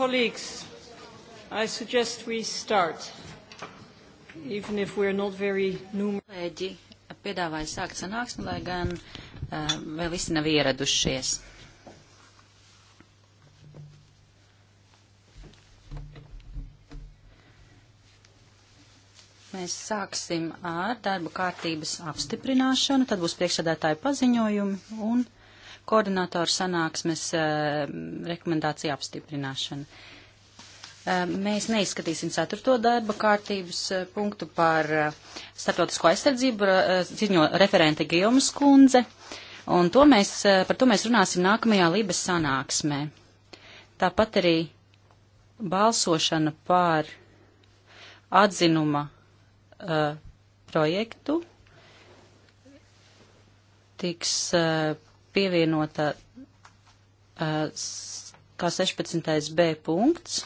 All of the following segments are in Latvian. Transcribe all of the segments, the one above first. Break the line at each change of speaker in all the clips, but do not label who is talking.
Colleagues, I suggest we start, even if we're not very numerous.
Piedāvāju sākt sanāksmi, lai gan uh, vēl visi nav ieradušies. Mēs sāksim ar darba kārtības apstiprināšanu, tad būs priekšsēdētāju paziņojumi un koordinatoru sanāksmes eh, rekomendāciju apstiprināšanu. Eh, mēs neizskatīsim ceturto darba kārtības eh, punktu par starptautisko aizsardzību, ziņo referente Gijomas kundze, un to mēs, par to mēs runāsim nākamajā Libes sanāksmē. Tāpat arī balsošana par atzinuma uh, projektu tiks uh, pievienota kā 16. B punkts,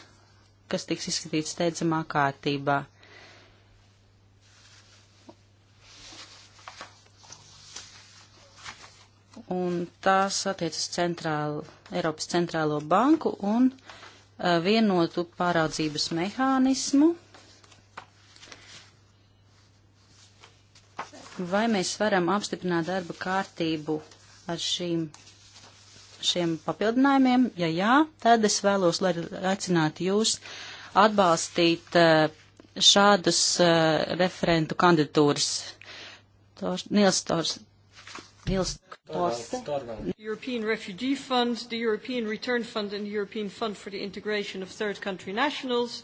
kas tiks izskatīts steidzamā kārtībā. Un tās attiecas centrālu, Eiropas centrālo banku un uh, vienotu pāraudzības mehānismu. Vai mēs varam apstiprināt darba kārtību ar šīm, šiem papildinājumiem? Ja jā, tad es vēlos, lai aicinātu jūs atbalstīt eh, šādus eh, referentu kandidatūras. Tors, Nils Tors. Nils
Torste. European Refugee Fund, the European Return Fund and the European Fund for the Integration of Third Country Nationals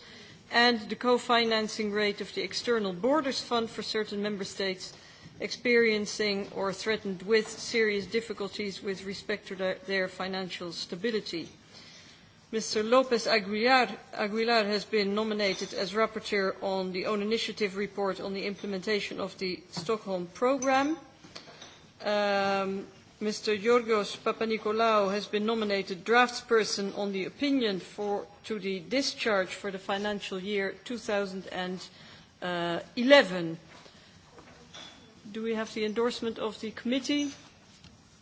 and the co-financing rate of the External Borders Fund for certain member states experiencing or threatened with serious difficulties with respect to their, their financial stability. Mr. Lopez Aguilar, Aguilar has been nominated as rapporteur on the own initiative report on the implementation of the Stockholm Programme. Um, Mr. Yorgos Papanikolaou has been nominated draftsperson on the opinion for, to the discharge for the financial year 2011 do we have the endorsement of the committee?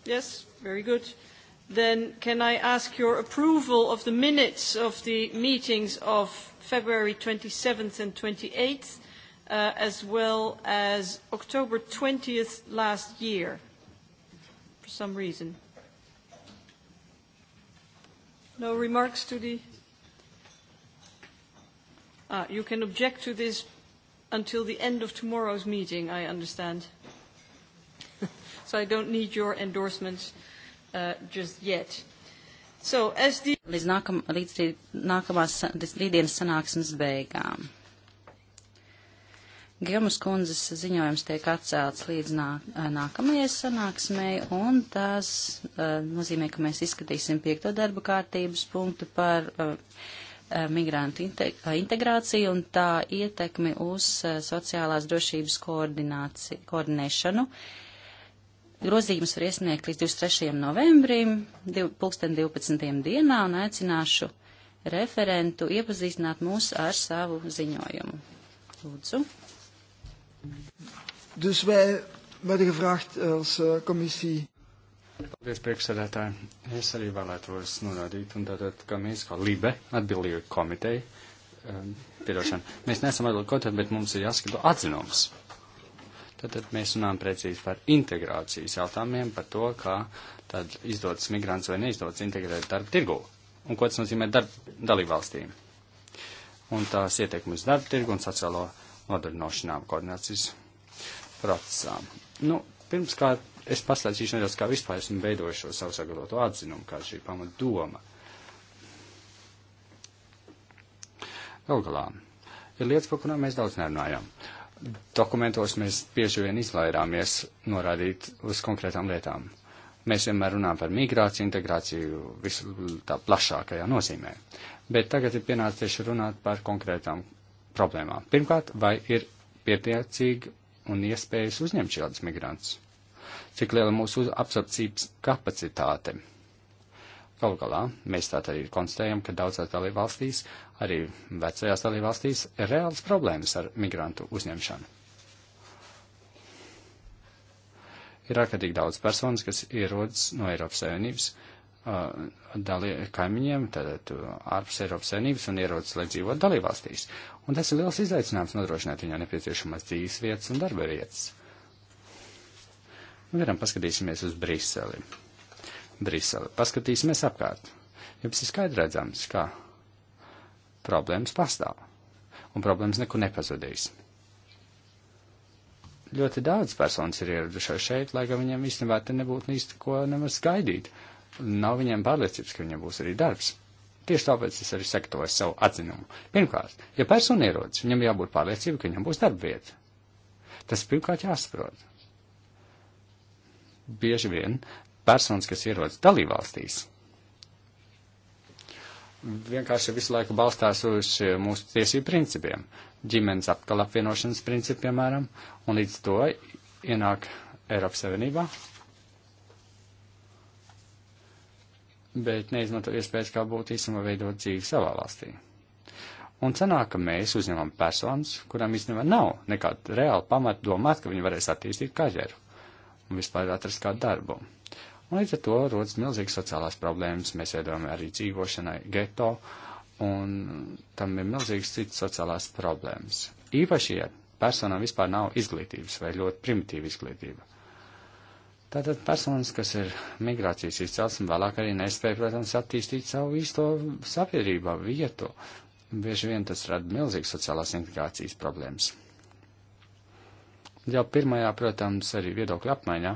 Yes, very good. Then can I ask your approval of the minutes of the meetings of February 27th and 28th, uh, as well as October 20th last year, for some reason? No remarks to the... Ah, you can object to this until the end of tomorrow's meeting, I understand. so I don't need your endorsements uh, just yet.
So, as the... Līdz, nākam, līdz nākamās rītdienas sanāksmes beigām. Gemas kundzes ziņojums tiek atcelts līdz nā, nākamajai sanāksmei, un tas uh, nozīmē, ka mēs izskatīsim piekto darba kārtības punktu par uh, Eh, migrantu eh, integrāciju un tā ietekmi uz eh, sociālās drošības koordinēšanu. Grozījums var iesniegt līdz 23. novembrim, 2012. dienā, un aicināšu referentu iepazīstināt mūs ar savu ziņojumu. Lūdzu.
Dus wij werden gevraagd als uh, commissie.
Paldies, priekšsēdētāji. Es arī vēlētos norādīt, un tātad, ka mēs kā Libe atbildīgi komiteja, um, piedošana, mēs neesam atbildīgi komiteja, bet mums ir jāskata atzinums. Tātad mēs runājam precīzi par integrācijas jautājumiem, par to, kā tad izdodas migrants vai neizdodas integrēt darba tirgu un ko tas nozīmē darba dalībvalstīm un tās ietekmes darba tirgu un sociālo nodarbinošanām koordinācijas procesām. Nu, pirmkārt, es pastāstīšu nedaudz, kā vispār esmu veidojis šo savu sagatavotu atzinumu, kā šī pamat doma. Galu galā, ir lietas, par kurām mēs daudz nerunājam. Dokumentos mēs bieži vien izvairāmies norādīt uz konkrētām lietām. Mēs vienmēr runājam par migrāciju, integrāciju visu tā plašākajā nozīmē. Bet tagad ir pienācis tieši runāt par konkrētām problēmām. Pirmkārt, vai ir pietiecīgi un iespējas uzņemt šādus migrantus? cik liela mūsu apsardzības kapacitāte. Galu galā mēs tātad arī konstatējam, ka daudzās dalībvalstīs, arī vecajās dalībvalstīs, ir reāls problēmas ar migrantu uzņemšanu. Ir ārkārtīgi daudz personas, kas ierodas no Eiropas Savienības uh, dali, kaimiņiem, tātad uh, ārpus Eiropas Savienības un ierodas, lai dzīvotu dalībvalstīs. Un tas ir liels izaicinājums nodrošināt viņā nepieciešamās dzīves vietas un darba vietas. Vienam paskatīsimies uz Briseli. Briseli. Paskatīsimies apkārt. Jums ir skaidri redzams, ka problēmas pastāv. Un problēmas nekur nepazudīs. Ļoti daudz personas ir ieradušās šeit, lai gan viņiem īstenībā te nebūtu īsti ko nemaz gaidīt. Nav viņiem pārliecības, ka viņiem būs arī darbs. Tieši tāpēc es arī saku to savu atzinumu. Pirmkārt, ja persona ierodas, viņam jābūt pārliecība, ka viņam būs darba vieta. Tas pirmkārt jāsaprot bieži vien personas, kas ierodas dalībvalstīs, vienkārši visu laiku balstās uz mūsu tiesību principiem, ģimenes atkal apvienošanas principu, piemēram, un līdz to ienāk Eiropas Savienībā, bet neizmanto iespējas, kā būtu īstenībā veidot dzīvi savā valstī. Un sanāk, ka mēs uzņemam personas, kurām īstenībā nav nekāda reāla pamata domāt, ka viņi varēs attīstīt karjeru un vispār atrast kādu darbu. Un līdz ar to rodas milzīgas sociālās problēmas, mēs veidojam arī dzīvošanai geto, un tam ir milzīgas citas sociālās problēmas. Īpaši, ja personām vispār nav izglītības vai ļoti primitīva izglītība. Tātad personas, kas ir migrācijas izcelsme, vēlāk arī nespēja, protams, attīstīt savu īsto sabiedrībā vietu. Bieži vien tas rada milzīgas sociālās integrācijas problēmas. Jau pirmajā, protams, arī viedokļa apmaiņā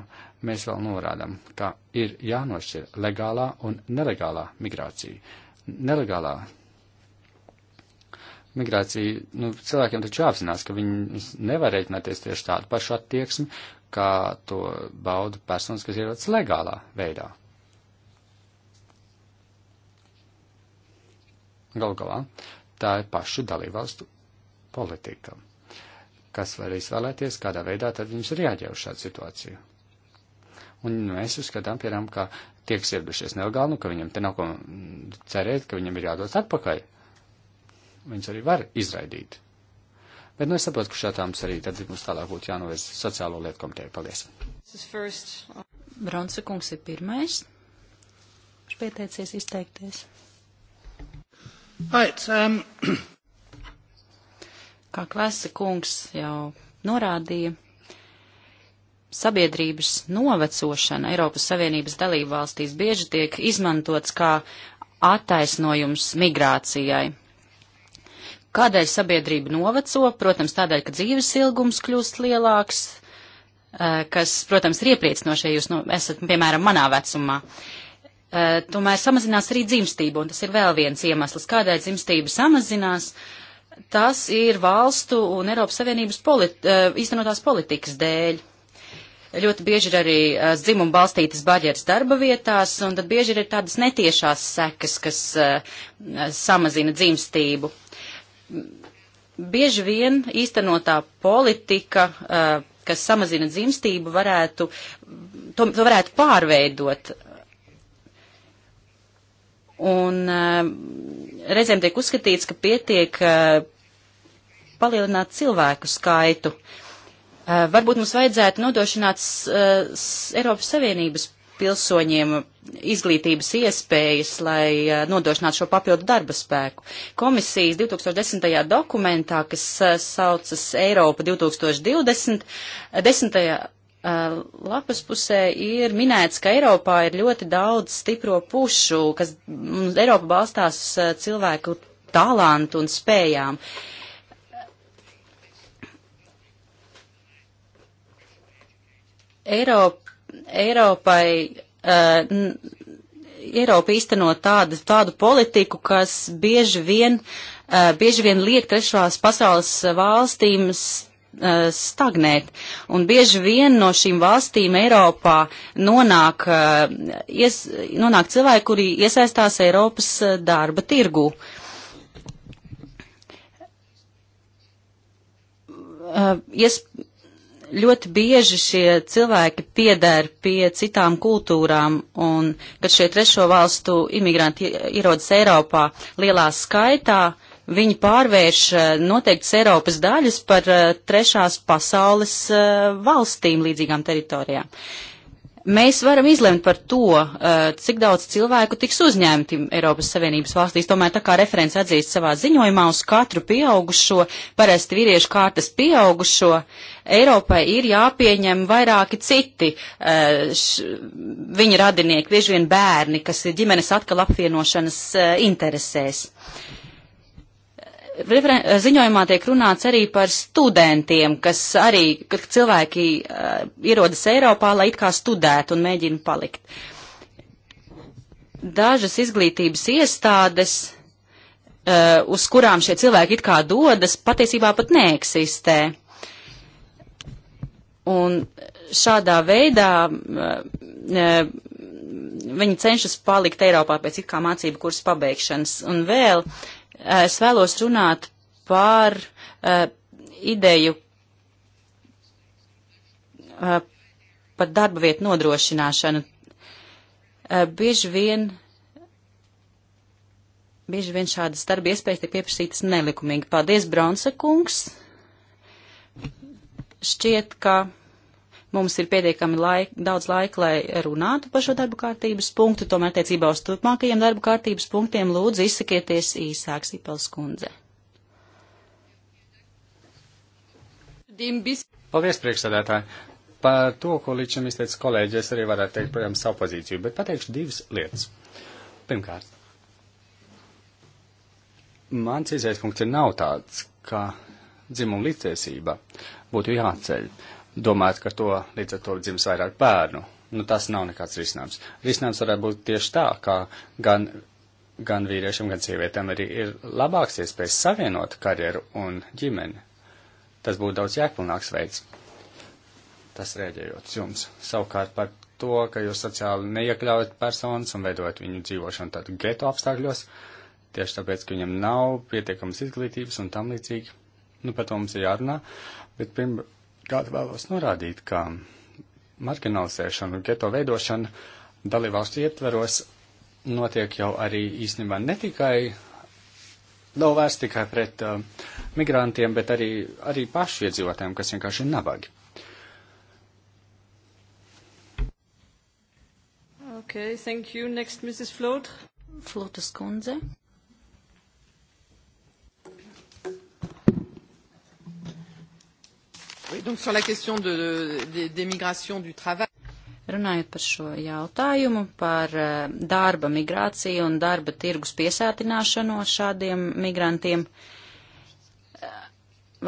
mēs vēl norādām, ka ir jānošķir legālā un nelegālā migrācija. Nelegālā migrācija, nu, cilvēkiem taču jāapzinās, ka viņi nevar reiķināties tieši tādu pašu attieksmi, kā to bauda personas, kas ierodas legālā veidā. Galu galā tā ir pašu dalībvalstu politika kas var izvēlēties, kādā veidā tad viņš reaģē uz šādu situāciju. Un mēs uzskatām, piemēram, ka tiek sirdušies nelegāli, nu, ka viņam te nav ko cerēt, ka viņam ir jādodas atpakaļ. Viņus arī var izraidīt. Bet, nu, es saprotu, ka šādāms arī tad mums tālāk būtu jānovies sociālo lietu komiteju. Paldies.
Bronsa kungs ir pirmais. Viņš pieteicies izteikties. Right, um... Kā klasa kungs jau norādīja, sabiedrības novecošana Eiropas Savienības dalību valstīs bieži tiek izmantots kā attaisnojums migrācijai. Kādēļ sabiedrība noveco? Protams, tādēļ, ka dzīves ilgums kļūst lielāks, eh, kas, protams, ir iepriecinošie, jūs nu, esat, piemēram, manā vecumā. Eh, tomēr samazinās arī dzimstība, un tas ir vēl viens iemesls, kādēļ dzimstība samazinās. Uh, tas ir valstu un Eiropas Savienības politi eh, īstenotās politikas dēļ. Ļoti bieži ir arī eh, dzimuma balstītas baģeres darba vietās, un tad bieži ir tādas netiešās sekas, kas eh, samazina dzimstību. Bieži vien īstenotā politika, kas samazina dzimstību, varētu, to, to varētu pārveidot Un eh, reizēm tiek uzskatīts, ka pietiek eh, palielināt cilvēku skaitu. Eh, varbūt mums vajadzētu nodrošināt Eiropas Savienības pilsoņiem izglītības iespējas, lai nodrošinātu šo papildu darba spēku. Komisijas 2010. dokumentā, kas saucas Eiropa 2020, 10. Eh, lapas pusē ir minēts, ka Eiropā ir ļoti daudz stipro pušu, kas mm, Eiropa balstās uz eh, cilvēku talantu un spējām. Eiropa, Eiropai, uh, Eiropa īstenot tādu, tādu politiku, kas bieži vien, uh, bieži vien liek trešās pasaules valstīm uh, stagnēt. Un bieži vien no šīm valstīm Eiropā nonāk, uh, ies, nonāk cilvēki, kuri iesaistās Eiropas uh, darba tirgu. Uh, ies, ļoti bieži šie cilvēki pieder pie citām kultūrām, un kad šie trešo valstu imigranti ierodas Eiropā lielā skaitā, uh, viņi pārvērš eh, noteikts Eiropas daļas par eh, trešās pasaules eh, valstīm līdzīgām teritorijām. Mēs varam izlemt par to, cik daudz cilvēku tiks uzņemti Eiropas Savienības valstīs. Tomēr, tā kā referents atzīst savā ziņojumā, uz katru pieaugušo, parasti vīriešu kārtas pieaugušo, Eiropai ir jāpieņem vairāki citi š, viņa radinieki, bieži vien bērni, kas ir ģimenes atkal apvienošanas interesēs. Uh, Eh, ziņojumā tiek runāts arī par studentiem, kas arī, kad cilvēki uh, ierodas Eiropā, lai it kā studētu un mēģina palikt. Dažas izglītības iestādes, uh, uz kurām šie cilvēki it kā dodas, patiesībā pat neeksistē. Un šādā veidā uh, viņi cenšas palikt Eiropā pēc it kā mācību kursa pabeigšanas. Un vēl uh, es vēlos runāt par uh, ideju uh, par darba vietu nodrošināšanu. Uh, bieži vien, bieži vien šādas darba iespējas tiek pieprasītas nelikumīgi. Paldies, Bronsa kungs! Šķiet, ka. Mums ir pietiekami laik, daudz laika, lai runātu par šo darbu kārtības punktu, tomēr attiecībā uz turpmākajiem darbu kārtības punktiem lūdzu izsakieties īsāk, Sīpels kundze.
Paldies, priekšsēdētāji! Par to, ko līdz šim izteica kolēģi, es arī varētu teikt, protams, savu pozīciju, bet pateikšu divas lietas. Pirmkārt, mans izējas punkts ir nav tāds, ka dzimuma līdztiesība būtu jāceļ. Uh, domāt, ka to līdz ar to dzims vairāk bērnu. Nu, tas nav nekāds risinājums. Risinājums varētu būt tieši tā, ka gan, gan vīriešiem, gan sievietēm arī ir labāks iespējas savienot karjeru un ģimeni. Tas būtu daudz jēgpilnāks veids. Tas rēģējot jums. Savukārt par to, ka jūs sociāli neiekļaujat personas un veidojat viņu dzīvošanu tādu geto apstākļos, tieši tāpēc, ka viņam nav pietiekamas izglītības un tam līdzīgi. Nu, par to mums ir jārunā, bet pirmā Kādu vēlos norādīt, ka marginalizēšana un geto veidošana dalībvalstu ietveros notiek jau arī īstenībā ne tikai, nav vērsts tikai pret uh, migrantiem, bet arī, arī pašu iedzīvotājiem, kas vienkārši ir nabagi.
Okay, thank you. Next, Mrs. Flood.
Flotas kundze.
Oui, donc sur la question de, de, des migrations du
travail. Runājot par šo jautājumu, par eh, darba migrāciju un darba tirgus piesātināšanu šādiem migrantiem, eh,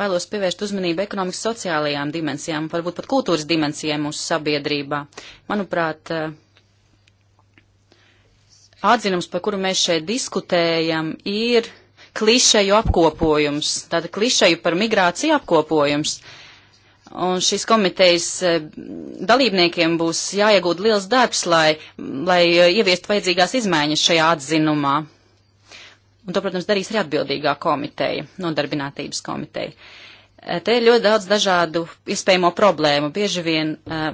vēlos pievērst uzmanību ekonomikas sociālajām dimensijām, varbūt pat kultūras dimensijām mūsu sabiedrībā. Manuprāt, eh, atzinums, par kuru mēs šeit diskutējam, ir klišeju apkopojums, tāda klišeju par migrāciju apkopojums. Un šīs komitejas e, dalībniekiem būs jāiegūt liels darbs, lai, lai e, ieviestu vajadzīgās izmaiņas šajā atzinumā. Un to, protams, darīs arī atbildīgā komiteja, nodarbinātības komiteja. E, te ir ļoti daudz dažādu iespējamo problēmu. Bieži vien uh,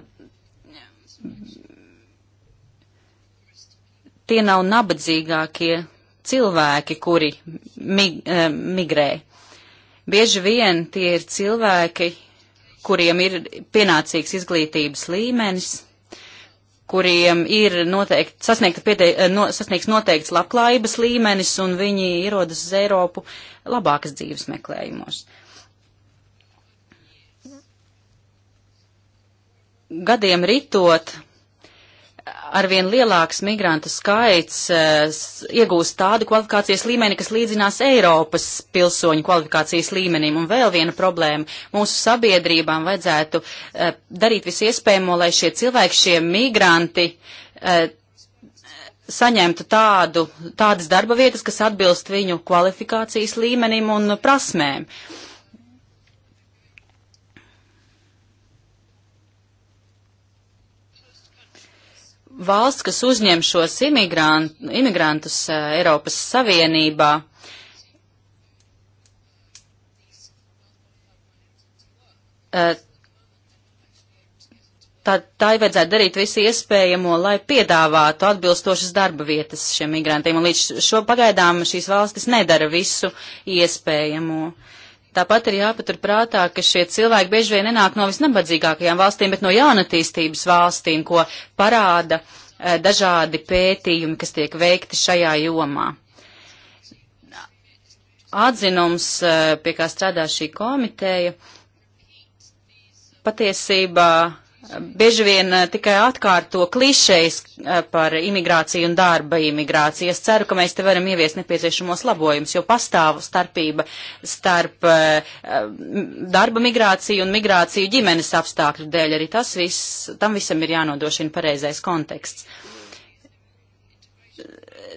tie nav nabadzīgākie cilvēki, kuri mig, uh, migrē. Bieži vien tie ir cilvēki, kuriem ir pienācīgs izglītības līmenis, kuriem ir noteikti, sasniegta piete, eh, no, sasniegts noteikts labklājības līmenis, un viņi ierodas uz Eiropu labākas dzīves meklējumos. Gadiem ritot, arvien lielāks migrantu skaits eh, iegūst tādu kvalifikācijas līmeni, kas līdzinās Eiropas pilsoņu kvalifikācijas līmenim. Un vēl viena problēma - mūsu sabiedrībām vajadzētu eh, darīt visu iespējamo, lai šie cilvēki, šie migranti eh, saņemtu tādu, tādas darba vietas, kas atbilst viņu kvalifikācijas līmenim un prasmēm. Uh, valsts, kas uzņem šos imigrant, imigrantus eh, Eiropas Savienībā, eh, tā, tā ir vajadzētu darīt visu iespējamo, lai piedāvātu atbilstošas darba vietas šiem migrantiem. Un līdz šo pagaidām šīs valstis nedara visu iespējamo. Uh, Tāpat ir jāpatur prātā, ka šie cilvēki bieži vien nenāk no visnabadzīgākajām valstīm, bet no jaunatīstības valstīm, ko parāda e, dažādi pētījumi, kas tiek veikti šajā jomā. Atzinums, e, pie kā strādā šī komiteja, patiesībā bieži vien eh, tikai atkārto klišejas eh, par imigrāciju un darba imigrāciju. Es ceru, ka mēs te varam ieviest nepieciešamos labojumus, jo pastāv starpība starp eh, darba migrāciju un migrāciju ģimenes apstākļu dēļ. Arī tas viss, tam visam ir jānodrošina pareizais konteksts.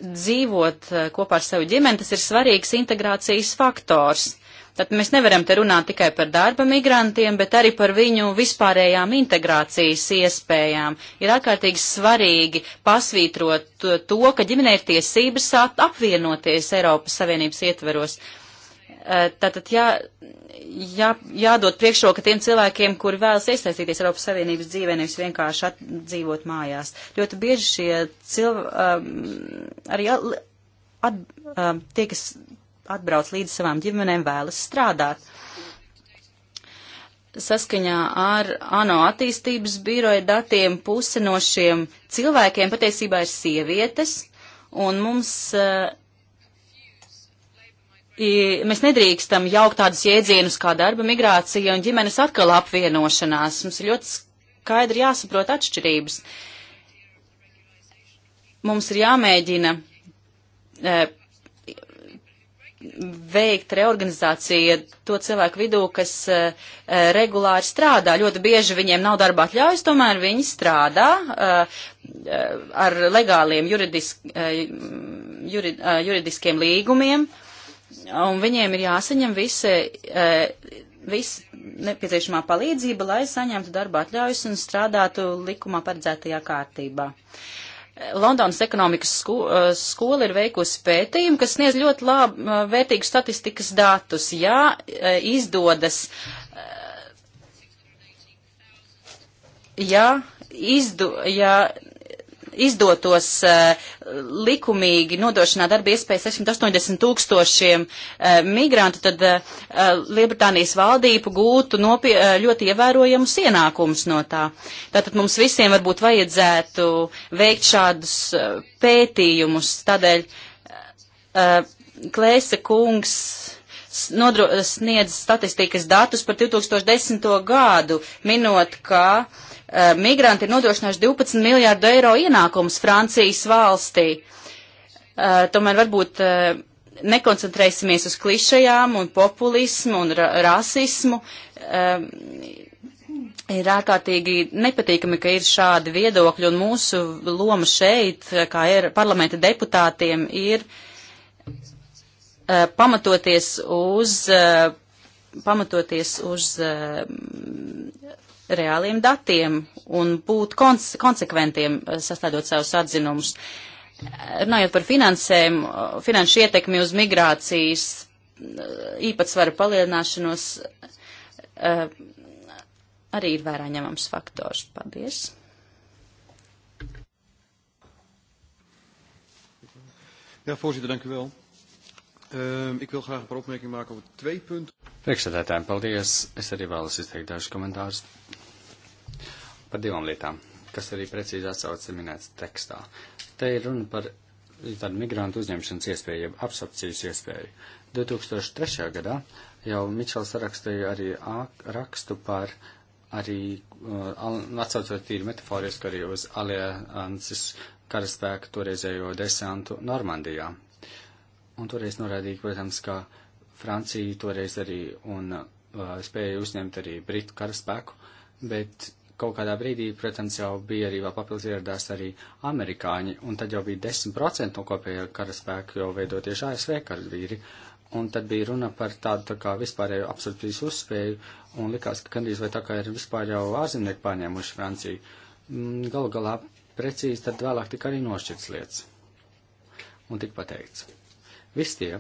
Dzīvot
kopā ar savu ģimeni, tas ir svarīgs integrācijas faktors Tad mēs nevaram te runāt tikai par darba migrantiem, bet arī par viņu vispārējām integrācijas iespējām. Ir ārkārtīgi svarīgi pasvītrot to, ka ģimenei ir tiesības apvienoties Eiropas Savienības ietveros. Eh, tātad jā, jā, jādod priekšroka tiem cilvēkiem, kuri vēlas iesaistīties Eiropas Savienības dzīvē, nevis vienkārši atdzīvot mājās. Ļoti bieži šie cilvēki um, eh, arī at, um, tie, kas atbrauc līdz savām ģimenēm, vēlas strādāt. Saskaņā ar ANO attīstības biroja datiem puse no šiem cilvēkiem patiesībā ir sievietes, un mums uh, mēs nedrīkstam jaukt tādus jēdzienus kā darba migrācija un ģimenes atkal apvienošanās. Mums ir ļoti skaidri jāsaprot atšķirības. Mums ir jāmēģina e, veikt reorganizāciju to cilvēku vidū, kas uh, regulāri strādā. Ļoti bieži viņiem nav darbā atļaujas, tomēr viņi strādā uh, ar legāliem juridisk, jurid, juridiskiem līgumiem, un viņiem ir jāsaņem visi, visi nepieciešamā palīdzība, lai saņemtu darbā atļaujas un strādātu likumā paredzētajā kārtībā. Uh, Londonas ekonomikas sko, uh, skola ir veikusi pētījumu, kas sniedz ļoti labu uh, vērtīgu statistikas datus. Jā, uh, izdodas. Jā, izdu, jā, izdotos eh, likumīgi nodošanā darba iespējas 680 tūkstošiem eh, migrantu, tad eh, Liebritānijas valdību gūtu nopie, ļoti ievērojamus ienākumus no tā. Tātad mums visiem varbūt vajadzētu veikt šādus pētījumus. Tādēļ Klēsa kungs nodro, sniedz statistikas datus par 2010. gadu, minot, ka uh, Eh, migranti ir nodrošinājuši 12 miljārdu eiro ienākumus Francijas valstī. Eh, tomēr varbūt eh, nekoncentrēsimies uz klišajām un populismu un ra rasismu. Ir ārkārtīgi nepatīkami, ka ir šādi viedokļi, un mūsu loma šeit, kā ir parlamenta deputātiem, ir pamatoties uz, pamatoties uz reāliem datiem un būt konse konsekventiem eh, sastādot savus atzinumus. Runājot par finansēm, eh, finanšu ietekmi uz migrācijas eh, īpatsvaru palielināšanos arī ir vērā ņemams faktors. Paldies!
Ja, voorzitter, dank u wel. Uh, ik wil graag een paar opmerkingen maken over twee punten.
Priekšsēdētājiem, paldies. Es arī vēlos izteikt dažus komentārus par divām lietām, kas arī precīzi atsaucas minēts tekstā. Te ir runa par tādu migrantu uzņemšanas iespēju, jeb absorpcijas iespēju. 2003. gadā jau Mičels rakstīja arī rakstu par arī uh, atsaucot tīri metaforiski arī uz alianses karaspēku toreizējo desantu Normandijā. Un toreiz norādīja, protams, ka Francija toreiz arī un uh, spēja uzņemt arī Britu karaspēku, bet kaut kādā brīdī, protams, jau bija arī vēl papildus ieradās arī amerikāņi, un tad jau bija 10% no kopējā karaspēka jau veidot tieši ASV karavīri, un tad bija runa par tādu tā kā vispārēju absorpcijas uzspēju, un likās, ka gandrīz vai tā kā ir vispār jau ārzemnieki pārņēmuši Franciju. Mm, galu galā precīzi tad vēlāk tika arī nošķirts lietas. Un tik pateikts. Visi tie,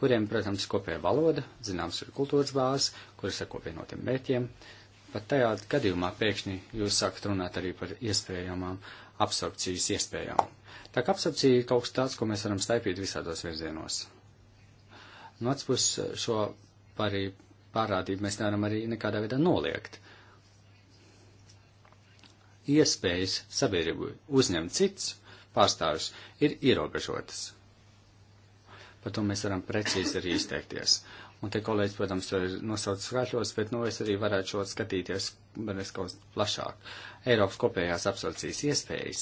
kuriem, protams, kopēja valoda, zināms, ir kultūras bāzes, kuras ir kopienotiem mērķiem, uh, pat tajā gadījumā pēkšņi jūs sākat runāt arī par iespējamām absorpcijas iespējām. Tā kā absorpcija ir kaut kas tāds, ko mēs varam staipīt visādos virzienos. No otras puses šo arī pārādību mēs nevaram arī nekādā veidā noliegt. Iespējas sabiedrību uzņemt cits pārstāvis ir ierobežotas. Par to mēs varam precīzi arī izteikties. Un te kolēģis, protams, to ir nosaucis skaitļos, bet, nu, es arī varētu šo skatīties, bet es kaut plašāk. Eiropas kopējās absorpcijas iespējas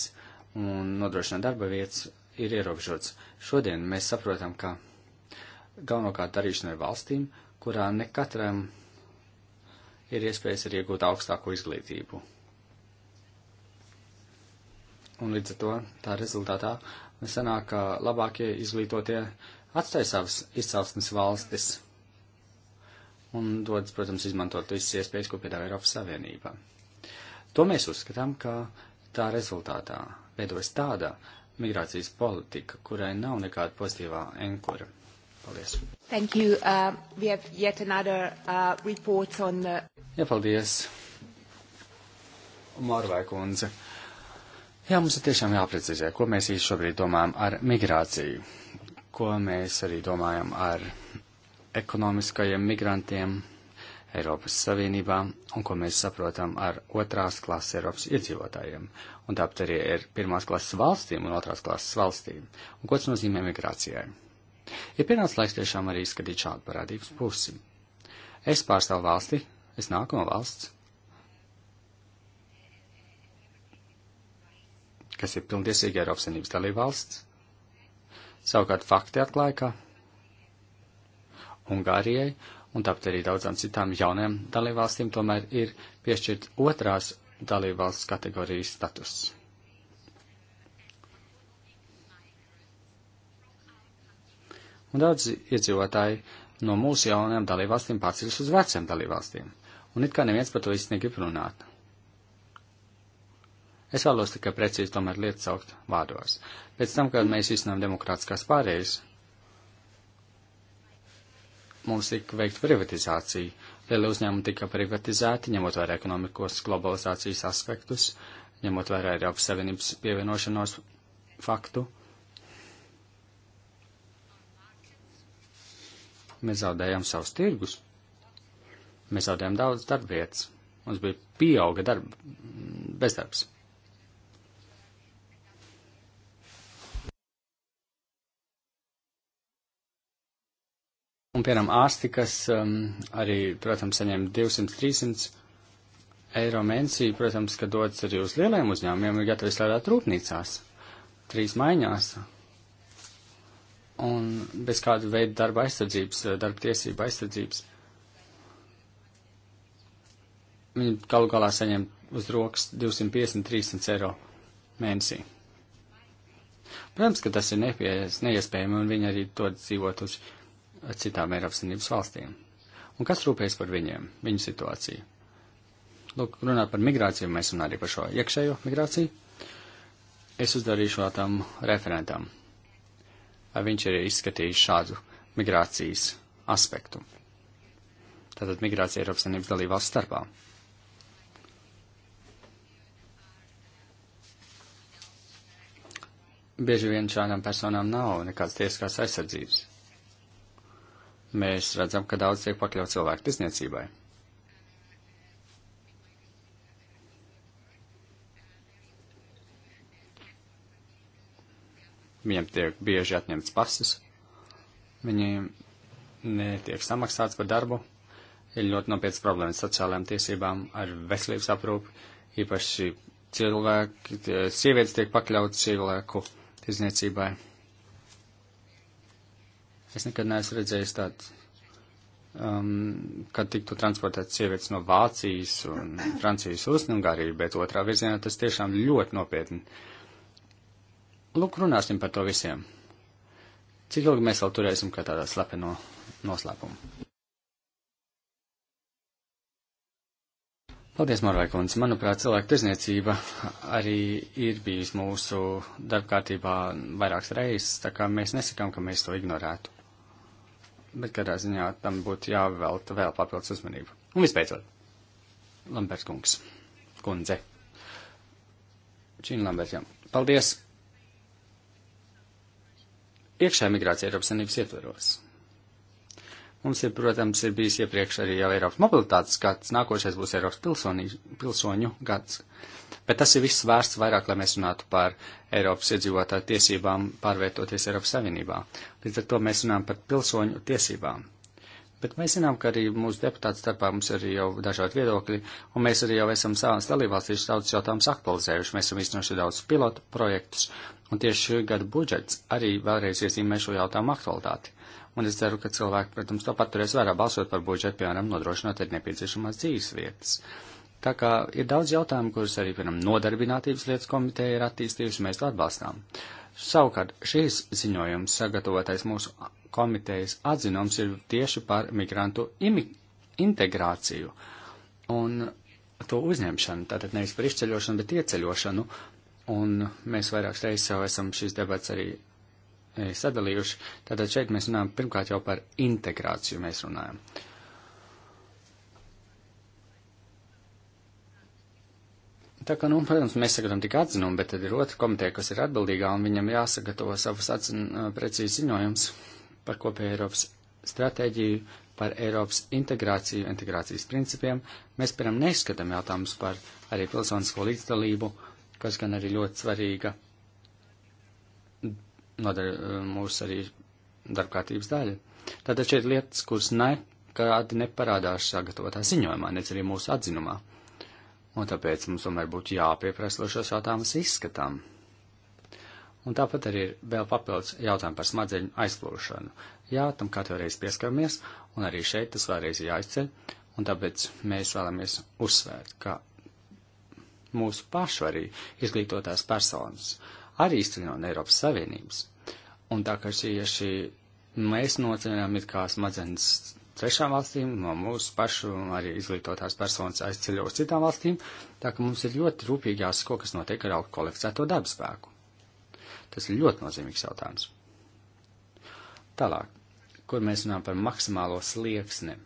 un nodrošināt darba vietas ir ierobežots. Šodien mēs saprotam, ka galvenokārt darīšana ir valstīm, kurā ne katram ir iespējas arī iegūt augstāko izglītību. Un līdz ar to tā rezultātā sanāk, ka labākie izglītotie atstāja savas izcelsmes valstis un dodas, protams, izmantot visas iespējas, ko piedāvā Eiropas Savienība. To mēs uzskatām, ka tā rezultātā veidojas tāda migrācijas politika, kurai nav nekāda pozitīvā enkura. Paldies.
Thank you. Uh, we have yet another uh, report on the...
Jā, paldies. Marvai kundze. Jā, mums ir tiešām jāprecizē, ko mēs īsti šobrīd domājam ar migrāciju, ko mēs arī domājam ar ekonomiskajiem migrantiem Eiropas Savienībā un ko mēs saprotam ar otrās klases Eiropas iedzīvotājiem. Un tāpat arī ir pirmās klases valstīm un otrās klases valstīm. Un ko tas nozīmē migrācijai? Ir pienācis laiks tiešām arī izskatīt šādu parādības pusi. Es pārstāvu valsti, es nāku no valsts, kas ir pilntiesīga Eiropas Savienības dalībvalsts. Savukārt fakti atklāja, ka Ungārijai un tāpat arī daudzām citām jaunajām dalībvalstīm tomēr ir piešķirt otrās dalībvalsts kategorijas status. Un daudz iedzīvotāji no mūsu jaunajām dalībvalstīm pārceļas uz veciem dalībvalstīm, un it kā neviens par to īsti negrib runāt. Es vēlos tikai precīzi tomēr lietas saukt vārdos. Pēc tam, kad mēs iznām demokrātiskās pārējas, mums tika veikta privatizācija. Lielie uzņēmumi tika privatizēti, ņemot vērā ekonomikos globalizācijas aspektus, ņemot vērā Eiropas Savienības pievienošanos faktu. Mēs zaudējām savus tirgus, mēs zaudējām daudz darbvietas, mums bija pieauga darba, bezdarbs. Un, piemēram, ārsti, kas um, arī, protams, saņem 200-300 eiro mēnesī, protams, ka dodas arī uz lieliem uzņēmumiem, ir gatavi strādāt rūpnīcās, trīs maiņās. Un bez kāda veida darba aizsardzības, eh, darba tiesība aizsardzības. Viņi galu galā saņem uz rokas 250-300 eiro mēnesī. Protams, ka tas ir nepie, neiespējami, un viņi arī to dzīvot uz. Uh, citām Eiropas Savienības valstīm. Un kas rūpējas par viņiem, viņu situāciju? Lūk, runāt par migrāciju, mēs runājam arī par šo iekšējo migrāciju. Es uzdarīšu vēl tam referentam, vai viņš ir izskatījis šādu migrācijas aspektu. Tātad migrācija Eiropas Savienības dalībās starpā. Bieži vien šādām personām nav nekādas tiesiskās aizsardzības mēs redzam, ka daudz tiek pakļaut cilvēku tiesniecībai. Viņiem tiek bieži atņemts pasis, viņiem netiek samaksāts par darbu, ir ļoti nopietnas problēmas sociālajām tiesībām, ar veselības aprūpi, īpaši cilvēki, sievietes tiek pakļautas cilvēku tiesniecībai. Es nekad neesmu redzējis tādu, um, kad tiktu transportētas sievietes no Vācijas un Francijas uz Ungāriju, bet otrā virzienā tas tiešām ļoti nopietni. Lūk, runāsim par to visiem. Cik ilgi mēs vēl turēsim, kā tādā slepeno noslēpumu? Paldies, Marvai Kundze. Manuprāt, cilvēku tirzniecība arī ir bijis mūsu darbkārtībā vairākas reizes, tā kā mēs nesakām, ka mēs to ignorētu. Bet kādā ziņā tam būtu jāvelta vēl papildus uzmanību. Un visbeidzot, Lamberts kungs, kundze. Čīna Lamberts, jā. Paldies! Iekšā migrācija Eiropas Savienības ietveros Mums ir, protams, ir bijis iepriekš arī jau Eiropas mobilitātes gads, nākošais būs Eiropas pilsonī, pilsoņu gads. Bet tas ir viss vērsts vairāk, lai mēs runātu par Eiropas iedzīvotāju tiesībām pārvietoties Eiropas Savienībā. Līdz ar to mēs runājam par pilsoņu tiesībām. Bet mēs zinām, ka arī mūsu deputātu starpā mums ir jau dažādi viedokļi, un mēs arī jau esam savās dalībvalstīs daudz jautājumus aktualizējuši. Mēs esam iznoši daudz pilotu projektus, un tieši gada budžets arī vēlreiz iezīmē šo jautājumu aktualitāti un es ceru, ka cilvēki, protams, to paturēs vērā balsot par budžetu, piemēram, nodrošinot ir nepieciešamās dzīves vietas. Tā kā ir daudz jautājumu, kurus arī, piemēram, nodarbinātības lietas komiteja ir attīstījusi, mēs to atbalstām. Savukārt, šīs ziņojums sagatavotais mūsu komitejas atzinums ir tieši par migrantu integrāciju un to uzņemšanu, tātad nevis par izceļošanu, bet ieceļošanu, un mēs vairākas reizes jau esam šīs debats arī Eh, sadalījuši. Tātad šeit mēs runājam pirmkārt jau par integrāciju mēs runājam. Tā kā, nu, protams, mēs sagatavojam tik atzinumu, bet tad ir otra komiteja, kas ir atbildīgā, un viņam jāsagatavo savus atzinu, eh, precīzi ziņojums par kopēju Eiropas stratēģiju, par Eiropas integrāciju, integrācijas principiem. Mēs, piemēram, neskatām jautājumus par arī pilsonisko līdzdalību, kas gan arī ļoti svarīga nodara eh, mūsu arī darbkārtības daļa. Tātad šeit lietas, kuras nekādi neparādās sagatavotā ziņojumā, nec arī mūsu atzinumā. Un tāpēc mums tomēr būtu jāpieprasa, lai šos jautājumus izskatām. Un tāpat arī ir vēl papildus jautājumi par smadzeņu aizplūšanu. Jā, tam katru reizi pieskaramies, un arī šeit tas vēlreiz ir jāizceļ, un tāpēc mēs vēlamies uzsvērt, ka mūsu pašu arī izglītotās personas uh, arī īstenībā no Eiropas Savienības. Un tā kā šī, mēs noceļam it kā smadzenes trešām valstīm, no mūsu pašu arī izglītotās personas aizceļo uz citām valstīm, tā ka mums ir ļoti rūpīgi jāsako, kas notiek ar kvalificēto darbu spēku. Tas ir ļoti nozīmīgs jautājums. Tālāk, kur mēs runājam par maksimālo slieksni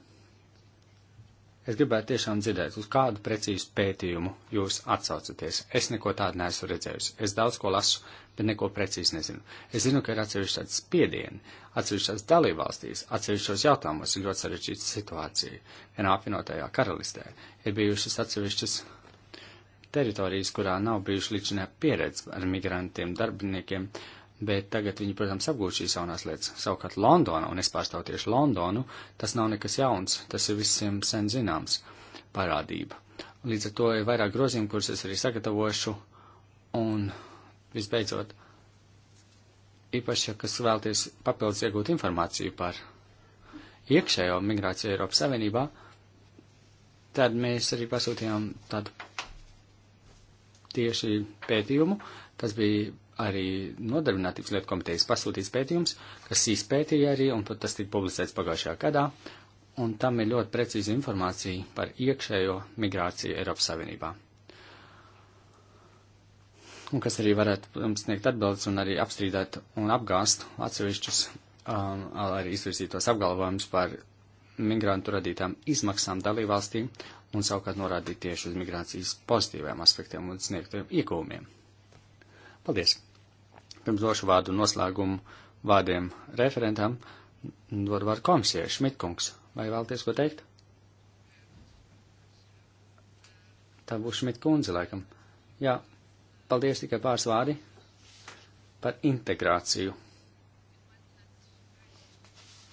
Es gribētu tiešām dzirdēt, uz kādu precīzu pētījumu jūs atsaucaties. Es neko tādu neesmu redzējusi. Es daudz ko lasu, bet neko precīzi nezinu. Es zinu, ka ir atsevišķi tāds spiedieni, atsevišķās dalībvalstīs, atsevišķos jautājumos ir ļoti sarežģīta situācija. Vienā apvienotajā karalistē ir bijušas atsevišķas teritorijas, kurā nav bijuši līdzinē pieredze ar migrantiem, darbiniekiem, uh, bet tagad viņi, protams, apgūst šīs jaunās lietas. Savukārt Londona, un es pārstāvu tieši Londonu, tas nav nekas jauns, tas ir visiem sen zināms parādība. Līdz ar to ir vairāk grozījumu, kurus es arī sagatavošu, un visbeidzot, īpaši, ja kas vēlties papildus iegūt informāciju par iekšējo migrāciju Eiropas Savienībā, tad mēs arī pasūtījām tādu tieši pētījumu. Tas bija arī nodarbinātības lietu komitejas pasūtīts pētījums, kas izpētīja arī, un tas tika publicēts pagājušajā gadā, un tam ir ļoti precīza informācija par iekšējo migrāciju Eiropas Savienībā. Un kas arī varētu sniegt atbildes un arī apstrīdēt un apgāst atsevišķus um, arī izvirzītos apgalvojumus par migrantu radītām izmaksām dalībvalstīm un savukārt norādīt tieši uz migrācijas pozitīviem aspektiem un sniegtiem iegūmiem. Paldies! Pirms došu vārdu noslēgumu vārdiem referentam, dod vārdu komisijai Šmitkungs. Vai vēlties ko teikt? Tā būs Šmitkundze, laikam. Jā, paldies tikai pāris vārdi par integrāciju.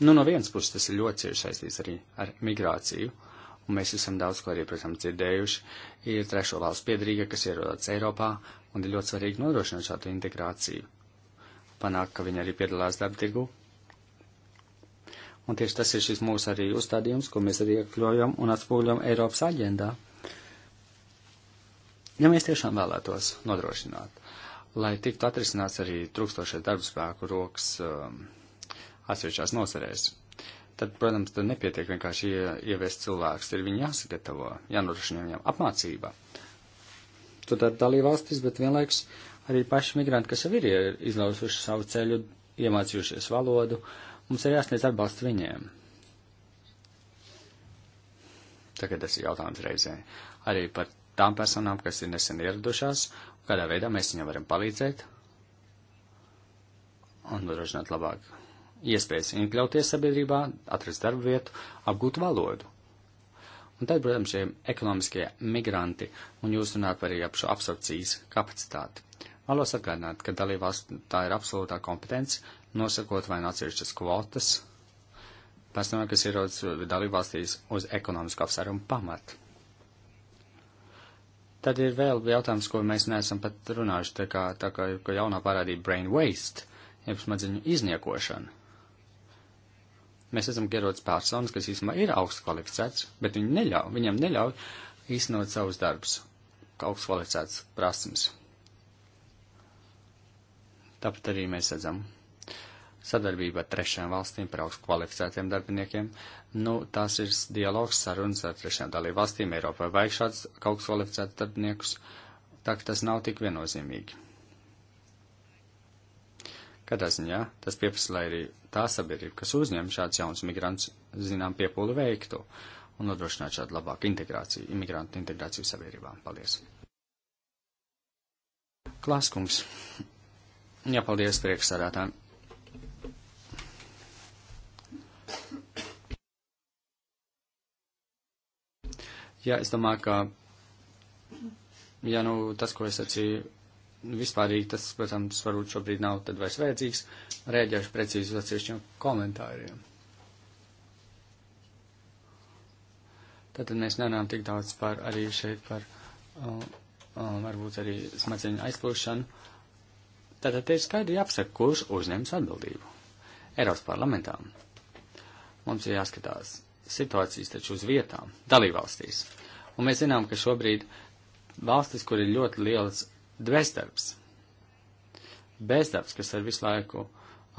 Nu, no vienas puses tas ir ļoti cieši saistīts arī ar migrāciju, un mēs esam daudz ko arī, protams, dzirdējuši. Ir trešo valstu piedrīga, kas ierodas Eiropā, un ir ļoti svarīgi nodrošināt šādu integrāciju panākt, ka viņi arī piedalās darba tirgu. Un tieši tas ir šis mūsu arī uzstādījums, ko mēs arī iekļaujam un atspūļam Eiropas aģendā. Ja mēs tiešām vēlētos nodrošināt, lai tiktu atrisināts arī trūkstošais darbspēku rokas um, atsevišķās nosarēs, tad, protams, tad nepietiek vienkārši ievest cilvēks, ir viņi jāsagatavo, jānodrošina viņam apmācība. Tad dalībvalstis, bet vienlaiks arī paši migranti, kas jau ir izlauzuši savu ceļu, iemācījušies valodu, mums ir jāsniedz atbalsts viņiem. Tagad tas ir jautājums reizē. Arī par tām personām, kas ir nesen ieradušās, kādā veidā mēs viņam varam palīdzēt un nodrošināt labāk iespējas iekļauties sabiedrībā, atrast darbu vietu, apgūt valodu. Un tad, protams, šie ekonomiskie migranti, un jūs runājat par arī ap šo absorpcijas kapacitāti. Vēlos atgādināt, ka dalībvalsts tā ir absolūtā kompetence nosakot vai atsevišķas kvotas personām, kas ierodas dalībvalstīs uz ekonomisku apsvērumu pamatu. Tad ir vēl jautājums, ko mēs neesam pat runājuši, tā kā, tā kā, kā jaunā parādība brain waste, jeb smadzeņu izniekošana. Mēs esam ierodas personas, kas īstenībā ir augsts kvalificēts, bet viņi neļauj, viņam neļauj īstenot savus darbus, augsts kvalificēts prasmes. Tāpat arī mēs redzam sadarbību ar trešajām valstīm par augstu kvalificētiem darbiniekiem. Nu, tās ir dialogs, sarunas ar trešajām dalību valstīm. Eiropā vajag šāds augstu kvalificētus darbiniekus, tā ka tas nav tik viennozīmīgi. Katrā ziņā tas pieprasa, lai arī tā sabiedrība, kas uzņem šādus jaunus migrantus, zinām piepūli veiktu un nodrošinātu šādu labāku integrāciju, imigrantu integrāciju sabiedrībām. Paldies! Klāskungs. Jā, paldies priekšsādātājiem. Jā, es domāju, ka, ja nu tas, ko es sacīju, vispārīgi tas, protams, varbūt šobrīd nav tad vairs vajadzīgs, rēģēšu precīzi uz atsevišķiem komentāriem. Tātad mēs nerunājam tik daudz par arī šeit par, uh, uh, varbūt arī smadzeņu aizplūšanu. Uh, Tātad te ir skaidri jāapsaka, kurš uzņems atbildību. Eiropas parlamentā mums ir jāskatās situācijas taču uz vietām, dalībvalstīs. Un mēs zinām, ka šobrīd valstis, kur ir ļoti liels dvēstarbs, bezdarbs, kas ar visu laiku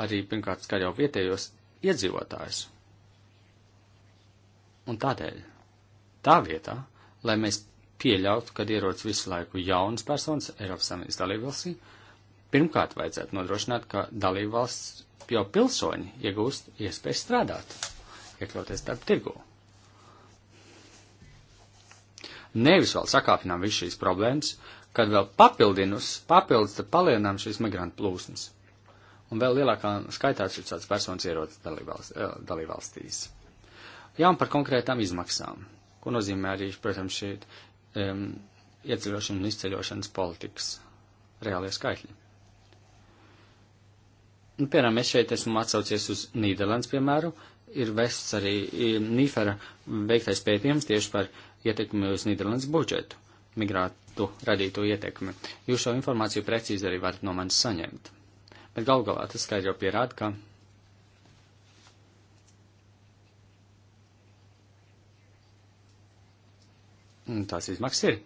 arī pirmkārt skar jau vietējos iedzīvotājus. Un tādēļ, tā vietā, lai mēs pieļautu, kad ierodas visu laiku jaunas personas Eiropas Savienības dalībvalstī, uh, Pirmkārt, vajadzētu nodrošināt, ka dalībvalsts jau pilsoņi iegūst iespēju strādāt, iekļauties darba tirgū. Nevis vēl sakāpinām visu šīs problēmas, kad vēl papildinus, papildus, tad palielinām šīs migrantu plūsmas. Un vēl lielākā skaitā šis tāds personas ierodas eh, dalībvalstīs. Jā, un par konkrētām izmaksām, ko nozīmē arī, protams, šī um, ieceļošana un izceļošanas politikas reālie skaitļi. Un, nu, piemēram, es šeit esmu atsaucies uz Nīderlandes piemēru, ir vests arī Nīfera veiktais pētījums tieši par ietekmi uz Nīderlandes budžetu, migrātu radīto ietekmi. Jūs šo informāciju precīzi arī varat no manis saņemt. Bet gal galā tas skaidri jau pierāda, ka. Tās izmaksas ir.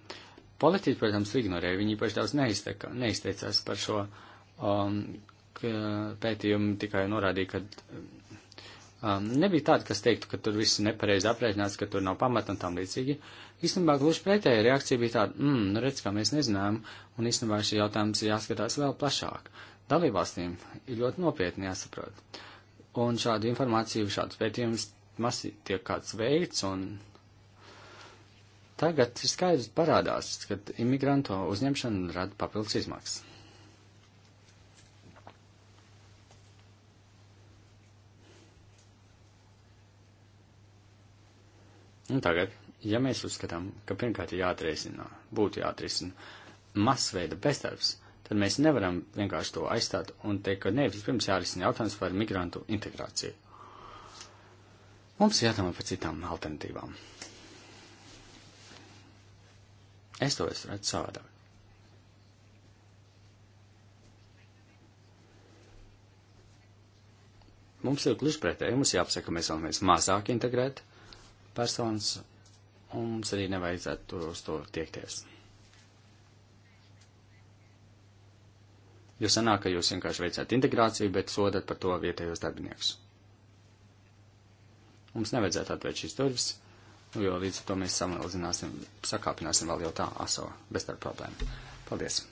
Politiķi, protams, ignorēja, viņi īpaši daudz neizteka, neizteicās par šo um, ka pētījumi tikai norādīja, ka um, nebija tāda, kas teiktu, ka tur viss nepareizi aprēķināts, ka tur nav pamata un tam līdzīgi. Īstenībā gluži pretēja reakcija bija tāda, mm, nu redz, kā mēs nezinām, un īstenībā šī jautājums ir jāskatās vēl plašāk. Dalībvalstīm ir ļoti nopietni jāsaprot. Un šādu informāciju, šādus pētījumus masī tiek kāds veids, un tagad ir skaidrs parādās, ka imigrantu uzņemšana rada papildus izmaksas. Un nu, tagad, ja mēs uzskatām, ka pirmkārt ir jāatrisina, būtu jāatrisina masveida bezdarbs, tad mēs nevaram vienkārši to aizstāt un teikt, ka nē, vispirms jārisina jautājums par migrantu integrāciju. Mums jādomā par citām alternatīvām. Es to es redzu savādāk. Mums ir gluži pretēji, mums jāapsaka, ka mēs vēlamies mazāk integrēt, personas, un mums arī nevajadzētu uz to tiekties. Jo sanāk, ka jūs vienkārši veicat integrāciju, bet sodat par to vietējos darbiniekus. Mums nevajadzētu atvērt šīs durvis, jo līdz ar to mēs samazināsim, sakāpināsim vēl jau tā aso bezdarba problēmu. Paldies!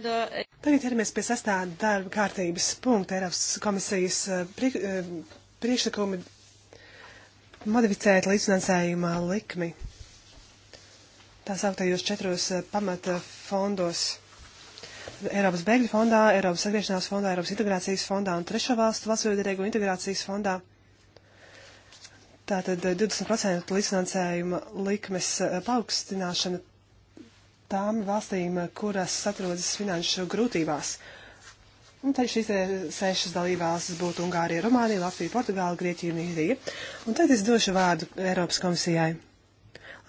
Tagad ķeramies pie sastāda darba kārtības punkta Eiropas komisijas eh, eh, priekšlikumi modificēt līdzfinansējuma likmi. Tā sauktajos četros eh, pamata fondos. Eiropas bēgļu fondā, Eiropas atgriešanās fondā, Eiropas integrācijas fondā un trešo valstu valstsviedrīgo integrācijas fondā. Tātad 20% eh, līdzfinansējuma likmes eh, paaugstināšana tām valstīm, kuras atrodas finanšu grūtībās. Uh, Un tad šīs eh, sešas dalībvalstis būtu Ungārija, Rumānija, Latvija, Portugāla, Grieķija un Īrija. Un tad es došu vārdu Eiropas komisijai,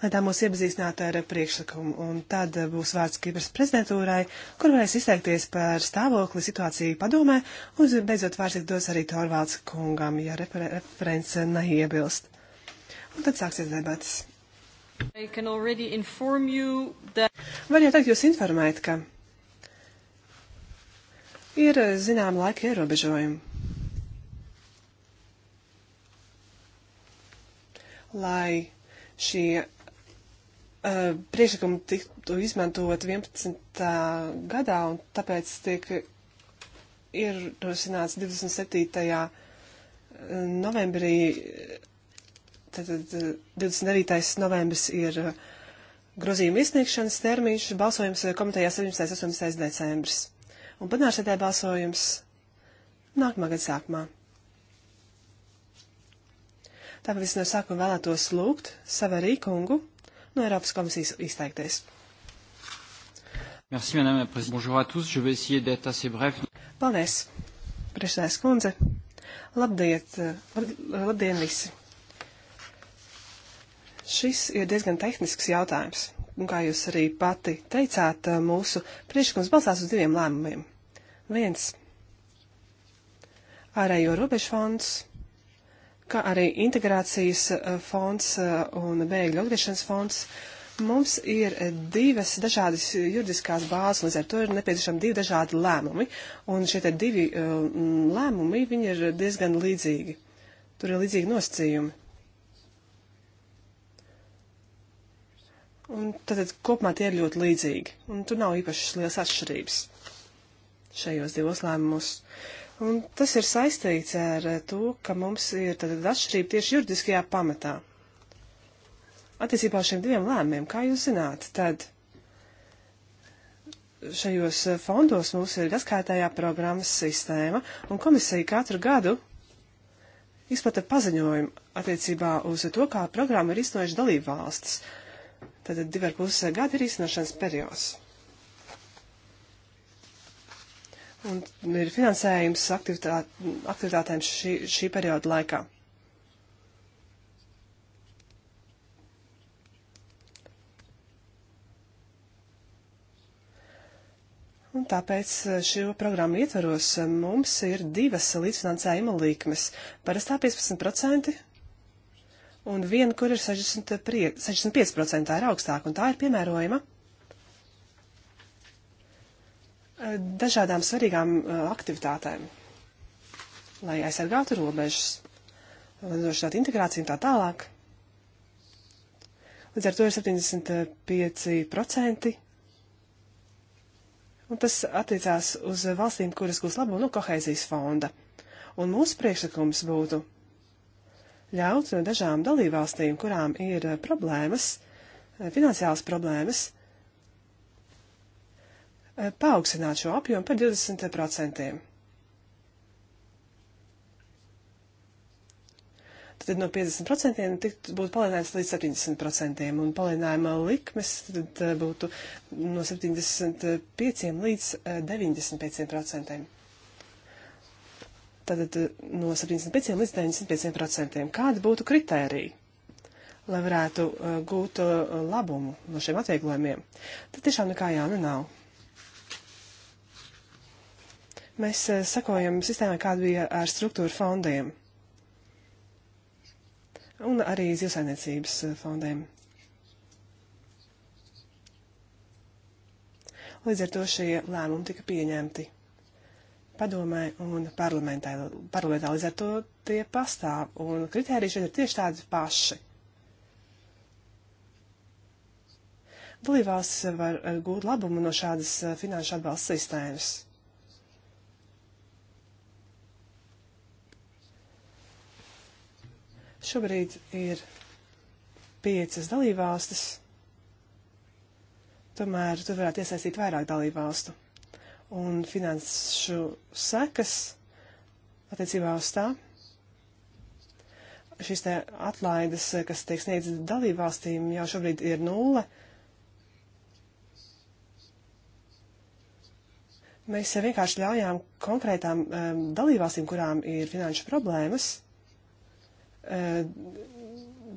lai tā mūs iepazīstinātu ar priekšlikumu. Un tad eh, būs vārds Kipras prezidentūrai, kur varēs izteikties par stāvokli situāciju padomē, un beidzot vārds tiek dos arī Torvalds kungam, ja refer referents eh, neiebilst. Un tad sāksies debatas. That... Var jau teikt jūs informēt, ka ir eh, zinām laika ierobežojumi. Lai šie uh, priekšlikumi tiktu izmantot 11. gadā, un tāpēc tiek ierosināts 27. Eh, novembrī, tad 29. novembris ir grozījuma izsniegšanas termiņš, balsojums komitejā 17. un 18. decembris un plenārsēdē balsojums nākamā gada sākumā. Tāpēc es no sākuma vēlētos lūgt Savarī kungu no Eiropas komisijas izteikties.
Merci, madame la présidente. Bonjour à
tous. Je vais essayer d'être assez bref.
Paldies, priekšsēdētājs kundze. Labdiet, lab, labdien visi. Šis ir diezgan tehnisks jautājums. Un kā jūs arī pati teicāt, mūsu priekšlikums balstās uz diviem lēmumiem. 1. Ārējo robežu fonds, kā arī integrācijas eh, fonds eh, un bēgļu atgriešanas fonds. Mums ir divas dažādas juridiskās bāzes, līdz ar to ir nepieciešami divi dažādi lēmumi. Un šie divi uh, lēmumi, viņi ir diezgan līdzīgi. Tur ir līdzīgi nosacījumi. Un tātad kopumā tie ir ļoti līdzīgi, un tur nav īpašas liels atšķirības šajos divos lēmumus. Un tas ir saistīts ar to, ka mums ir tad atšķirība tieši juridiskajā pamatā. Attiecībā uz šiem diviem lēmumiem, kā jūs zināt, tad šajos fondos mums ir gaskaitajā programmas sistēma, un komisija katru gadu izplata paziņojumu attiecībā uz to, kā programma ir iznojuši dalību valstis. Tad divi ar pus gadi ir iznošanas periods. un ir finansējums aktivitā, aktivitātēm šī, šī perioda laikā. Un tāpēc šo programmu ietvaros mums ir divas līdzfinansējuma līkmes - parastā 15% un viena, kur ir 60, 65% tā ir augstāka, un tā ir piemērojama dažādām svarīgām uh, aktivitātēm, lai aizsargātu robežas, nodrošinātu integrāciju un tā tālāk. Līdz ar to ir 75%. Un tas attiecās uz valstīm, kuras gūs labu no kohēzijas fonda. Un mūsu priekšlikums būtu ļaut dažām dalībvalstīm, kurām ir uh, problēmas, uh, finansiālas problēmas, Eh, paaugstināt šo apjomu par 20%. Tad no 50% tikt, būtu palielināts līdz 70%, un palielinājuma likmes tad eh, būtu no 75 līdz 95%. Eh, Tātad no 75 līdz 95%. Kādi būtu kritēriji? lai varētu uh, gūt uh, labumu no šiem atvieglojumiem, tad tiešām nekā jauna nav. Mēs eh, sakojam sistēmai, kāda bija ar struktūru fondiem un arī zivsainiecības eh, fondiem. Līdz ar to šie lēmumi tika pieņemti padomē un parlamentā. parlamentā. Līdz ar to tie pastāv un kritēriji šeit ir tieši tādi paši. Dalībvalstis var eh, gūt labumu no šādas finanšu atbalsta sistēmas. Šobrīd ir piecas dalībvalstis. Tomēr tur varētu iesaistīt vairāk dalībvalstu. Un finanšu sekas attiecībā uz tā, šīs te atlaides, kas tiek sniegtas dalībvalstīm, jau šobrīd ir nulle. Mēs vienkārši ļaujām konkrētām um, dalībvalstīm, kurām ir finanšu problēmas, Eh,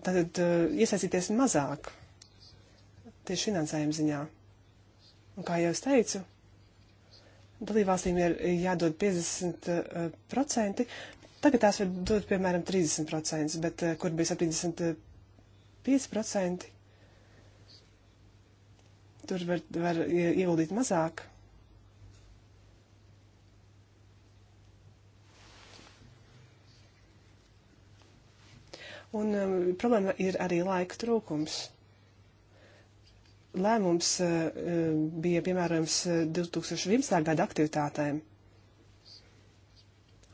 tātad eh, iesaistīties mazāk tieši finansējuma ziņā. Un kā jau es teicu, dalībvalstīm ir jādod 50%, eh, tagad tās var dot piemēram 30%, bet kur bija 75%, tur var, var ieguldīt mazāk. Un um, problēma ir arī laika trūkums. Lēmums uh, um, bija piemērojams 2011. Uh, gada aktivitātēm.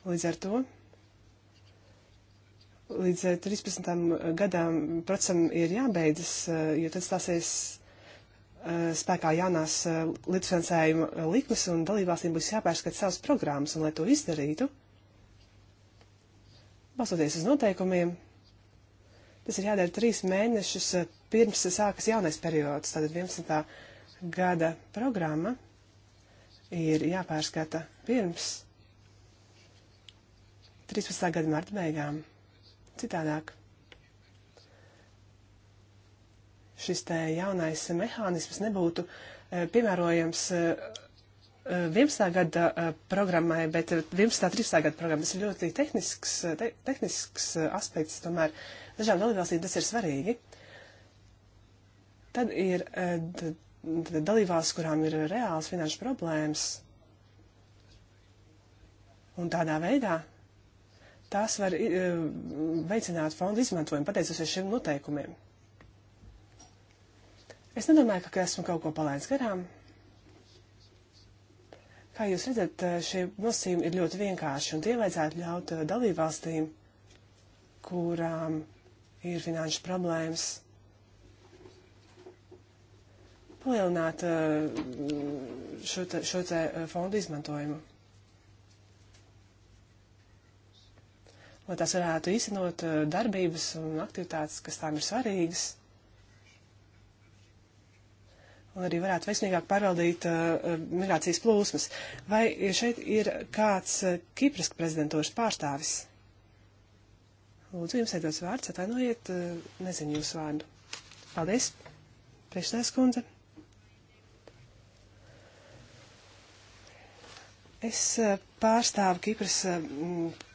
Līdz ar to līdz 13. Uh, gadam procesam ir jābeidzas, uh, jo tad stāsies spēkā jaunās licencējuma likmes un dalībvalstīm būs jāpērskat savas programmas, un lai to izdarītu, balstoties uz noteikumiem, Tas ir jādara trīs mēnešus eh, pirms sākas jaunais periods, tātad 11. gada programma ir jāpārskata pirms 13. gada marta beigām. Citādāk. Šis te jaunais mehānisms nebūtu eh, piemērojams 11. Eh, gada programmai, bet 11. un 13. gada programmai tas ir ļoti tehnisks, te, tehnisks aspekts. Tomēr dažām dalībvalstīm tas ir svarīgi. Tad ir eh, dalībvalsts, kurām ir reāls finanšu problēmas. Un tādā veidā tās var eh, veicināt fondu izmantojumu pateicoties šiem noteikumiem. Es nedomāju, ka esmu kaut ko palaidis garām. Kā jūs redzat, eh, šie nosacījumi ir ļoti vienkārši, un tie vajadzētu ļaut dalībvalstīm, kurām ir finanšu problēmas. Palielināt eh, šo te, šo te eh, fondu izmantojumu. Lai tās varētu īstenot eh, darbības un aktivitātes, kas tām ir svarīgas. Un arī varētu veiksmīgāk pārvaldīt uh, migrācijas plūsmas. Vai šeit ir kāds Kipras prezidentūras pārstāvis? Lūdzu, jums iedos vārds, atvainojiet, eh, nezinu jūsu vārdu. Paldies, priekšnēs kundze. Es eh, pārstāvu Kipras eh,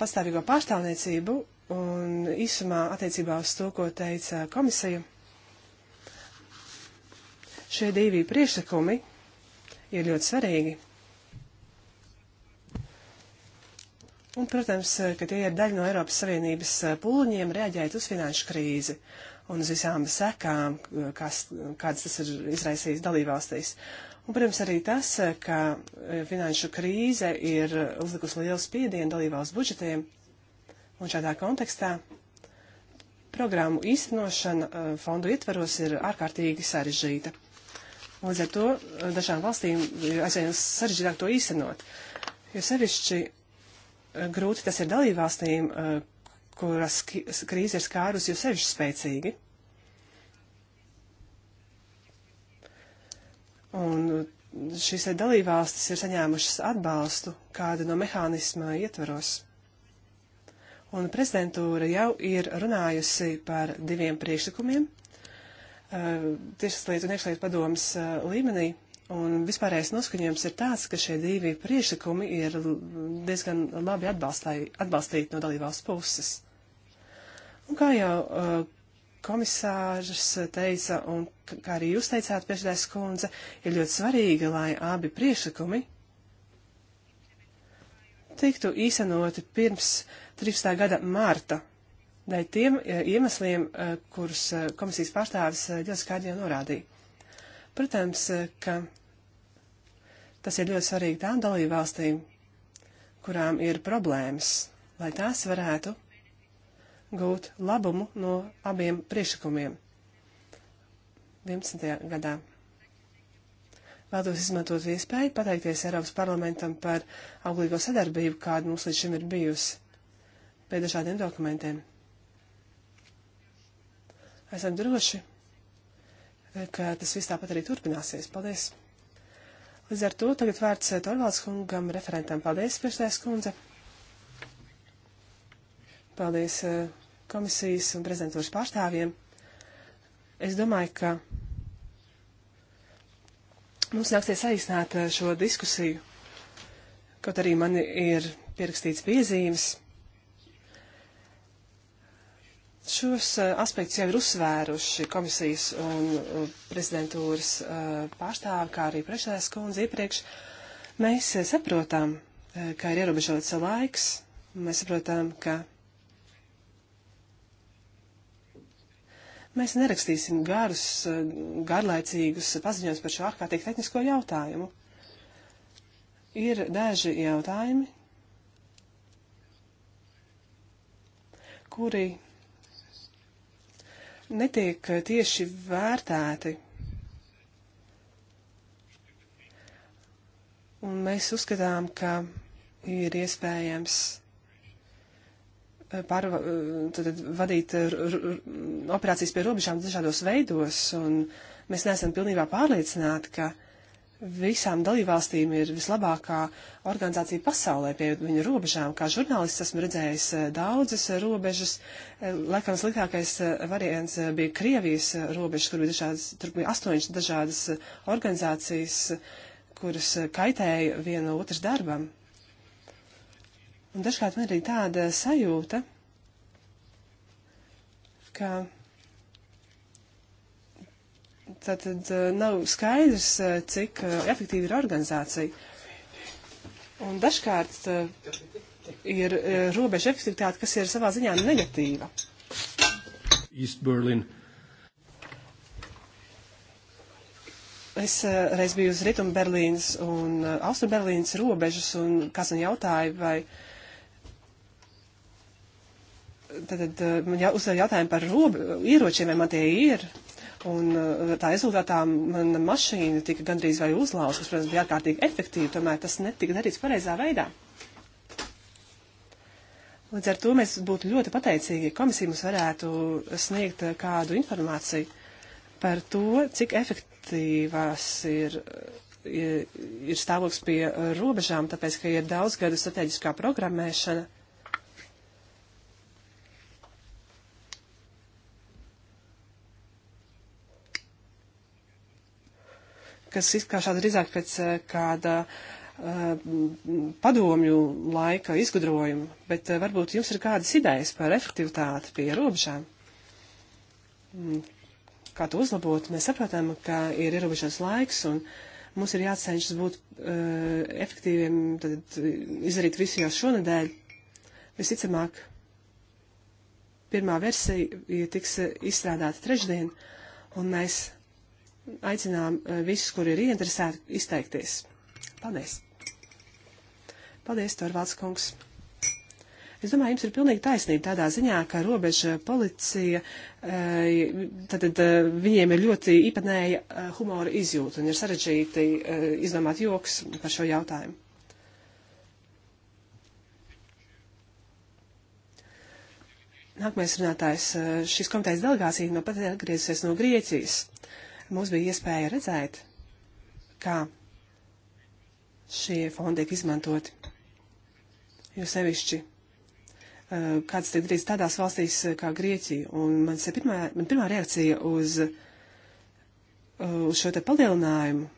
pastāvīgo pārstāvniecību un īsumā attiecībā uz to, ko teica komisija. Šie divi priekšlikumi ir ļoti svarīgi. Un, protams, ka tie ir daļa no Eiropas Savienības eh, pūliņiem reaģēt uz finanšu krīzi un uz visām sekām, eh, kas, kādas tas ir izraisījis dalībvalstīs. Un, protams, arī tas, eh, ka finanšu krīze ir uzlikusi lielu spiedienu dalībvalstu budžetiem. Un šādā kontekstā programmu īstenošana fondu ietvaros ir ārkārtīgi sarežģīta. Līdz ar to dažām valstīm aizvien sarežģītāk to īstenot, jo sevišķi Eh, grūti tas ir dalībvalstīm, eh, kuras krīze ir skārus jau sevišķi spēcīgi. Un eh, šīs dalībvalstis ir saņēmušas atbalstu kādu no mehānisma ietvaros. Un prezidentūra jau ir runājusi par diviem priekšlikumiem tiešas lietu un iekšlietu padomas līmenī Un vispārējais noskaņojums ir tāds, ka šie divi priekšlikumi ir diezgan labi atbalstīti no dalībvalsts puses. Un kā jau uh, komisārs teica, un kā arī jūs teicāt, priekšsēdājas kundze, ir ļoti svarīgi, lai abi priekšlikumi tiktu īstenoti pirms 13. gada mārta, dēļ tiem uh, iemesliem, uh, kurus uh, komisijas pārstāvis ļoti skaidri jau norādīja Protams, ka tas ir ļoti svarīgi tām dalībvalstīm, kurām ir problēmas, lai tās varētu gūt labumu no abiem priekšlikumiem 11. gadā. Vēlos izmantot iespēju pateikties Eiropas parlamentam par auglīgo sadarbību, kāda mums līdz šim ir bijusi pie dažādiem dokumentiem. Esam droši, ka tas viss tāpat arī turpināsies. Paldies! Līdz ar to tagad vērts eh, Torvalds kungam, referentam. Paldies, priekšstājas kundze! Paldies eh, komisijas un prezidentūras pārstāvjiem. Es domāju, ka mums nāksies saīsināt eh, šo diskusiju, kaut arī man ir pierakstīts piezīmes. Šos eh, aspektus jau ir uzsvēruši komisijas un eh, prezidentūras eh, pārstāvi, kā arī priekšsēdētājas kundze iepriekš. Mēs saprotam, ka ir ierobežots laiks, mēs saprotam, ka mēs nerakstīsim garus, garlaicīgus paziņojumus par šo ārkārtīgi tehnisko jautājumu. Ir daži jautājumi, kuri netiek eh, tieši vērtēti. Un mēs uzskatām, ka ir iespējams eh, pārva, eh, tad, vadīt operācijas pie robežām dažādos veidos, un mēs neesam pilnībā pārliecināti, ka visām dalībvalstīm ir vislabākā organizācija pasaulē pie viņu robežām. Kā žurnālists esmu redzējis eh, daudzas eh, robežas. Eh, laikam sliktākais variants bija Krievijas robežas, kur bija, dažādas, tur bija astoņas dažādas organizācijas, kuras kaitēja viena otras darbam. Un dažkārt man ir tāda sajūta, ka Tātad nav skaidrs, cik efektīva ir organizācija. Un dažkārt ir robeža efektivitāte, kas ir savā ziņā negatīva. East Berlin. Es reiz biju uz Rietumu Berlīnas un Austrum Berlīnas robežas, un kāds man jautāja, vai tad, tad man jau, uzdev jautājumu par robe, ieročiem, vai man tie ir. Un eh, tā rezultātā mana mašīna tika gandrīz vai uzlauzta, kas, protams, bija ārkārtīgi efektīva, tomēr tas netika darīts pareizā veidā. Līdz ar to mēs būtu ļoti pateicīgi, ja komisija mums varētu sniegt eh, kādu informāciju par to, cik efektīvās ir, ir, eh, ir stāvoklis pie robežām, tāpēc, ka ir daudz gadu strateģiskā programmēšana kas izskatās drīzāk pēc eh, kāda eh, padomju laika izgudrojumu, bet eh, varbūt jums ir kādas idejas par efektivitāti pie robežām. Mm. Kā to uzlabot? Mēs saprotam, ka ir ierobežots laiks un mums ir jācenšas būt uh, efektīviem, tad izdarīt visu jau šonadēļ. Visticamāk, pirmā versija tiks izstrādāta trešdien, un mēs aicinām eh, visus, kuri ir ieinteresēti, izteikties. Paldies! Paldies, Torvalds kungs! Es domāju, jums ir pilnīgi taisnība tādā ziņā, ka robeža policija, eh, tad eh, viņiem ir ļoti īpatnēja humora izjūta un ir sarežģīti izdomāt joks par šo jautājumu. Nākamais runātājs, šis komitejas delegācija no pat atgriezusies no Grieķijas mums bija iespēja redzēt, kā šie fondi tiek izmantoti. Jo sevišķi, eh, kāds tiek darīts tādās valstīs eh, kā Grieķija. Un man pirmā, man pirmā reakcija uz, eh, uz šo te palielinājumu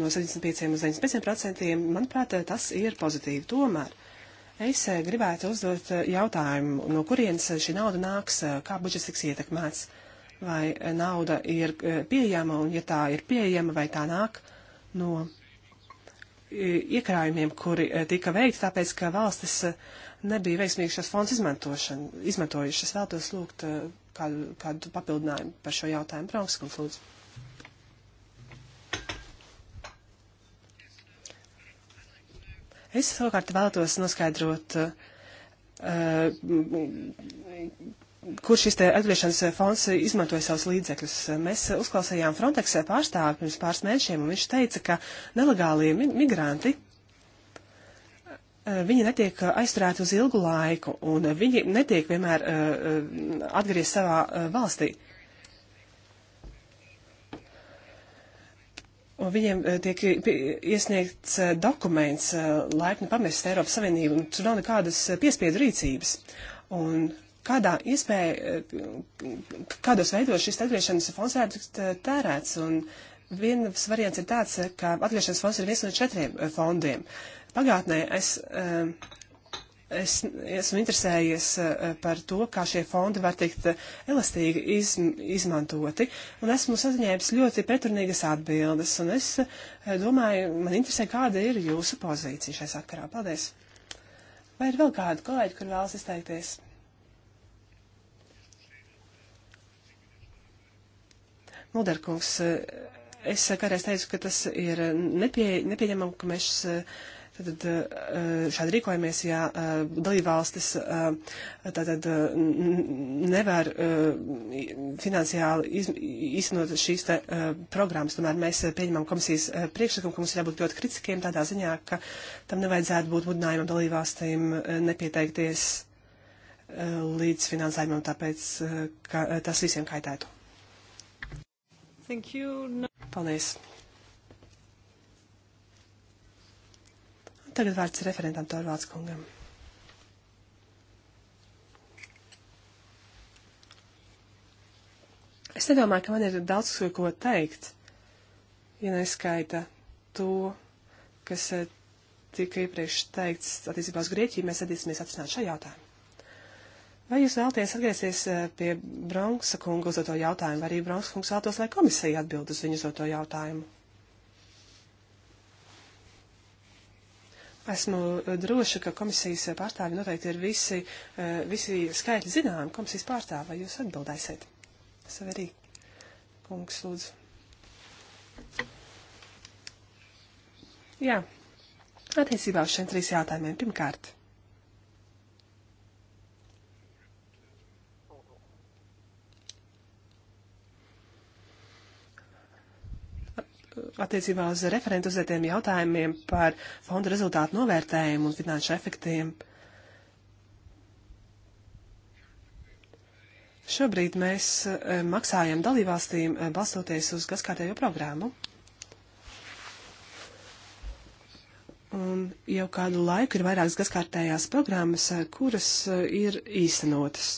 no 75 uz 95 procentiem, manuprāt, tas ir pozitīvi. Tomēr es gribētu uzdot jautājumu, no kurienes šī nauda nāks, kā budžets tiks ietekmēts. Uh, vai nauda ir e, pieejama, un ja tā ir pieejama, vai tā nāk no e, iekrājumiem, kuri e, tika veikti, tāpēc, ka valstis nebija veiksmīgi šos fondus izmantojušas. Es vēlētos lūgt kādu, kādu papildinājumu par šo jautājumu. Praukskums, lūdzu. Es savukārt vēlētos noskaidrot, kur šis atgriešanas fonds izmantoja savus līdzekļus. Mēs uzklausījām Frontex pārstāvi pirms pāris mēnešiem, un viņš teica, ka nelegālie mi migranti, eh, viņi netiek aizturēti uz ilgu laiku, un viņi netiek vienmēr eh, atgriezt savā eh, valstī. Un viņiem tiek iesniegts dokuments laipni pamest Eiropas Savienību, un tur nav nekādas piespiedu rīcības. Un kādā iespēja, eh, kādos veidos šis atgriešanas fonds varētu eh, tērēts. Un viens variants ir tāds, ka atgriešanas fonds ir viens no četriem eh, fondiem. Pagātnē es, es esmu interesējies par to, kā šie fondi var tikt elastīgi iz, izmantoti, un esmu saziņēmis ļoti pretrunīgas atbildes, un es domāju, man interesē, kāda ir jūsu pozīcija šai sakarā. Paldies! Vai ir vēl kādi kolēģi, kur vēlas izteikties? Mulderkungs, eh, es kādreiz teicu, ka tas ir nepie, nepieņemam, ka mēs eh, tad, eh, šādi rīkojamies, ja dalībvalstis tātad nevar finansiāli iz, īstenot šīs te programmas. Tomēr mēs pieņemam komisijas priekšlikumu, ka mums ir jābūt ļoti kritiskiem tādā ziņā, ka tam nevajadzētu būt mudinājumam dalībvalstīm nepieteikties līdz finansējumam, tāpēc, ka tas visiem kaitētu. Thank you. No. Paldies. Tagad vārds referentam Torvalds kungam. Es nedomāju, ka man ir daudz ko teikt, ja neskaita to, kas eh, tika iepriekš teikts attiecībā uz Grieķiju, mēs centīsimies atrisināt šo jautājumu. Vai jūs vēlaties atgriezties eh, pie Bronksa kunga uzdoto jautājumu, vai arī Bronksa kungs vēlatos, lai komisija atbild uz viņu uzdoto jautājumu? Esmu eh, droša, ka komisijas pārstāvi noteikti ir visi, eh, visi skaitļi zinām, komisijas pārstāvi, vai jūs atbildēsiet? Saverī, kungs, lūdzu. Jā, attiecībā uz šiem trīs jautājumiem pirmkārt. attiecībā uz referentu uzdotiem jautājumiem par fonda rezultātu novērtējumu un finanšu efektiem. Šobrīd mēs eh, maksājam dalībvalstīm eh, balstoties uz gaskārtējo programmu. Un jau kādu laiku ir vairākas gaskārtējās programmas, eh, kuras ir īstenotas.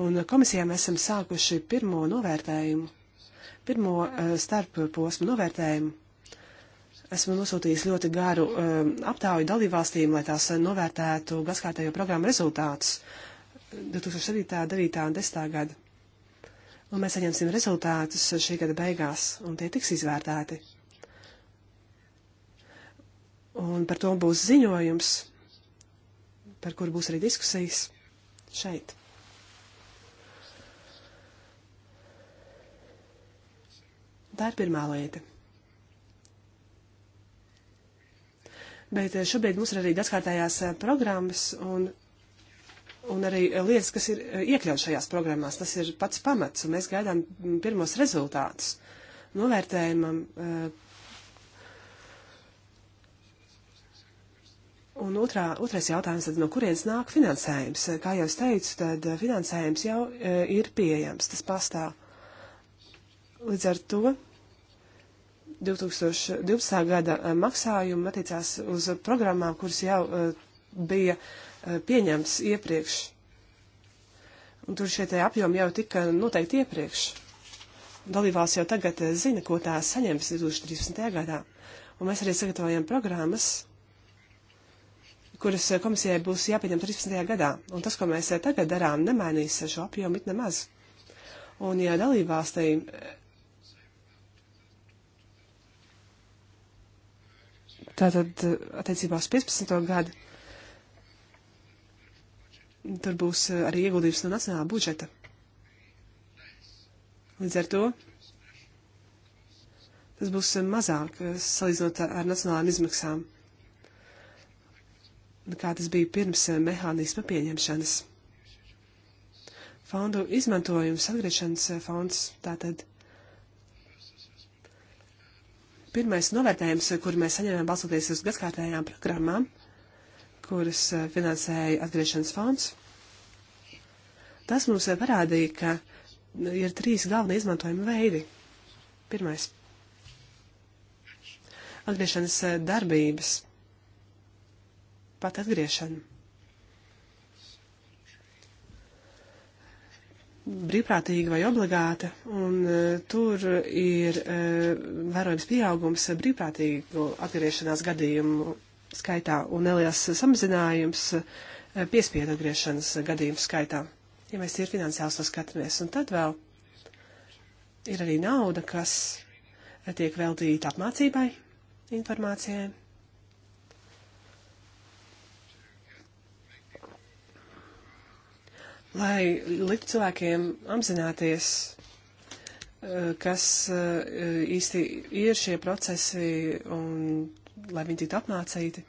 Un komisijā mēs esam sākuši pirmo novērtējumu pirmo eh, starp posmu novērtējumu esmu nosūtījis ļoti garu eh, aptauju dalībvalstīm, lai tās eh, novērtētu gaskārtējo programmu rezultātus 2007. 9. un 10. gada. Un mēs saņemsim rezultātus šī gada beigās, un tie tiks izvērtēti. Un par to būs ziņojums, par kuru būs arī diskusijas šeit. Tā ir pirmā lieta. Bet eh, šobrīd mums ir arī dažkārtējās eh, programmas un, un arī eh, lietas, kas ir iekļauts šajās programmās. Tas ir pats pamats, un mēs gaidām mm, pirmos rezultātus novērtējumam. Un otrā, otrais jautājums, tad, no kurienes nāk finansējums? Kā jau es teicu, tad finansējums jau ir pieejams, tas pastāv. Līdz ar to 2012. gada eh, maksājumi attiecās uz programmām, kuras jau eh, bija eh, pieņemts iepriekš. Un tur šie tie apjomi jau tika noteikti iepriekš. Dalībās jau tagad zina, ko tā saņems 2013. gadā. Un mēs arī sagatavojam programmas, kuras komisijai būs jāpieņem 13. gadā. Un tas, ko mēs tagad darām, nemainīs šo apjomu it nemaz. Un ja dalībvalstīm Tātad attiecībā uz 15. gadu tur būs eh, arī ieguldījums no nacionālā budžeta. Līdz ar to tas būs eh, mazāk eh, salīdzinot ar nacionālām izmaksām, kā tas bija pirms mehānisma pieņemšanas. Fondu izmantojums, atgriešanas fonds, tātad Pirmais novērtējums, kur mēs saņēmām balsoties uz gadskārtējām programmām, kuras eh, finansēja atgriešanas fonds, tas mums eh, parādīja, ka ir trīs galvenie izmantojuma veidi. Pirmais - atgriešanas eh, darbības, pat atgriešana. brīvprātīga vai obligāta, un uh, tur ir uh, vērojams pieaugums brīvprātīgu atgriešanās gadījumu skaitā un neliels samazinājums uh, piespiedu atgriešanas gadījumu skaitā, ja mēs ir finansiāli to skatāmies. Un tad vēl ir arī nauda, kas tiek veltīta apmācībai, informācijai. lai liktu cilvēkiem apzināties, eh, kas eh, īsti ir šie procesi un lai viņi tiktu apmācīti.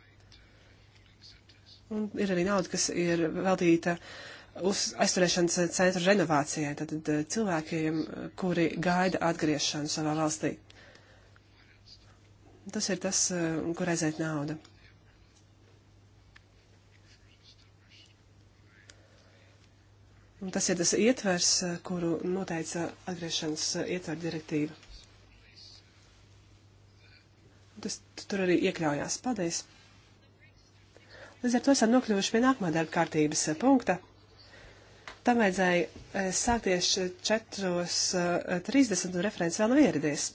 Un ir arī nauda, kas ir veltīta uz aizturēšanas centru renovācijai, tad eh, cilvēkiem, kuri gaida atgriešanu savā valstī. Tas ir tas, kur aiziet nauda. Tas ir tas ietvers, eh, kuru noteica atgriešanas eh, ietver direktīva. Tas tur arī iekļaujās. Paldies! Līdz ar to esam nokļuvuši pie nākamā darba kārtības eh, punkta. Tam vajadzēja sākties 4.30 un referents vēl nav ieradies.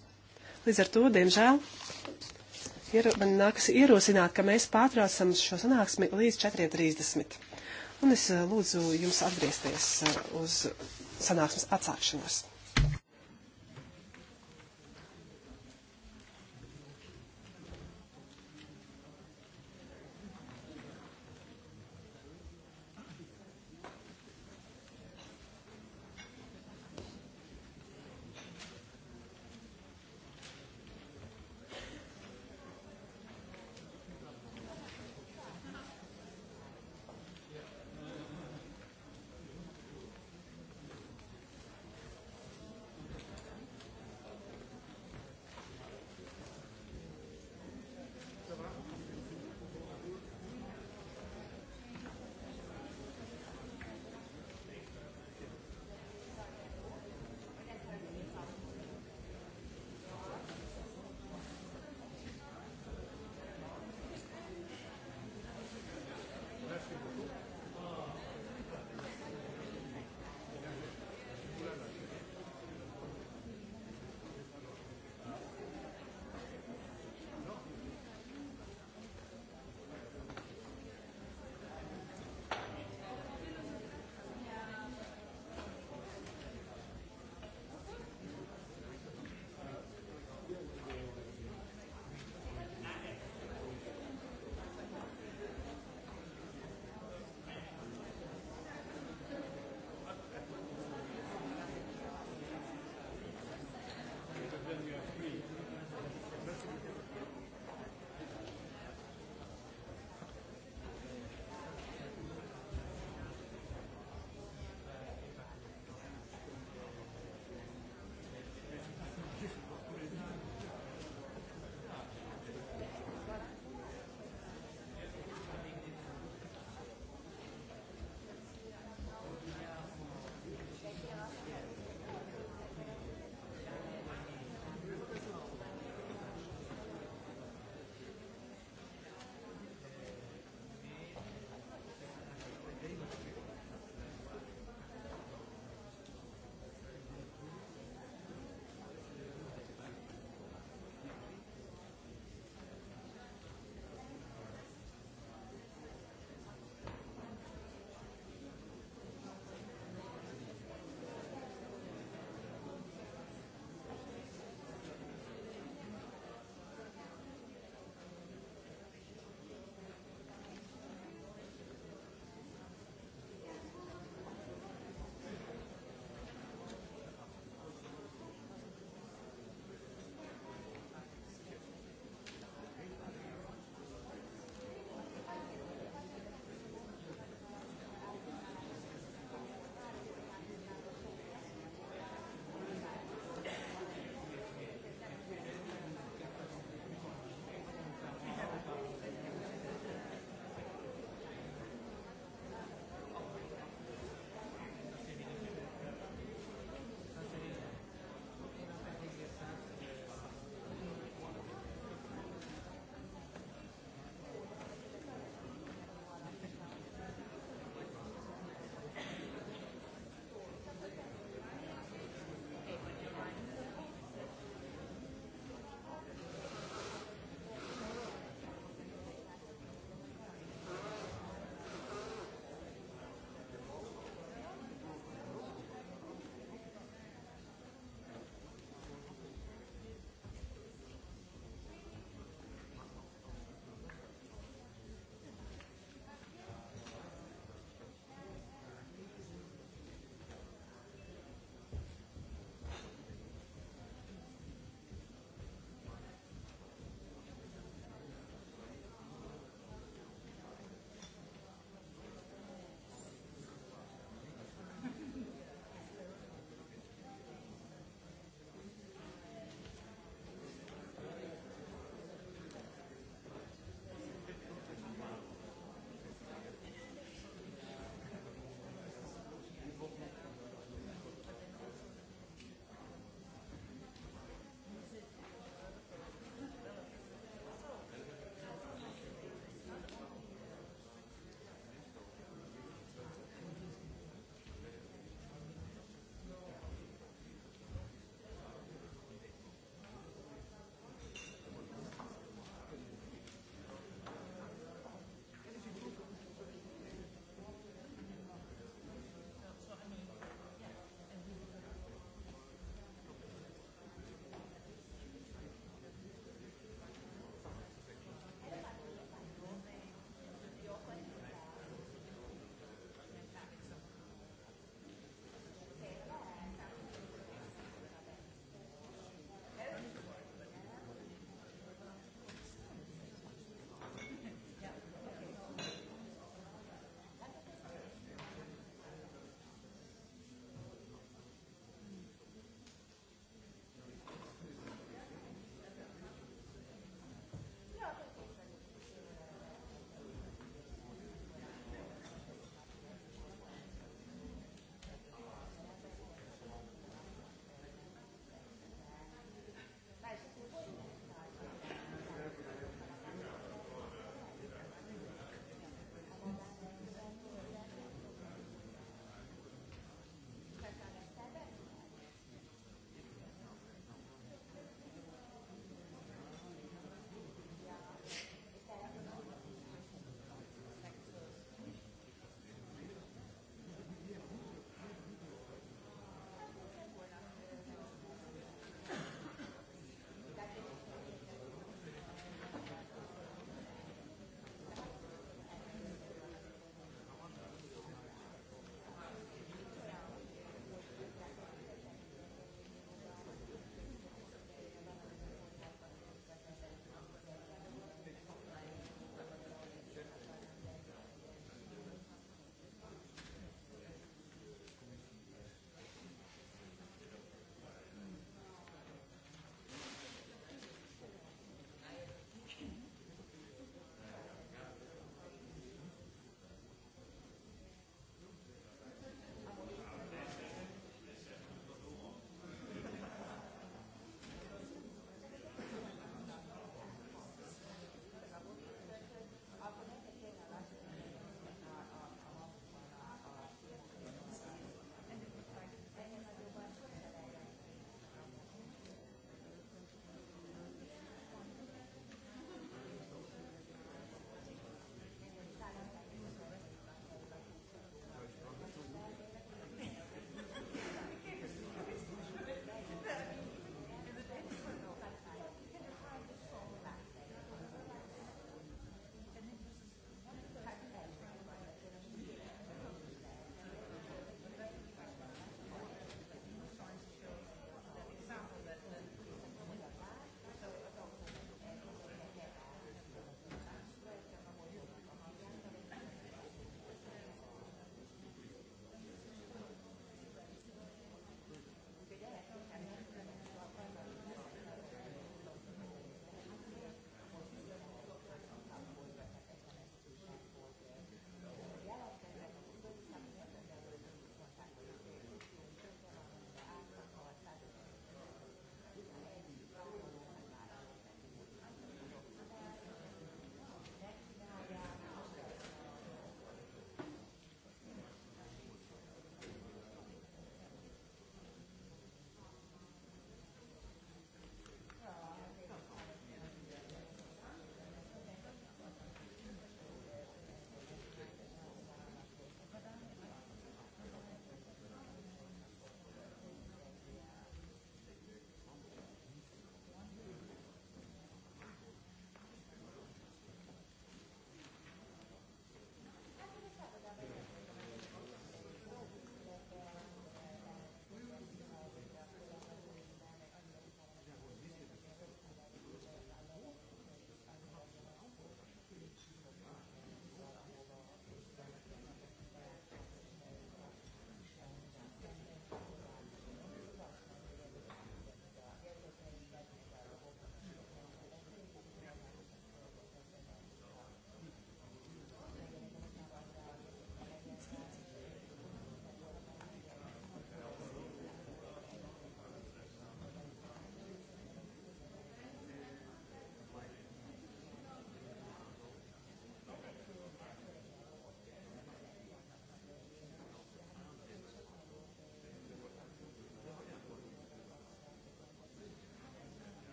Līdz ar to, diemžēl, iero, man nākas ierosināt, ka mēs pārtraucam šo sanāksmi līdz 4.30 un es eh, lūdzu jums atgriezties eh, uz sanāksmes atsākšanos.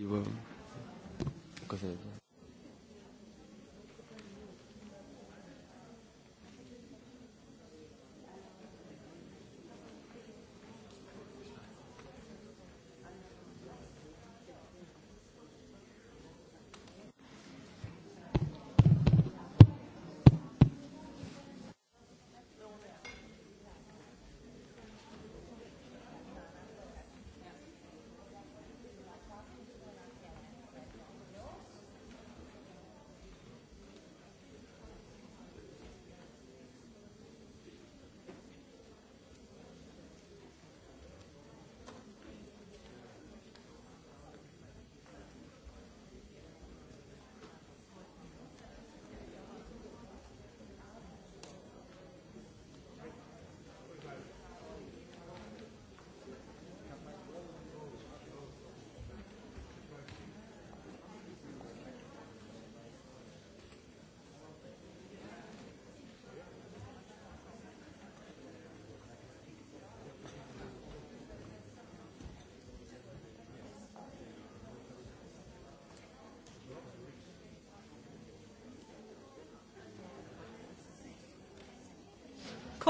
You will... Because of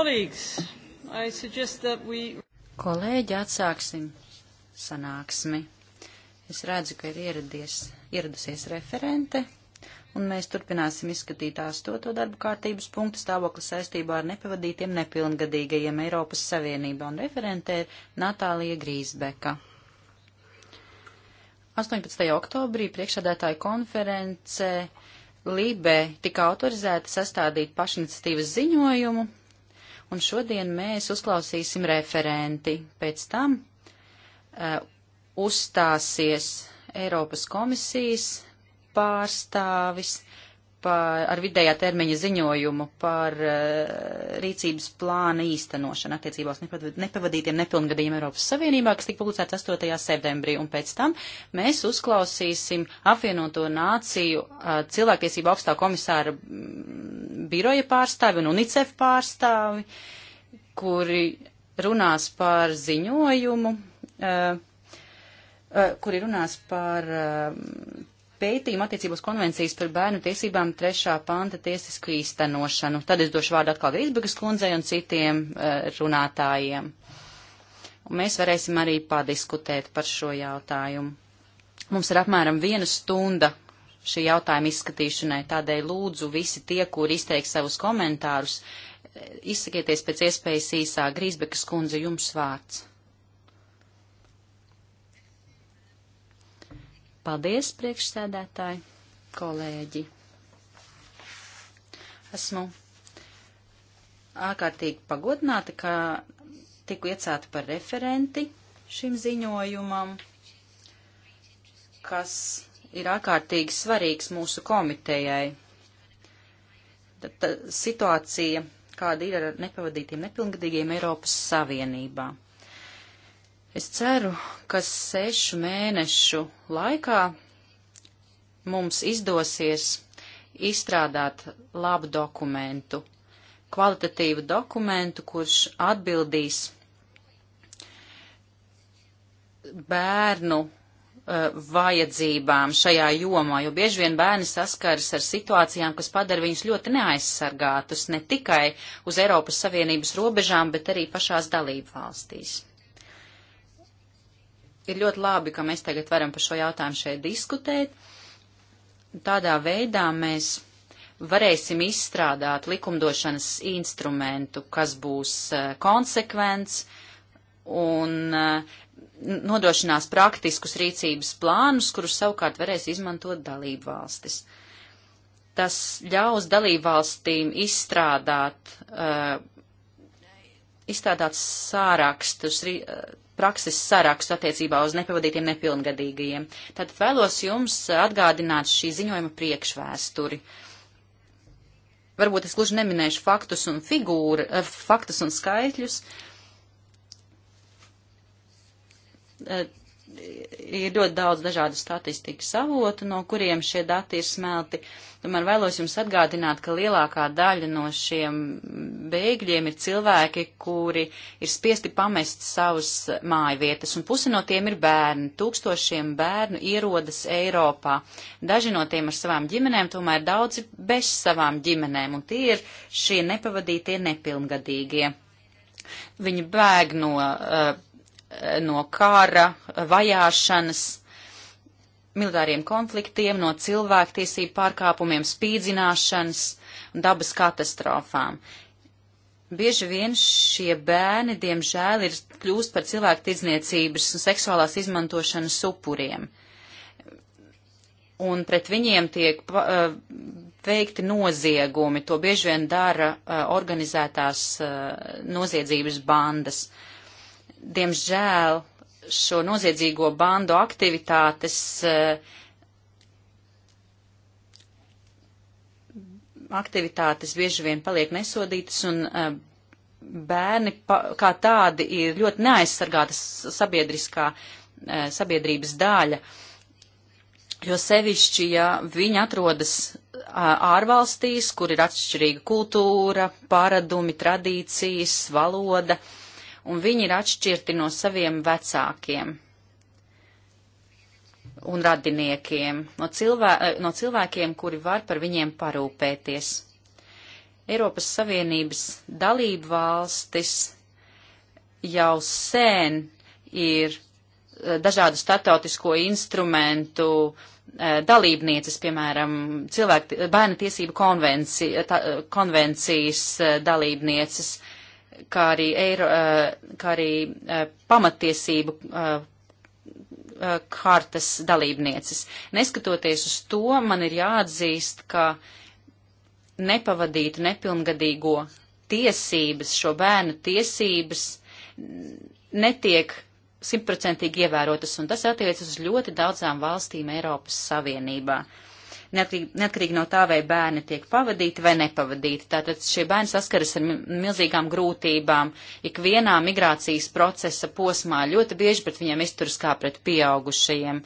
We...
Kolēģi, atsāksim sanāksmi. Es redzu, ka ir ieradies, ieradusies referente, un mēs turpināsim izskatīt astoto darbu kārtības punktu stāvokli saistībā ar nepavadītiem nepilngadīgajiem Eiropas Savienībā, un referente ir Natālija Grīsbeka. 18. oktobrī priekšādētāja konference Lībē tika autorizēta sastādīt pašiniciatīvas ziņojumu un šodien mēs uzklausīsim referenti. Pēc tam uh, uzstāsies Eiropas komisijas pārstāvis, par, ar vidējā termiņa ziņojumu par uh, rīcības plāna īstenošanu attiecībās nepavadītiem nepilngadījumiem Eiropas Savienībā, kas tika publicēts 8. septembrī. Un pēc tam mēs uzklausīsim apvienoto nāciju uh, cilvēktiesību augstā komisāra mm, biroja pārstāvi un UNICEF pārstāvi, kuri runās par ziņojumu. Uh, kuri runās par uh, pētījumu attiecībos konvencijas par bērnu tiesībām trešā panta tiesisku īstenošanu. Tad es došu vārdu atkal Vīsbegas kundzei un citiem uh, runātājiem. Un mēs varēsim arī padiskutēt par šo jautājumu. Mums ir apmēram viena stunda šī jautājuma izskatīšanai, tādēļ lūdzu visi tie, kur izteiks savus komentārus, eh, izsakieties pēc iespējas īsāk. Grīsbekas kundze, jums vārds. Paldies, priekšsēdētāji, kolēģi. Esmu ārkārtīgi pagodināta, ka tiku iecēta par referenti šim ziņojumam, kas ir ārkārtīgi svarīgs mūsu komitejai. Tad, tā, situācija, kāda ir ar nepavadītiem nepilngadīgiem Eiropas Savienībā. Es ceru, ka sešu mēnešu laikā mums izdosies izstrādāt labu dokumentu, kvalitatīvu dokumentu, kurš atbildīs bērnu eh, vajadzībām šajā jomā, jo bieži vien bērni saskaras ar situācijām, kas padara viņus ļoti neaizsargātus ne tikai uz Eiropas Savienības robežām, bet arī pašās dalību valstīs ir ļoti labi, ka mēs tagad varam par šo jautājumu šeit diskutēt. Tādā veidā mēs varēsim izstrādāt likumdošanas instrumentu, kas būs eh, konsekvents un eh, nodrošinās praktiskus rīcības plānus, kurus savukārt varēs izmantot dalību valstis. Tas ļaus dalību valstīm izstrādāt uh, izstrādāt sārakstus, eh, prakses sarakstu attiecībā uz nepavadītiem nepilngadīgajiem. Tad vēlos jums atgādināt šī ziņojuma priekšvēsturi. Varbūt es gluži neminēšu faktus un figūru, eh, faktus un skaitļus. Eh, ir ļoti daudz dažādu statistikas avotu, no kuriem šie dati ir smelti. Tomēr vēlos jums atgādināt, ka lielākā daļa no šiem bēgļiem ir cilvēki, kuri ir spiesti pamest savus mājvietas, un pusi no tiem ir bērni. Tūkstošiem bērnu ierodas Eiropā. Daži no tiem ar savām ģimenēm, tomēr daudzi bez savām ģimenēm, un tie ir šie nepavadītie nepilngadīgie. Viņi bēg no uh, no kara, vajāšanas, militāriem konfliktiem, no cilvēktiesību pārkāpumiem, spīdzināšanas un dabas katastrofām. Bieži vien šie bērni, diemžēl, ir kļūst par cilvēku tirdzniecības un seksuālās izmantošanas upuriem. Un pret viņiem tiek uh, veikti noziegumi. To bieži vien dara uh, organizētās uh, noziedzības bandas. Uh, diemžēl šo noziedzīgo bandu aktivitātes eh, aktivitātes bieži vien paliek nesodītas un eh, bērni pa, kā tādi ir ļoti neaizsargātas sabiedriskā eh, sabiedrības daļa, jo sevišķi, ja viņi atrodas ārvalstīs, kur ir atšķirīga kultūra, paradumi, tradīcijas, valoda, uh, un viņi ir atšķirti no saviem vecākiem un radiniekiem, no, cilvē, no cilvēkiem, kuri var par viņiem parūpēties. Eiropas Savienības dalību valstis jau sen ir eh, dažādu statautisko instrumentu eh, dalībnieces, piemēram, cilvēku bērnu tiesību konvenci, tā, konvencijas eh, dalībnieces. Uh, kā arī, eiro, eh, kā arī eh, pamatiesību kartas eh, dalībnieces. Neskatoties uz to, man ir jāatzīst, ka nepavadītu nepilngadīgo tiesības, šo bērnu tiesības netiek simtprocentīgi ievērotas, un tas attiecas uz ļoti daudzām valstīm Eiropas Savienībā. Uh, neatkarīgi no tā, vai bērni tiek pavadīti vai nepavadīti. Tātad šie bērni saskaras ar milzīgām grūtībām. Ikvienā migrācijas procesa posmā ļoti bieži pret viņiem izturas kā pret pieaugušajiem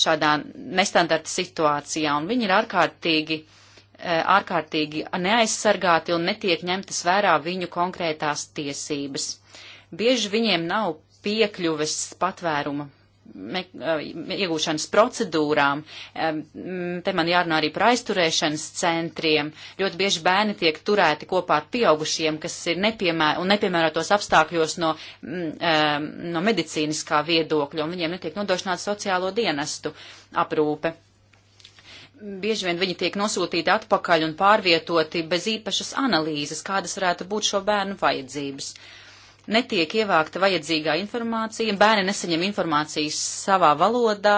šādā nestandarta situācijā, un viņi ir ārkārtīgi eh, ārkārtīgi neaizsargāti un netiek ņemtas vērā viņu konkrētās tiesības. Bieži viņiem nav piekļuves patvēruma Eh, iegūšanas procedūrām. Te man jārunā arī par aizturēšanas centriem. Ļoti bieži bērni tiek turēti kopā ar pieaugušiem, kas ir nepiemēr, un nepiemērotos apstākļos no, mm, no medicīniskā viedokļa, un viņiem netiek nodrošināta sociālo dienestu aprūpe. Bieži vien viņi tiek nosūtīti atpakaļ un pārvietoti bez īpašas analīzes, kādas varētu būt šo bērnu vajadzības. Uh, netiek ievākta vajadzīgā informācija, bērni nesaņem informācijas savā valodā,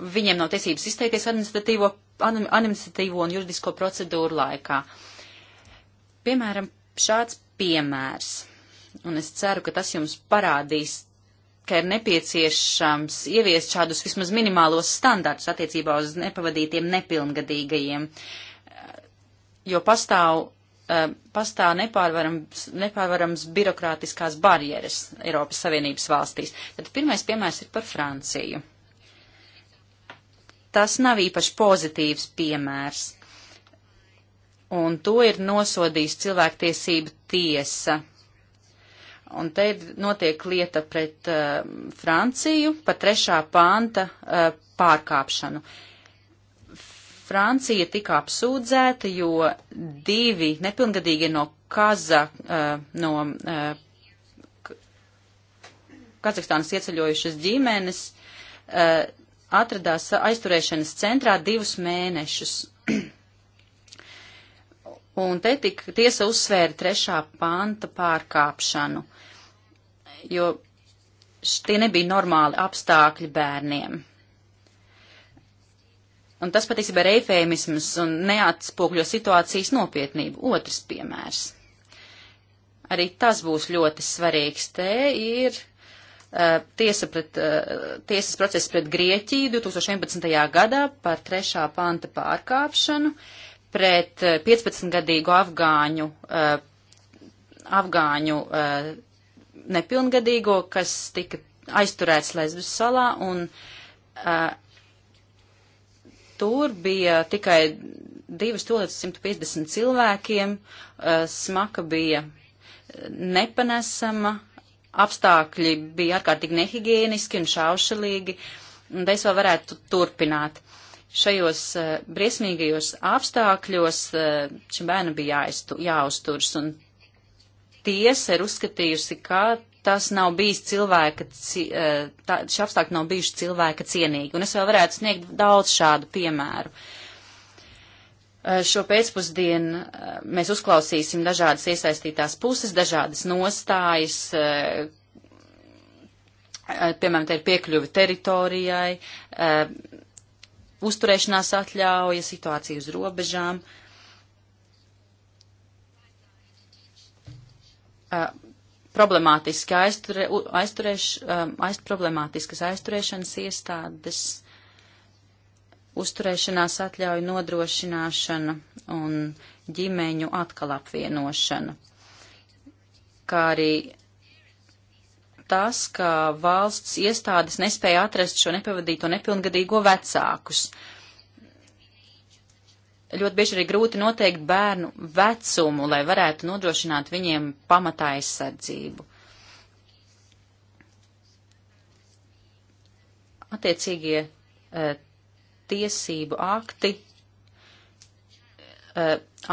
viņiem nav tiesības izteikties administratīvo, administratīvo un juridisko procedūru laikā. Piemēram, šāds piemērs, un es ceru, ka tas jums parādīs, ka ir nepieciešams ieviest šādus vismaz minimālos standartus attiecībā uz nepavadītiem nepilngadīgajiem, jo pastāv Um, pastāv nepārvarams, nepārvarams birokrātiskās barjeras Eiropas Savienības valstīs. Tad pirmais piemērs ir par Franciju. Tas nav īpaši pozitīvs piemērs. Un to ir nosodījis cilvēktiesība tiesa. Un te notiek lieta pret uh, Franciju par trešā panta uh, pārkāpšanu. Uh, Francija tika apsūdzēta, jo divi nepilngadīgi no Kaza, eh, no eh, Kazahstānas ieceļojušas ģimenes eh, atradās aizturēšanas centrā divus mēnešus. Un te tik tiesa uzsvēra trešā panta pārkāpšanu, jo tie nebija normāli apstākļi bērniem. Un tas patiesībā ir eifēmisms un neatspūkļo situācijas nopietnību. Otrs piemērs. Arī tas būs ļoti svarīgs. Te ir uh, tiesa pret, uh, tiesas process pret Grieķiju 2011. gadā par trešā panta pārkāpšanu pret 15-gadīgu uh, afgāņu, uh, afgāņu uh, nepilngadīgo, kas tika aizturēts Lesbas salā un uh, Tur bija tikai divas tolietas 150 cilvēkiem, eh, smaka bija nepanesama, apstākļi bija ārkārtīgi nehigieniski un šaušalīgi, un es vēl varētu turpināt. Šajos uh, briesmīgajos apstākļos uh, šim bērnam bija jāiztu, jāuzturs, un tiesa ir uzskatījusi, ka tas nav bijis cilvēka, e, tā, šie apstākļi nav bijuši cilvēka cienīgi. Un es vēl varētu sniegt daudz šādu piemēru. E, šo pēcpusdienu e, mēs uzklausīsim dažādas iesaistītās puses, dažādas nostājas, piemēram, te ir piekļuvi teritorijai, uzturēšanās atļauja, situācija uz robežām problemātiski aizture, aizturēš, um, aiz, problemātiskas aizturēšanas iestādes, uzturēšanās atļauju nodrošināšana un ģimeņu atkal apvienošana, kā arī tas, ka valsts iestādes nespēja atrast šo nepavadīto nepilngadīgo vecākus. Uh, ļoti bieži arī grūti noteikt bērnu vecumu, lai varētu nodrošināt viņiem pamatā aizsardzību. Attiecīgie e, tiesību akti, e,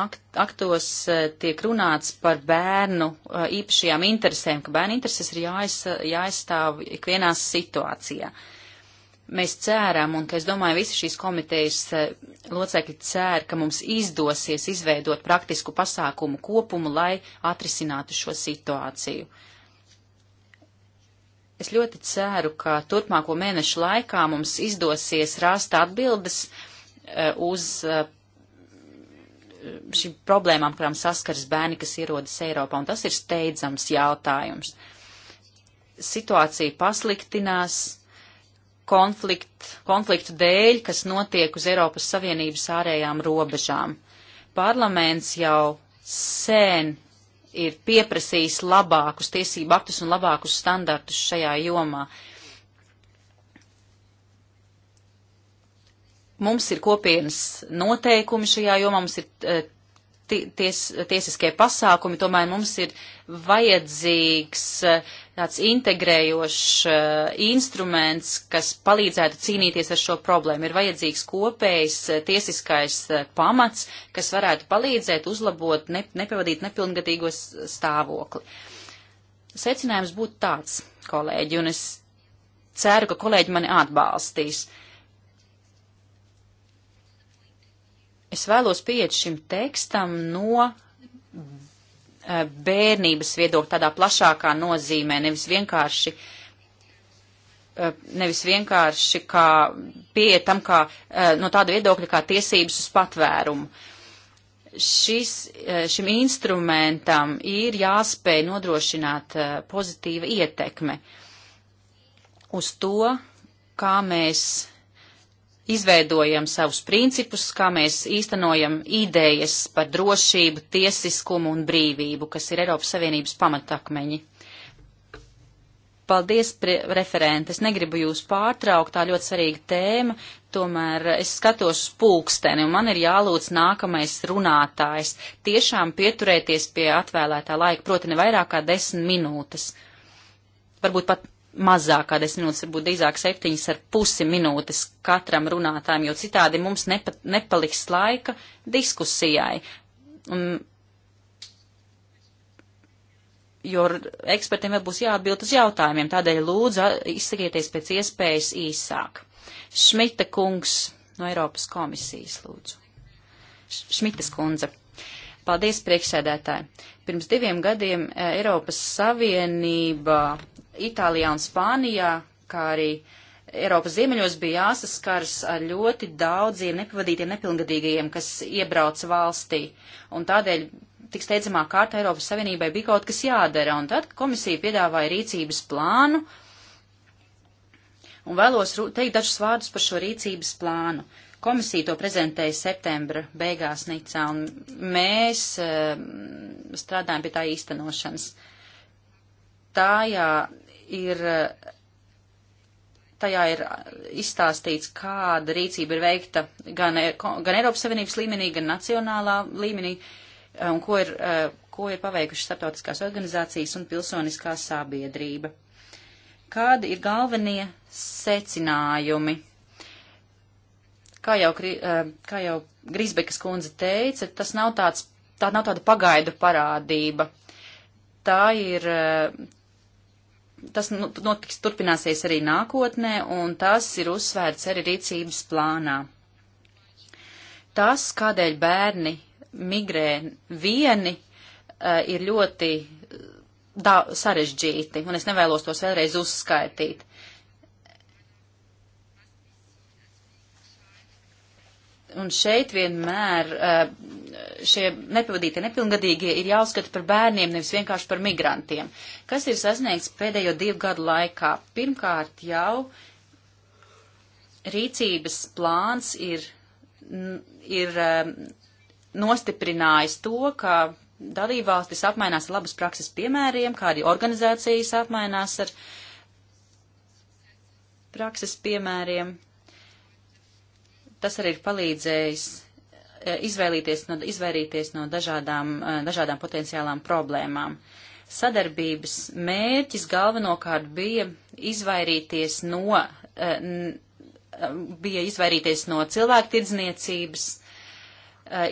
akt, aktos e, tiek runāts par bērnu e, īpašajām interesēm, ka bērnu intereses ir jāaiz, jāaizstāv ikvienā situācijā. E, mēs cērām, un ka es domāju, visi šīs komitejas eh, locekļi cēr, ka mums izdosies izveidot praktisku pasākumu kopumu, lai atrisinātu šo situāciju. Es ļoti ceru, ka turpmāko mēnešu laikā mums izdosies rast atbildes eh, uz eh, šīm problēmām, kurām saskaras bērni, kas ierodas Eiropā, un tas ir steidzams jautājums. Situācija pasliktinās, konflikt, konfliktu dēļ, kas notiek uz Eiropas Savienības ārējām robežām. Parlaments jau sen ir pieprasījis labākus tiesību aktus un labākus standartus šajā jomā. Mums ir kopienas noteikumi šajā jomā, mums ir eh, ties, tiesiskie pasākumi, tomēr mums ir vajadzīgs eh, tāds integrējošs eh, instruments, kas palīdzētu cīnīties ar šo problēmu. Ir vajadzīgs kopējs eh, tiesiskais pamats, kas varētu palīdzēt uzlabot ne, nepavadīt nepilngadīgos stāvokli. Secinājums būtu tāds, kolēģi, un es ceru, ka kolēģi mani atbalstīs. Uh, Es vēlos pieiet šim tekstam no eh, bērnības viedokļa tādā plašākā nozīmē, nevis vienkārši uh, nevis vienkārši kā pieiet tam kā eh, no tāda viedokļa kā tiesības uz patvērumu. Šis, šim instrumentam ir jāspēj nodrošināt pozitīva ietekme uz to, kā mēs izveidojam savus principus, kā mēs īstenojam idejas par drošību, tiesiskumu un brīvību, kas ir Eiropas Savienības pamatakmeņi. Paldies, referente. Es negribu jūs pārtraukt, tā ļoti svarīga tēma. Tomēr es skatos uz pulksteni un man ir jālūdz nākamais runātājs. Tiešām pieturēties pie atvēlētā laika, proti ne vairāk kā desmit minūtes. Varbūt pat mazāk kā 10 minūtes, varbūt drīzāk 7 ar pusi minūtes katram runātājam, jo citādi mums nepa, nepaliks laika diskusijai. Un, jo ekspertiem vēl būs jāatbild uz jautājumiem, tādēļ lūdzu izsakieties pēc iespējas īsāk. Šmita kungs no Eiropas komisijas lūdzu. Šmitas kundze. Paldies priekšsēdētāji. Pirms diviem gadiem e, Eiropas Savienība Itālijā un Spānijā, kā arī Eiropas ziemeļos bija jāsaskars ar ļoti daudziem nepavadītiem nepilngadīgajiem, kas iebrauc valstī. Un tādēļ tik steidzamā kārta Eiropas Savienībai bija kaut kas jādara. Un tad komisija piedāvāja rīcības plānu. Un vēlos teikt dažus vārdus par šo rīcības plānu. Komisija to prezentēja septembra beigās Nicā, un mēs e, strādājam pie tā īstenošanas. Tā jā, ir, tajā ir izstāstīts, kāda rīcība ir veikta gan, e- gan Eiropas Savienības līmenī, gan nacionālā līmenī, un ko ir, e, ko ir paveikuši starptautiskās organizācijas un pilsoniskā sabiedrība. Kādi ir galvenie secinājumi? Kā jau, e, kā jau Grisbekas kundze teica, tas nav tāds, tā nav tāda pagaidu parādība. Tā ir, tas nu, notiks, turpināsies arī nākotnē, un tas ir uzsvērts arī rīcības plānā. Tas, kādēļ bērni migrē vieni, eh, ir ļoti eh, sarežģīti, un es nevēlos tos vēlreiz uzskaitīt. Un šeit vienmēr eh, šie nepavadītie nepilngadīgie ir jāuzskata par bērniem, nevis vienkārši par migrantiem. Kas ir sasniegts pēdējo divu gadu laikā? Pirmkārt jau rīcības plāns ir, ir eh, nostiprinājis to, ka dalībvalstis apmainās ar labas prakses piemēriem, kā arī organizācijas apmainās ar prakses piemēriem Tas arī ir palīdzējis e, izvēlīties no, izvairīties no dažādām, e, dažādām potenciālām problēmām. Sadarbības mērķis galvenokārt bija izvairīties no, e, bija izvairīties no cilvēktirdzniecības,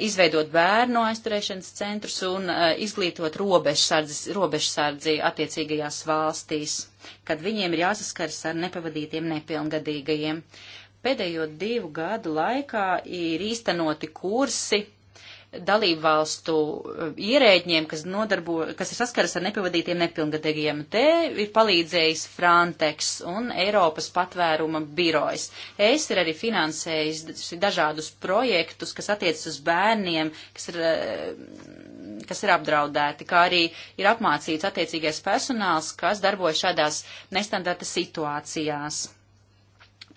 izveidot bērnu aizturēšanas centrus un izglītot robežsardzi attiecīgajās valstīs, kad viņiem ir jāsaskars ar nepavadītiem nepilngadīgajiem. Uh, Pēdējo divu gadu laikā ir īstenoti kursi dalību valstu eh, ierēģiem, kas, nodarbo, kas ir saskaras ar nepavadītiem nepilngadīgiem. Te ir palīdzējis Frontex un Eiropas patvēruma birojas. Es ir arī finansējis dažādus projektus, kas attiecas uz bērniem, kas ir, eh, kas ir apdraudēti, kā arī ir apmācīts attiecīgais personāls, kas darbojas šādās nestandarta situācijās.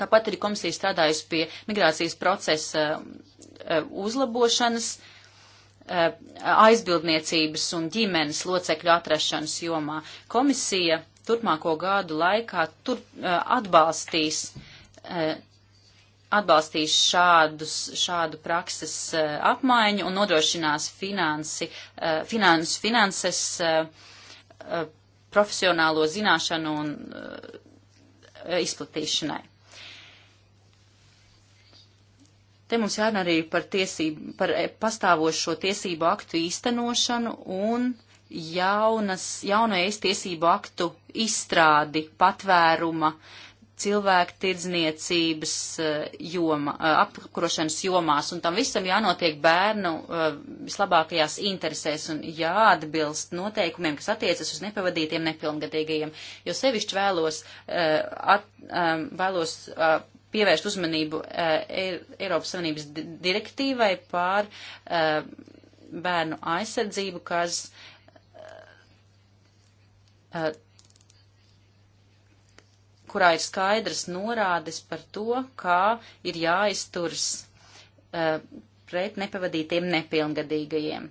Tāpat arī komisija strādājusi pie migrācijas procesa eh, uzlabošanas, eh, aizbildniecības un ģimenes locekļu atrašanas jomā. Komisija turpmāko gadu laikā tur eh, atbalstīs, atbalstīs šādus, šādu prakses apmaiņu un nodrošinās finansi, finans, finanses profesionālo zināšanu un izplatīšanai. Te mums jārunā arī par, tiesību, par e, pastāvošo tiesību aktu īstenošanu un jaunas, jauno es tiesību aktu izstrādi patvēruma cilvēku tirdzniecības e, joma, e, apkurošanas jomās, un tam visam jānotiek bērnu vislabākajās interesēs un jāatbilst noteikumiem, kas attiecas uz nepavadītiem nepilngadīgajiem, jo sevišķi vēlos, at, vēlos pievērst uzmanību eh, Eiropas Savienības direktīvai pār eh, bērnu aizsardzību, kas eh, kurā ir skaidrs norādes par to, kā ir jāizturas pret nepavadītiem nepilngadīgajiem.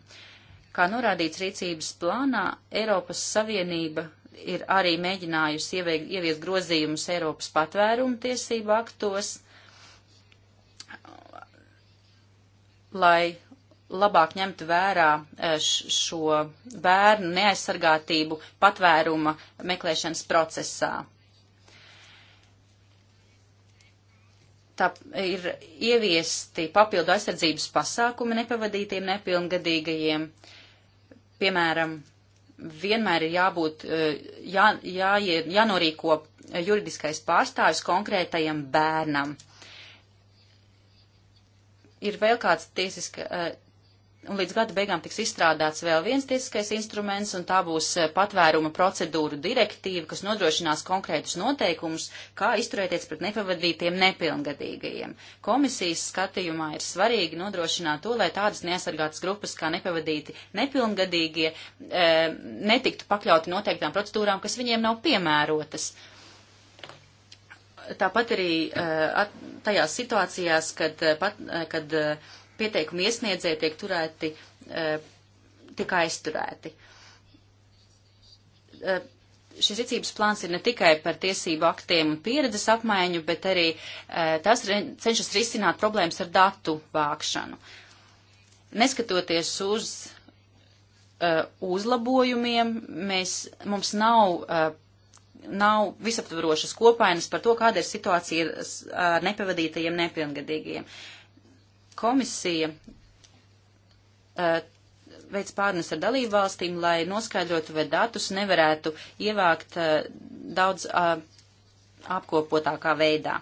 Kā norādīts rīcības plānā, Eiropas Savienība ir arī mēģinājusi ieviekt, ieviest grozījumus Eiropas patvērumu tiesību aktos, lai labāk ņemtu vērā eh, šo bērnu neaizsargātību patvēruma meklēšanas procesā. Tā ir ieviesti papildu aizsardzības pasākumi nepavadītiem nepilngadīgajiem, piemēram, vienmēr ir jābūt, e, jā, jā, jānorīko juridiskais pārstāvis konkrētajam bērnam. Ir vēl kāds tiesiska, e, un līdz gada beigām tiks izstrādāts vēl viens tiesiskais instruments, un tā būs eh, patvēruma procedūru direktīva, kas nodrošinās konkrētus noteikumus, kā izturēties pret nepavadītiem nepilngadīgajiem. Komisijas skatījumā ir svarīgi nodrošināt to, lai tādas neaizsargātas grupas kā nepavadīti nepilngadīgie e, netiktu pakļauti noteiktām procedūrām, kas viņiem nav piemērotas. Tāpat arī e, at, tajās situācijās, kad, pat, kad pieteikumu iesniedzēji tiek turēti, e, tiek aizturēti. E, šis rīcības plāns ir ne tikai par tiesību aktiem un pieredzes apmaiņu, bet arī e, tas cenšas risināt problēmas ar datu vākšanu. Neskatoties uz uzlabojumiem, mēs, mums nav nav visaptvarošas kopainas par to, kāda ir situācija ar nepavadītajiem nepilngadīgiem komisija uh, eh, veids pārnes ar dalību valstīm, lai noskaidrotu, vai datus nevarētu ievākt uh, daudz uh, apkopotākā veidā.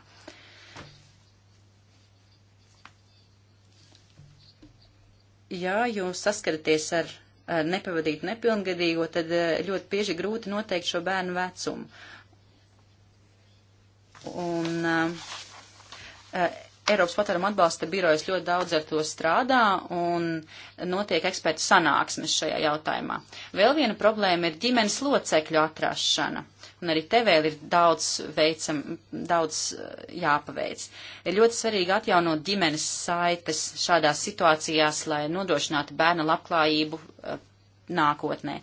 Ja jūs saskaraties ar uh, nepavadītu nepilngadīgo, tad ļoti bieži grūti noteikt šo bērnu vecumu. Un uh, Eiropas patēruma atbalsta birojas ļoti daudz ar to strādā un notiek ekspertu sanāksmes šajā jautājumā. Vēl viena problēma ir ģimenes locekļu atrašana. Un arī te vēl ir daudz, veicam, daudz eh, jāpaveic. Ir ļoti svarīgi atjaunot ģimenes saites šādās situācijās, lai nodrošinātu bērna labklājību eh, nākotnē.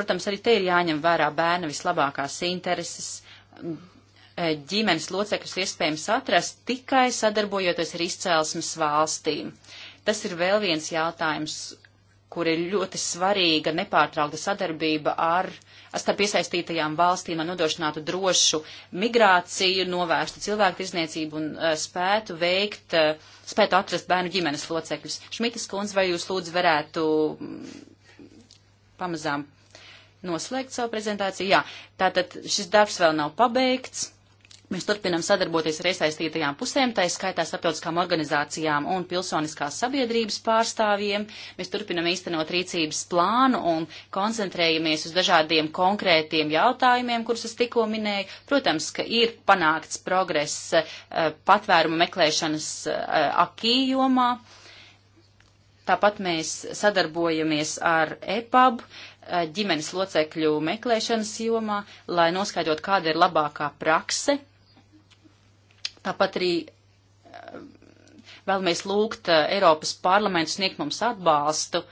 Protams, arī te ir jāņem vērā bērna vislabākās intereses, E, ģimenes locekļus iespējams atrast tikai sadarbojoties ar izcēlesmes valstīm. Tas ir vēl viens jautājums, kur ir ļoti svarīga nepārtraukta sadarbība ar starp iesaistītajām valstīm, lai nodrošinātu drošu migrāciju, novērstu cilvēku izniecību un uh, spētu veikt, uh, spētu atrast bērnu ģimenes locekļus. Šmitas kundze, vai jūs lūdzu varētu mm, pamazām noslēgt savu prezentāciju? Jā, tātad šis darbs vēl nav pabeigts. Mēs turpinam sadarboties ar iesaistītajām pusēm, tā skaitā starptautiskām organizācijām un pilsoniskās sabiedrības pārstāvjiem. Mēs turpinam īstenot rīcības plānu un koncentrējamies uz dažādiem konkrētiem jautājumiem, kurus es tikko minēju. Protams, ka ir panākts progress eh, patvērumu meklēšanas eh, akī jomā. Tāpat mēs sadarbojamies ar EPAB eh, ģimenes locekļu meklēšanas jomā, lai noskaidrot, kāda ir labākā prakse Tāpat arī eh, vēlamies lūgt eh, Eiropas parlamentu sniegt mums atbalstu.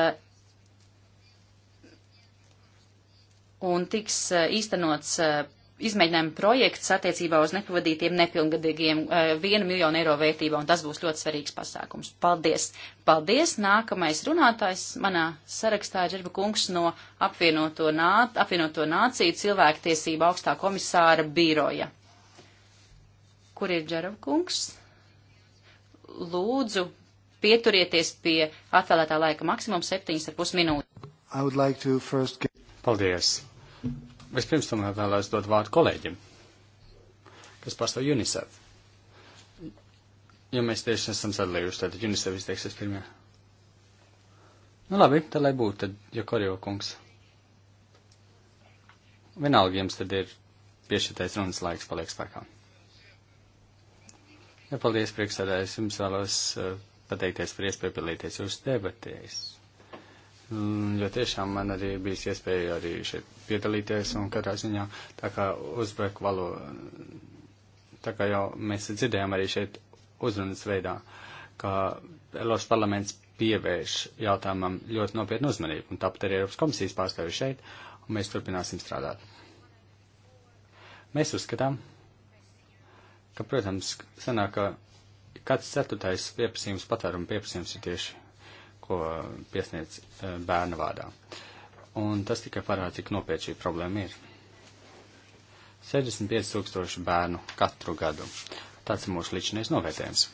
Eh, un tiks īstenots izmēģinājuma projekts attiecībā uz nepavadītiem nepilngadīgiem eh, vienu miljonu eiro vērtībā, un tas būs ļoti svarīgs pasākums. Paldies! Paldies! Nākamais runātājs manā sarakstā ir Džerba kungs no apvienoto, nā, apvienoto nāciju cilvēktiesība augstā komisāra biroja. Kur ir Džerba kungs? Lūdzu, pieturieties pie atvēlētā laika maksimums 7,5 minūtes.
Like first... Paldies! Vispirms tomēr vēlēs dot vārdu kolēģim, kas pārstāv UNICEF. Jo mēs tieši esam sadalījuši, tad UNICEF izteiksies pirmie. Nu labi, tad lai būtu, tad Jokorio kungs. Vienalga jums tad ir piešķirtais runas laiks paliek spēkā. Ja paldies priekšsēdājs, jums vēlos uh, pateikties par iespēju piedalīties jūsu debatēs. Mm, jo tiešām man arī bijis iespēja arī šeit piedalīties un katrā ziņā tā kā uzbeku valoda, tā kā jau mēs dzirdējām arī šeit uzrunas veidā, ka Eiropas parlaments pievērš jautājumam ļoti nopietnu uzmanību un tāpat arī Eiropas komisijas pārstāvi šeit un mēs turpināsim strādāt. Mēs uzskatām, ka, protams, sanāk, ka kāds ceturtais pieprasījums patvērumu pieprasījums ir tieši ko eh, piesniedz eh, bērnu vārdā. Un tas tikai parāda, cik nopietna šī problēma ir. 65 tūkstoši bērnu katru gadu. Tāds ir mūsu līdzinies novērtējums.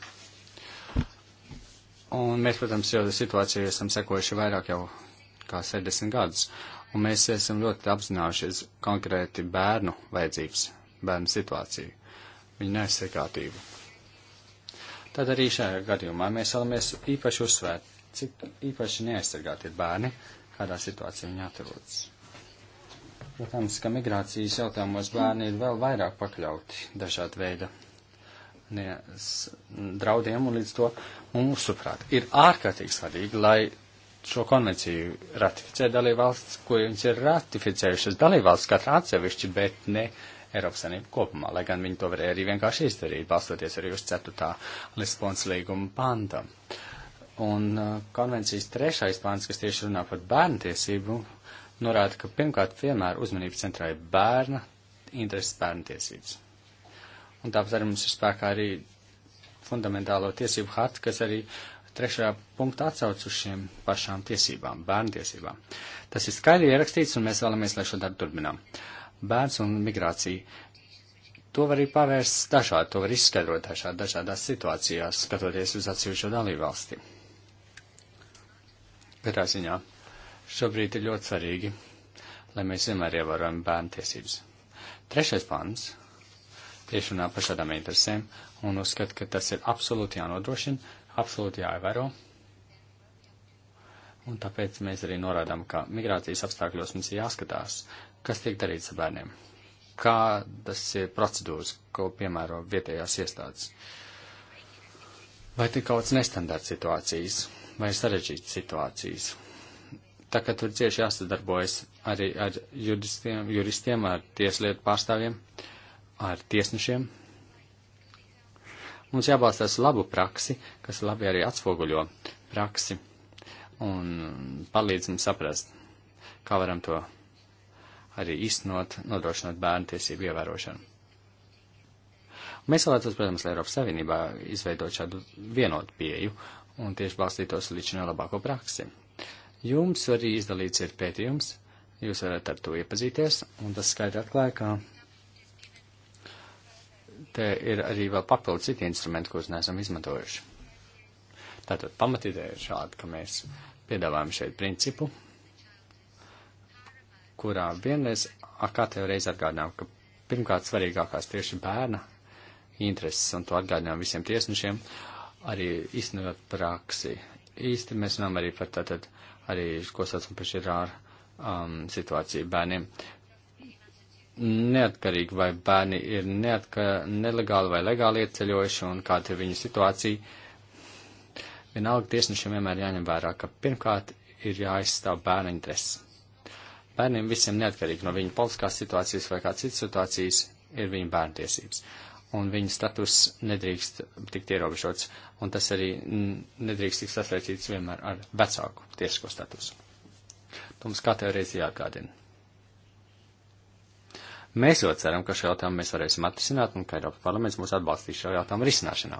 Un mēs, protams, jau situāciju esam sekojuši vairāk jau kā 60 gadus, un mēs esam ļoti apzinājušies konkrēti bērnu vajadzības, bērnu situāciju, viņu nesakātību. Tad arī šajā gadījumā mēs vēlamies īpaši uzsvērt cik īpaši neaizsargāti ir bērni, kādā situācijā viņi atrodas. Protams, ka migrācijas jautājumos bērni ir vēl vairāk pakļauti dažādu veidu draudiem, un līdz to mūsuprāt ir ārkārtīgi svarīgi, lai šo konvenciju ratificē dalībvalsts, ko viņas ir ratificējušas dalībvalsts katra atsevišķi, bet ne Eiropas Savienība kopumā, lai gan viņi to varēja arī vienkārši izdarīt, balstoties arī uz 4. Lisbonas līguma pantam. Uh, Un uh, konvencijas trešais pāns, kas tieši runā par bērnu tiesību, norāda, ka pirmkārt vienmēr uzmanības centrā ir bērna intereses bērnu tiesības. Un tāpat arī mums ir spēkā arī fundamentālo tiesību harta, kas arī trešajā punktā atsauc uz šiem pašām tiesībām, bērnu tiesībām. Tas ir skaidri ierakstīts, un mēs vēlamies, lai šo darbu turpinām. Bērns un migrācija. To var arī pavērst dažādi, to var izskaidrot dažādās situācijās, skatoties uz atsevišķo dalību valsti. Katrā ziņā šobrīd ir ļoti svarīgi, lai mēs vienmēr ievērojam bērnu tiesības. Trešais pants tieši runā par šādām interesēm un uzskata, ka tas ir absolūti jānodrošina, absolūti jāievēro. Un tāpēc mēs arī norādām, ka migrācijas apstākļos mums ir jāskatās, kas tiek darīts ar bērniem, kādas ir procedūras, ko piemēro vietējās iestādes. Vai tik kaut kāds nestandarts situācijas, vai sarežģītas situācijas. Tā kā tur cieši jāsadarbojas arī ar juristiem, juristiem ar tieslietu pārstāvjiem, ar tiesnešiem. Mums jābalstās labu praksi, kas labi arī atspoguļo praksi un palīdz mums saprast, kā varam to arī iznot, nodrošinot bērnu tiesību ievērošanu. Mēs vēlētos, protams, lai Eiropas Savienībā izveidot šādu vienotu pieju un tieši balstītos līdz no labāko praksi. Jums arī izdalīts ir pētījums, jūs varat ar to iepazīties, un tas skaidri atklāja, ka te ir arī vēl papildus citi instrumenti, kurus neesam izmantojuši. Tātad pamatīdēja ir šāda, ka mēs piedāvājam šeit principu, kurā vienreiz, katru reizi atgādinām, ka pirmkārt svarīgākās tieši bērna intereses, un to atgādinām visiem tiesnešiem, uh, arī īstenot praksi. Īsti mēs runājam arī par tātad arī, ko saucam par šī rāra um, situāciju bērniem. Neatkarīgi vai bērni ir neatka, nelegāli vai legāli ieceļojuši un kāda ir viņu situācija, vienalga tiesnešiem vienmēr jāņem vērā, ka pirmkārt ir jāaizstāv bērnu intereses. Bērniem visiem neatkarīgi no viņu politiskās situācijas vai kādas citas situācijas ir viņa bērntiesības. tiesības un viņa status nedrīkst tikt ierobežots, un tas arī nedrīkst tikt sasaistīts vienmēr ar vecāku tiesisko statusu. Mums kā tev reizi jāatgādina. Mēs jau ceram, ka šo jautājumu mēs varēsim atrisināt un ka Eiropas parlaments mūs atbalstīs šo jautājumu risināšanā.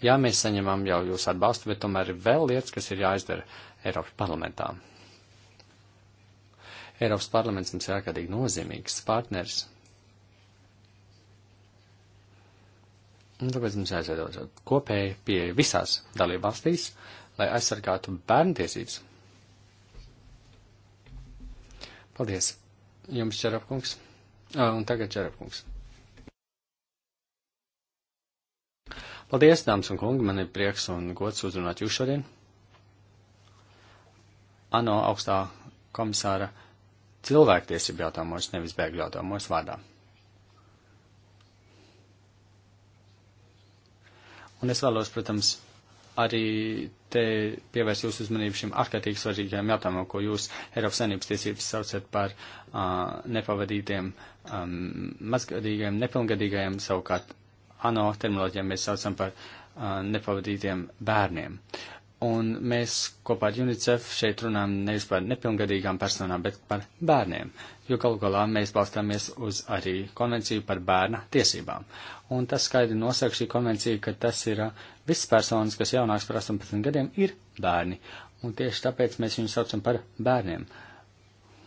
Jā, mēs saņemam jau jūsu atbalstu, bet tomēr ir vēl lietas, kas ir jāizdara Eiropas parlamentā. Eiropas parlaments mums ir ārkārtīgi nozīmīgs partners Un tāpēc mums jāizveido kopēji pie visās dalībvalstīs, lai aizsargātu bērntiesības. Paldies! Jums, Čerapkungs! Un tagad Čerapkungs! Paldies, dāmas un kungi! Man ir prieks un gods uzrunāt jūs šodien. ANO augstā komisāra cilvēktiesību jautājumos, nevis bēgļu jautājumos vārdā. Un es vēlos, protams, arī te pievērst jūsu uzmanību šim ārkārtīgi svarīgajam jautājumam, ko jūs Eiropas saimnības tiesības saucat par uh, nepavadītiem, um, mazgadīgajiem, nepilngadīgajiem, savukārt ANO terminoloģijām mēs saucam par uh, nepavadītiem bērniem. Uh, Un mēs kopā ar UNICEF šeit runājam nevis par nepilngadīgām personām, bet par bērniem, jo galu galā mēs balstāmies uz arī konvenciju par bērna tiesībām. Un tas skaidri nosaka šī konvencija, ka tas ir uh, viss personas, kas jaunāks par 18 gadiem, ir bērni. Un tieši tāpēc mēs viņus saucam par bērniem.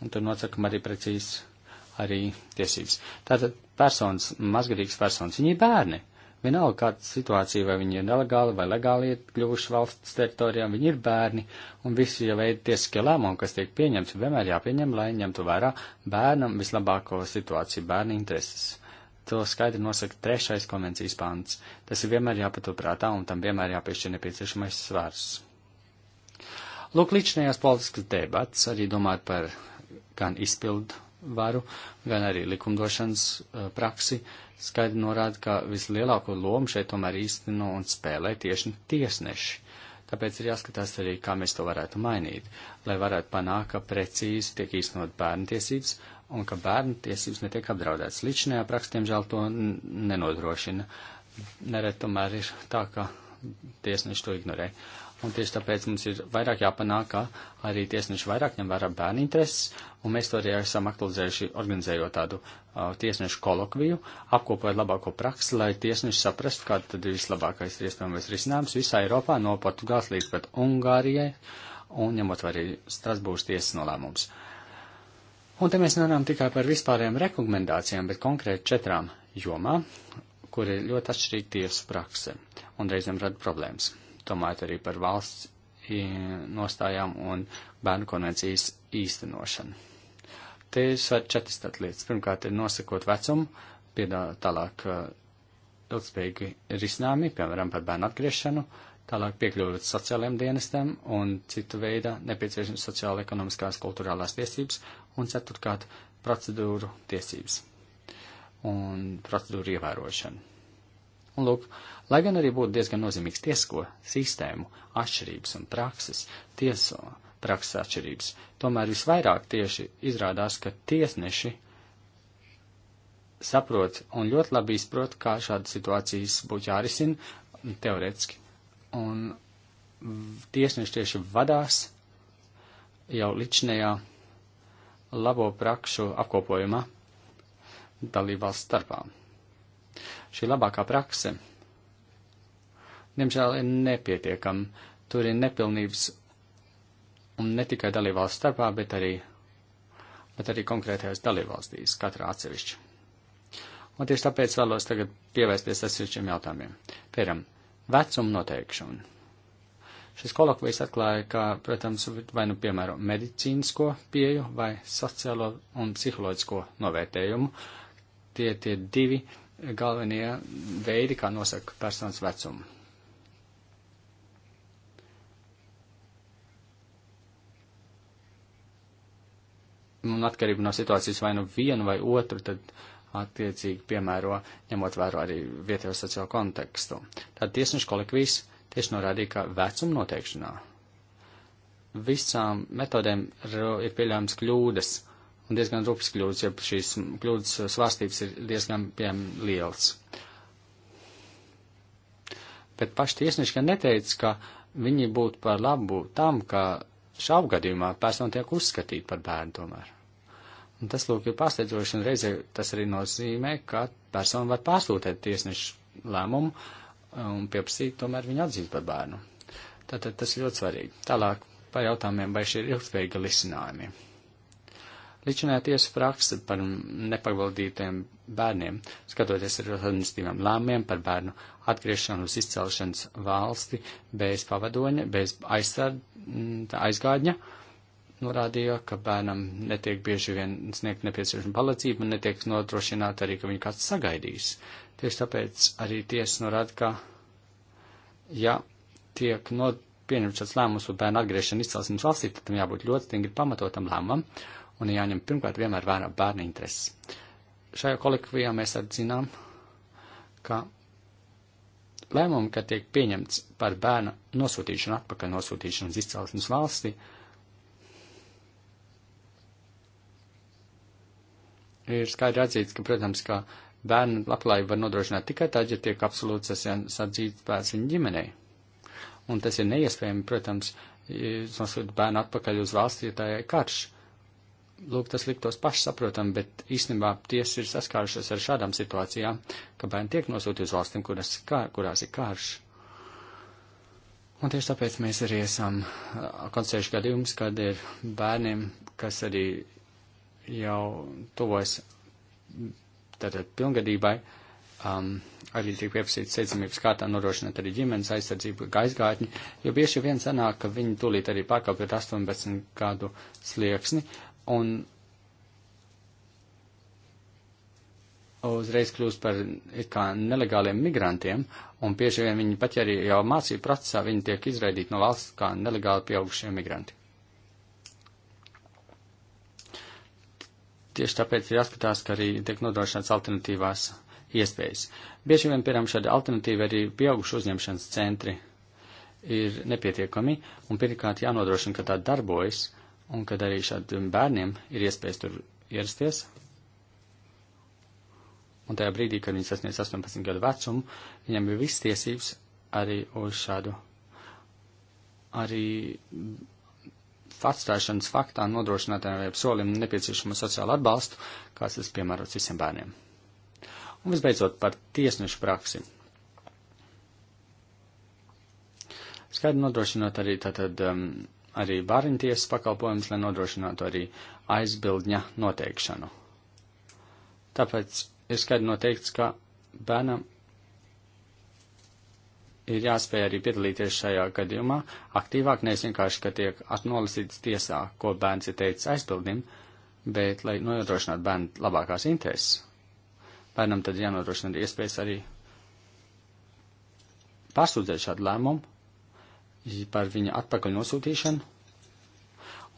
Un tur nosakam arī precīzi arī tiesības. Tātad personas, mazgadīgas personas, viņi ir bērni. Vienalga kāda situācija, vai viņi ir nelegāli vai legāli iekļuvuši valsts teritorijā, viņi ir bērni, un visi jau veidi tiesiskie lēmumi, kas tiek pieņemts, vienmēr jāpieņem, lai ņemtu vērā bērnam vislabāko situāciju, bērnu intereses. To skaidri nosaka trešais konvencijas pants. Tas ir vienmēr jāpaturprātā, un tam vienmēr jāpiešķir nepieciešamais svars. Lūk, līdzinājās politiskas debats, arī domāt par gan izpildu varu, gan arī likumdošanas e, praksi skaidri norāda, ka vislielāko lomu šeit tomēr īsteno un spēlē tieši tiesneši. Tāpēc ir jāskatās arī, kā mēs to varētu mainīt, lai varētu panākt, ka precīzi tiek īstenot bērnu tiesības un ka bērnu tiesības netiek apdraudētas. Līdzinājā prakstiem žēl to nenodrošina. Neret tomēr ir tā, ka tiesneši to ignorē. Uh, Un tieši tāpēc mums ir vairāk jāpanāk, ka arī tiesneši vairāk ņem vērā bērnu intereses, un mēs to arī esam aktualizējuši, organizējot tādu uh, tiesnešu kolokviju, apkopojot labāko praksi, lai tiesneši saprastu, kāda tad ir vislabākais iespējamais risinājums visā Eiropā, no Portugāles līdz pat Ungārijai, un ņemot vērā Strasbūras tiesas nolēmums. Un te mēs runājam tikai par vispārējām rekomendācijām, bet konkrēti četrām jomām, kur ir ļoti atšķirīga tiesu prakse, un reizēm rada problēmas domājot arī par valsts nostājām un bērnu konvencijas īstenošanu. Te es varu četras lietas. Pirmkārt, ir nosakot vecumu, piedāvāt tālāk ilgspējīgi risinājumi, piemēram, par bērnu atgriešanu, tālāk piekļuvi sociālajiem dienestiem un citu veidu nepieciešams sociāla, ekonomiskās, kultūrālās tiesības un ceturtkārt procedūru tiesības un procedūru ievērošanu. Un, lūk, lai gan arī būtu diezgan nozīmīgs tiesko sistēmu atšķirības un prakses, tieso prakses atšķirības, tomēr visvairāk tieši izrādās, ka tiesneši saprot un ļoti labi izprot, kā šādas situācijas būtu jārisina teoretiski. Un tiesneši tieši vadās jau ličnējā labo prakšu apkopojumā dalībvalsts starpām. Šī labākā prakse, diemžēl, ir nepietiekama. Tur ir nepilnības un ne tikai dalībvalsts starpā, bet arī, bet arī konkrētajās dalībvalstīs, katrā atsevišķi. Un tieši tāpēc vēlos tagad pievērsties atsevišķiem jautājumiem. Piemēram, vecuma noteikšana. Šis kolokvijas atklāja, ka, protams, vai nu piemēram medicīnisko pieju vai sociālo un psiholoģisko novērtējumu. Tie tie divi uh, galvenie veidi, kā nosaka personas vecumu. Un atkarība no situācijas vai nu vienu vai otru, tad attiecīgi piemēro, ņemot vērā arī vietējo sociālo kontekstu. Tad tiesnešu kolikvijas tieši norādīja, ka vecuma noteikšanā visām metodēm ir pieļaujams kļūdas diezgan rupjas kļūdas, ja šīs kļūdas svārstības ir diezgan, piemēram, liels. Bet paši tiesneši gan neteica, ka viņi būtu par labu tam, ka šāp gadījumā persona tiek uzskatīta par bērnu tomēr. Un tas, lūk, ir pārsteidzoši, un reizē tas arī nozīmē, ka persona var pārsūtēt tiesnešu lēmumu um, un pieprasīt tomēr viņu atzīt par bērnu. Tātad tas ir ļoti svarīgi. Tālāk par jautājumiem, vai šie ir ilgspējīgi risinājumi. Līdzinājā tiesa praksa par nepagvaldītiem bērniem, skatoties ar administratīviem lēmumiem par bērnu atgriešanu uz izcelšanas valsti bez pavadoņa, bez aizsard, aizgādņa, norādīja, ka bērnam netiek bieži vien sniegt nepieciešama palīdzība un netiek nodrošināta arī, ka viņu kāds sagaidīs. Tieši tāpēc arī tiesa norāda, ka, ja tiek no, pieņemts šāds lēmums par bērnu atgriešanu izcelsmes valstī, tad tam jābūt ļoti stingri pamatotam lēmumam un jāņem pirmkārt vienmēr vērā bērnu intereses. Šajā kolekvijā mēs atzinām, ka lēmumi, kad tiek pieņemts par bērnu nosūtīšanu atpakaļ nosūtīšanu uz izcelsmes valsti, ir skaidri atzīts, ka, protams, ka bērnu labklājību var nodrošināt tikai tad, ja tiek absolūts sadzīts bērns viņa ģimenei. Un tas ir neiespējami, protams, nosūtīt bērnu atpakaļ uz valsti, ja tā ir karš lūk, tas liktos pašsaprotam, bet īstenībā tiesa ir saskārušies ar šādām situācijām, ka bērni tiek nosūtīti uz valstīm, kuras, kā, kurās ir karš. Un tieši tāpēc mēs arī esam koncentrējuši gadījumus, kad ir bērniem, kas arī jau tuvojas tātad pilngadībai, um, arī tiek pieprasīts steidzamības kārtā nodrošināt arī ģimenes aizsardzību gaisgātņi, jo bieži vien sanāk, ka viņi tūlīt arī pārkāpjot 18 gadu slieksni, un uzreiz kļūst par kā nelegāliem migrantiem, un bieži vien viņi pat arī jau mācību procesā viņi tiek izraidīti no valsts kā nelegāli pieaugušie migranti. Tieši tāpēc ir jāskatās, ka arī tiek nodrošināts alternatīvās iespējas. Bieži vien, piemēram, šādi alternatīvi arī pieaugušu uzņemšanas centri ir nepietiekami, un pirmkārt jānodrošina, ka tā darbojas, uh, un kad arī šādiem bērniem ir iespējas tur ierasties. Un tajā brīdī, kad viņi sasniedz 18 gadu vecumu, viņiem ir viss tiesības arī uz šādu arī atstāšanas faktā nodrošinātājiem vai solim nepieciešamo sociālu atbalstu, kāds tas piemērots visiem bērniem. Un visbeidzot par tiesnešu praksi. Skaidri nodrošinot arī tātad um, arī varintiesas pakalpojums, lai nodrošinātu arī aizbildņa noteikšanu. Tāpēc ir skaidri noteikts, ka bērnam ir jāspēj arī piedalīties šajā gadījumā aktīvāk, nevis vienkārši, ka tiek atnolasīts tiesā, ko bērns ir teicis aizpildim, bet, lai nodrošinātu bērnu labākās intereses, bērnam tad jānodrošina iespējas arī pārsūdzēt šādu lēmumu, par viņa atpakaļ nosūtīšanu.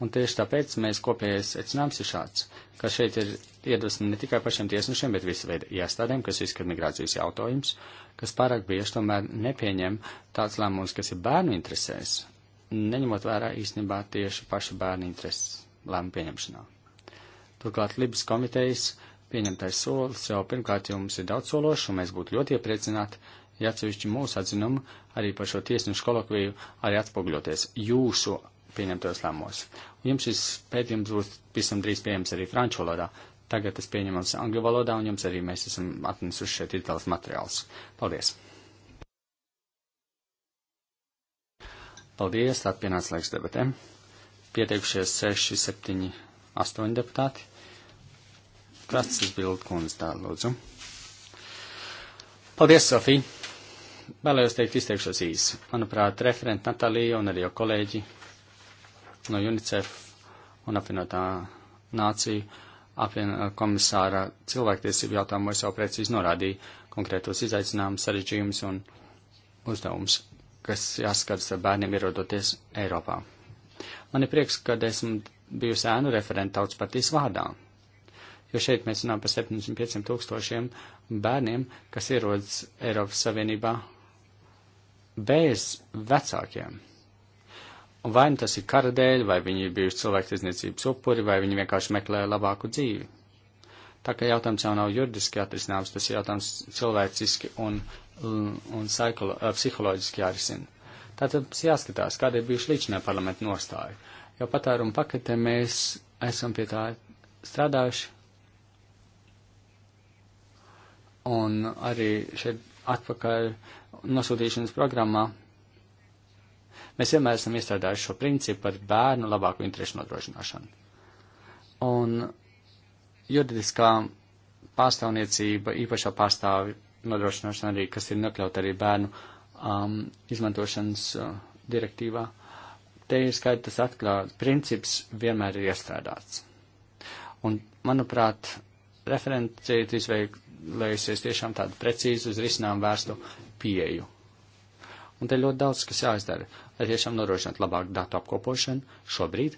Un tieši tāpēc mēs kopējais secinājums ir šāds, ka šeit ir iedvesma ne tikai pašiem tiesnešiem, bet visu veidu iestādēm, kas izskat migrācijas jautājums, kas pārāk bieži tomēr nepieņem tāds lēmums, kas ir bērnu interesēs, neņemot vērā īstenībā tieši paši bērnu intereses lēmumu pieņemšanā. Turklāt Libas komitejas pieņemtais solis jau pirmkārt jums ir daudz sološs, un mēs būtu ļoti iepriecināti, ja atsevišķi mūsu atzinumu arī par šo tiesnešu kolokviju arī atspogļoties jūsu pieņemtos lēmumos. Jums šis pētījums būs pavisam drīz pieejams arī franču valodā. Tagad tas pieņemams angļu valodā, un jums arī mēs esam atnesuši šeit itālas materiāls. Paldies! Paldies, tad pienāca laiks debatēm. Pieteikušies 6, 7, 8 deputāti. Krastas bildu kundze tā lūdzu. Paldies, Sofija! vēlējos teikt, izteikšos īsi. Manuprāt, referenti Natālija un arī jau kolēģi no UNICEF un apvienotā nāciju apvien komisāra cilvēktiesību jautājumos jau precīzi norādīja konkrētos izaicinājumus, sarežģījumus un uzdevumus, kas jāskatās ar bērniem ierodoties Eiropā. Man ir prieks, ka esmu bijusi ēnu referenta tautas partijas vārdā, jo šeit mēs runājam par 75 tūkstošiem bērniem, kas ierodas Eiropas Savienībā bez vecākiem. Un vai nu tas ir kara dēļ, vai viņi ir bijuši cilvēktiesniecības upuri, vai viņi vienkārši meklē labāku dzīvi. Tā kā jautājums jau nav juridiski atrisināms, tas ir jautājums cilvēciski un, un psiholo, eh, psiholoģiski jārisina. Tātad mums jāskatās, kāda ir bijuši līdšanai parlamenta nostāja. Jo patērumu pakete mēs esam pie tā strādājuši. Un arī šeit atpakaļ nosūtīšanas programmā mēs vienmēr esam iestrādājuši šo principu par bērnu labāku interesu nodrošināšanu. Un juridiskā pārstāvniecība, īpašā pārstāvi nodrošināšana arī, kas ir nokļaut arī bērnu um, izmantošanas uh, direktīvā, te ir skaidrs atklāts, princips vienmēr ir iestrādāts. Un, manuprāt, referencija izveidojusies tiešām tādu precīzu uz risinām vērstu pieeju. Un te ļoti daudz, kas jāizdara, lai tiešām nodrošinātu labāku datu apkopošanu. Šobrīd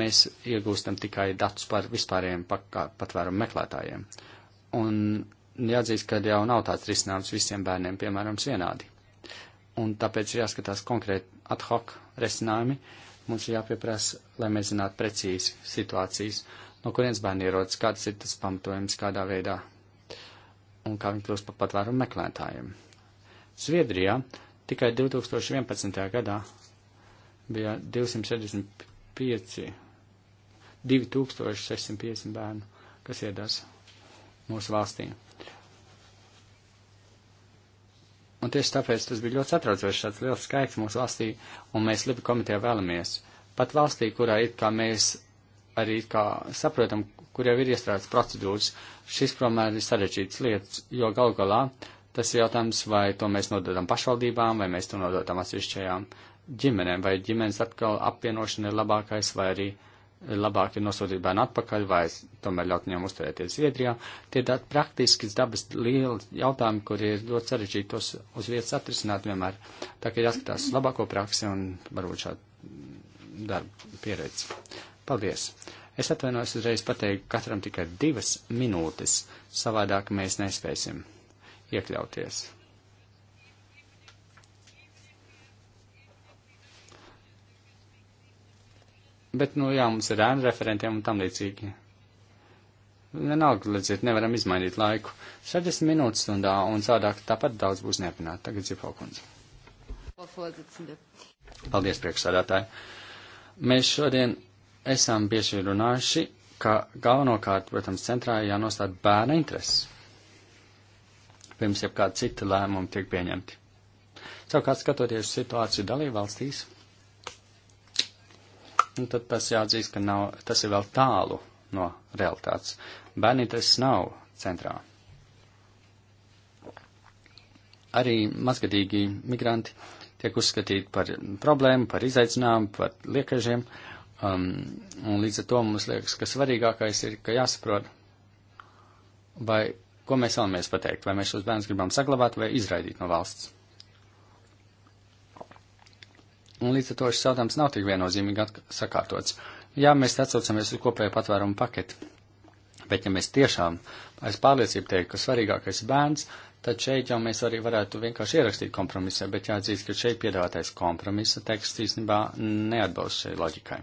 mēs iegūstam tikai datus par vispārējiem patvērumu meklētājiem. Un jāatzīst, ka jau nav tāds risinājums visiem bērniem, piemēram, vienādi. Un tāpēc ir jāskatās konkrēti ad hoc risinājumi. Mums ir jāpieprasa, lai mēs zinātu precīzi situācijas, no kurienes bērni ierodas, kāds ir tas pamatojums, kādā veidā un kā viņi kļūst par patvērumu meklētājiem. Zviedrijā tikai 2011. gadā bija 275, 2650 bērnu, kas iedās mūsu valstī. Un tieši tāpēc tas bija ļoti satraucoši šāds liels skaits mūsu valstī, un mēs Libi komitejā vēlamies. Pat valstī, kurā it kā mēs arī kā saprotam, kur jau ir iestrādes procedūras, šis, promēr, ir sarežģītas lietas, jo gal galā Tas ir jautājums, vai to mēs nododam pašvaldībām, vai mēs to nododam atsevišķajām ģimenēm, vai ģimenes atkal apvienošana ir labākais, vai arī labāk ir nosūtīt bērnu atpakaļ, vai tomēr ļaut viņam uzturēties Zviedrijā. Tie ir praktiskas dabas lieli jautājumi, kur ir ļoti sarežģīti tos uz vietas atrisināt vienmēr. Tā kā jāskatās labāko praksi un varbūt šādu darbu pieredzi. Paldies! Es atvainojos uzreiz pateikt katram tikai divas minūtes, savādāk mēs nespēsim iekļauties. Bet, nu, jā, mums ir ēnu referentiem un tam līdzīgi. Vienalga, līdziet, nevaram izmainīt laiku. 60 minūtes stundā un sādāk tāpat daudz būs neapmierināti. Tagad Zifokundze. Paldies, priekšsādātāji. Mēs šodien esam bieži runājuši, ka galvenokārt, protams, centrā jānostāda bērna intereses pirms jau kāda cita lēmuma tiek pieņemti. Savukārt, skatoties situāciju dalībvalstīs, nu, tad tas jāatzīst, ka nav, tas ir vēl tālu no realitātes. Bērni tas nav centrā. Arī mazgadīgi migranti tiek uzskatīti par problēmu, par izaicinājumu, par liekažiem, um, un līdz ar to mums liekas, ka svarīgākais ir, ka jāsaprot, vai Ko mēs vēlamies pateikt? Vai mēs šos bērnus gribam saglabāt vai izraidīt no valsts? Un līdz ar to šis jautājums nav tik viennozīmīgi sakārtots. Jā, mēs atsaucamies uz kopēju patvērumu paketi, bet ja mēs tiešām aiz pārliecību teiktu, ka svarīgākais ir bērns, tad šeit jau mēs arī varētu vienkārši ierakstīt kompromisē, bet jāatzīst, ka šeit piedāvātais kompromisa teksts īstenībā neatbilst šai loģikai.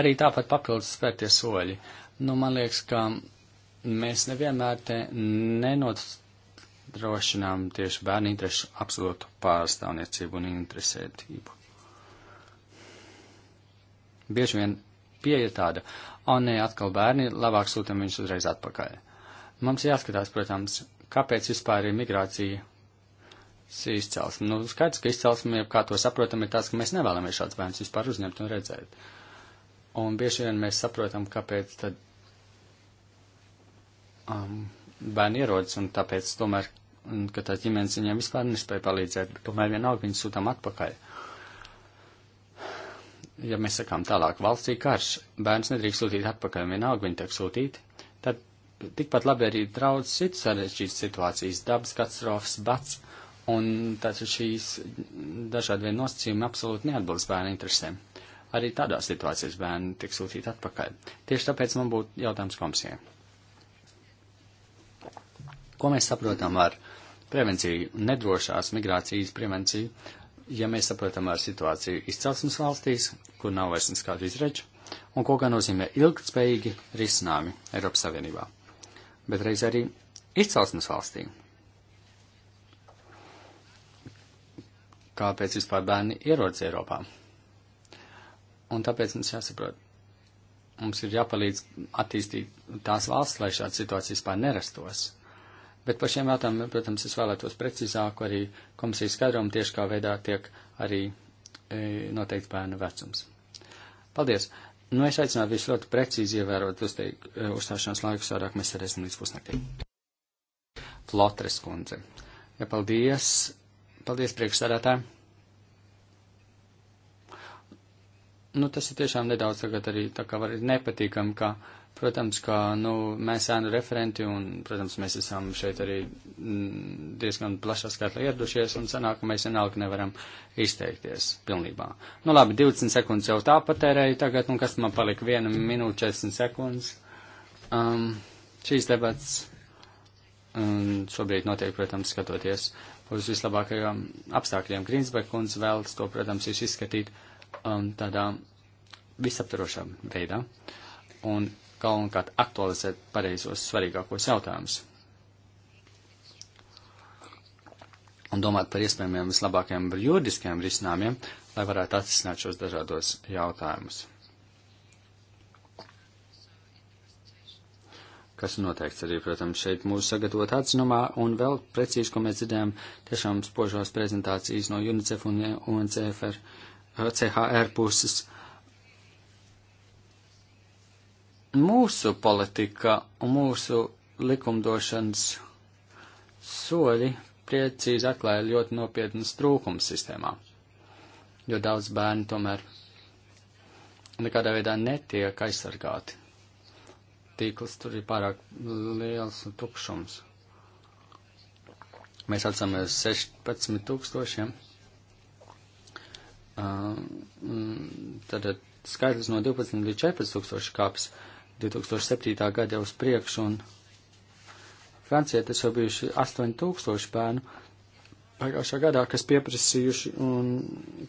Arī tāpat papildus spērtie soļi. Nu, man liekas, ka mēs nevienmēr te nenodrošinām tieši bērnu interesu absolūtu pārstāvniecību un interesētību. Bieži vien pieeja tāda, o nē, atkal bērni, labāk sūtam viņus uzreiz atpakaļ. Mums jāskatās, protams, kāpēc vispār ir migrācija izcelsme. Nu, skaidrs, ka izcelsme, kā to saprotam, ir tāds, ka mēs nevēlamies šāds bērns vispār uzņemt un redzēt. Un bieži vien mēs saprotam, kāpēc tad um, bērni ierodas, un tāpēc tomēr, un, ka tās ģimenes viņiem vispār nespēja palīdzēt, bet tomēr vienalga viņus sūtām atpakaļ. Ja mēs sakām tālāk, valstī karš, bērns nedrīkst sūtīt atpakaļ, un vienalga viņi tiek sūtīti, tad tikpat labi arī draudz citas sarežģītas situācijas, dabas katastrofas, bats, un tātad šīs dažādi vien nosacījumi absolūti neatbilst bērnu interesēm. Arī tādās situācijās bērni tiek sūtīti atpakaļ. Tieši tāpēc man būtu jautājums komisijai. Ko mēs saprotam ar prevenciju, nedrošās migrācijas prevenciju, ja mēs saprotam ar situāciju izcelsmes valstīs, kur nav vairs nekādu izreču, un ko gan nozīmē ilgtspējīgi risinājumi Eiropas Savienībā, bet reiz arī izcelsmes valstī. Kāpēc vispār bērni ierodas Eiropā? Un tāpēc mums jāsaprot, mums ir jāpalīdz attīstīt tās valsts, lai šāda situācija vispār nerastos. Bet par šiem jautājumiem, protams, es vēlētos precīzāku arī komisijas skaidrojumu tieši kā veidā tiek arī e, noteikts bērnu vecums. Paldies! Nu, es aicinātu visus ļoti precīzi ievērot uzteik, e, uzstāšanās laiku, sādāk mēs sarēsim līdz pusnaktī. Flotres kundze. Ja, paldies! Paldies, priekšsādātāji! Nu, tas ir tiešām nedaudz tagad arī tā kā var nepatīkam, ka. Kā Protams, ka nu, mēs ēnu referenti un, protams, mēs esam šeit arī mm, diezgan plašā skatlā ieradušies un sanāk, ka mēs vienalga nevaram izteikties pilnībā. Nu labi, 20 sekundes jau tā patērēju tagad, un kas man palika 1 minūte 40 sekundes. Um, šīs debats um, šobrīd notiek, protams, skatoties uz vislabākajiem apstākļiem. Grīnsbek kundze vēlas to, protams, izskatīt um, tādā visaptarošā veidā. Un galvenokārt aktualizēt pareizos svarīgākos jautājumus. Un domāt par iespējamiem vislabākajiem juridiskajiem risinājumiem, lai varētu atrisināt šos dažādos jautājumus. Kas noteikts arī, protams, šeit mūsu sagatavot atzinumā, un vēl precīzi, ko mēs dzirdējām, tiešām spožās prezentācijas no UNICEF un UNCFR, CHR puses. Uh, mūsu politika un mūsu likumdošanas soļi precīzi atklāja ļoti nopietnas trūkums sistēmā, jo daudz bērnu tomēr nekādā veidā netiek aizsargāti. Tīkls tur ir pārāk liels un tukšums. Mēs atceramies 16 tūkstošiem. Uh, tad skaidrs no 12 līdz 14 tūkstoši kāps. Uh, 2007. gada jau uz priekšu, un Francijā tas jau bijuši 8000 bērnu pagājušā gadā, kas pieprasījuši un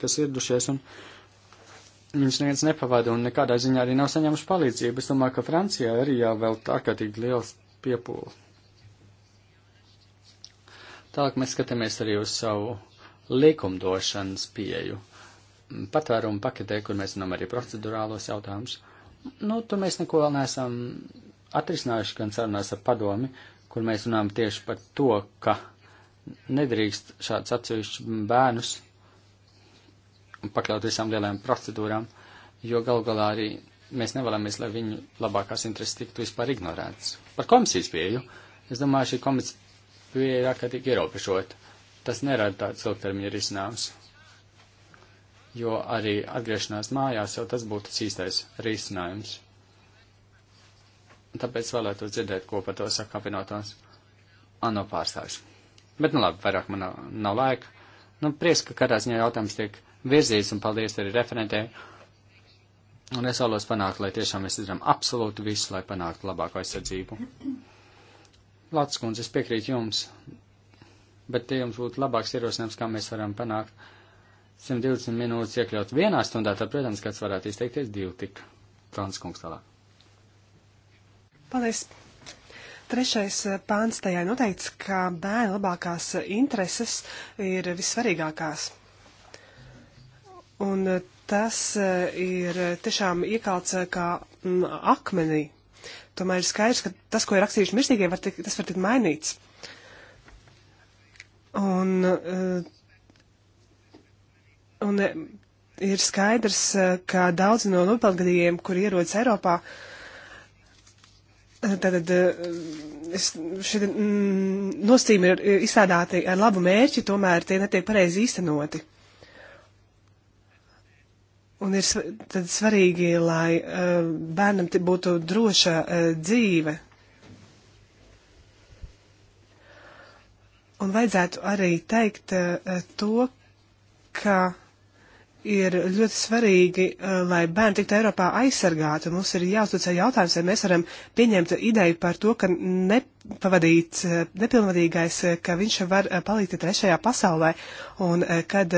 kas ieradušies, un viņus neviens nepavada, un nekādā ziņā arī nav saņēmuši palīdzību. Es domāju, ka Francijā arī jau vēl ārkārtīgi liels piepūli. Tālāk mēs skatāmies arī uz savu likumdošanas pieju. Patvērumu paketē, kur mēs runājam arī procedurālos jautājumus. Uh, nu, tur mēs neko vēl neesam atrisinājuši, gan sarunās ar padomi, kur mēs runājam tieši par to, ka nedrīkst šāds atsevišķs bērnus pakļaut visām lielajām procedūrām, jo gal galā arī mēs nevēlamies, lai viņu labākās intereses tiktu vispār ignorētas. Par komisijas pieju, es domāju, šī komisija pieeja ir ārkārtīgi ierobežota. Tas nerada tāds ilgtermiņa risinājums jo arī atgriešanās mājās jau tas būtu īstais risinājums. Tāpēc vēlētu dzirdēt, ko par to saka apvienotās ANO pārstāvis. Bet, nu labi, vairāk man nav, nav laika. Nu, prieks, ka katrā ziņā jautājums tiek virzīts un paldies arī referentē. Un es vēlos panākt, lai tiešām mēs izdarām absolūti visu, lai panāktu labāko aizsardzību. Lats kundze, es piekrītu jums, bet te jums būtu labāks ierosinājums, kā mēs varam panākt 120 minūtes iekļaut vienā stundā, tad, protams, kāds varētu izteikties divi tik. Frāns kungs tālāk.
Paldies. Trešais eh, pāns tajā noteikts, ka bērnu labākās intereses ir vissvarīgākās. Un eh, tas eh, ir tiešām iekalts kā mm, akmenī. Tomēr ir skaidrs, ka tas, ko ir rakstījuši mirstīgie, var tik, tas var tikt mainīts. Un uh, Un eh, ir skaidrs, eh, ka daudzi no nopelngadījiem, kuri ierodas Eiropā, eh, Tātad šie mm, nostīmi ir izstrādāti ar labu mērķi, tomēr tie netiek pareizi īstenoti. Un ir tad svarīgi, lai bērnam būtu droša dzīve. Un vajadzētu arī teikt to, ka ir ļoti svarīgi, eh, lai bērni tiktu Eiropā aizsargāti. Mums ir jāuzticē jautājums, vai mēs varam pieņemt ideju par to, ka nepavadīts, eh, nepilnvadīgais, eh, ka viņš var palikt trešajā pasaulē, un kad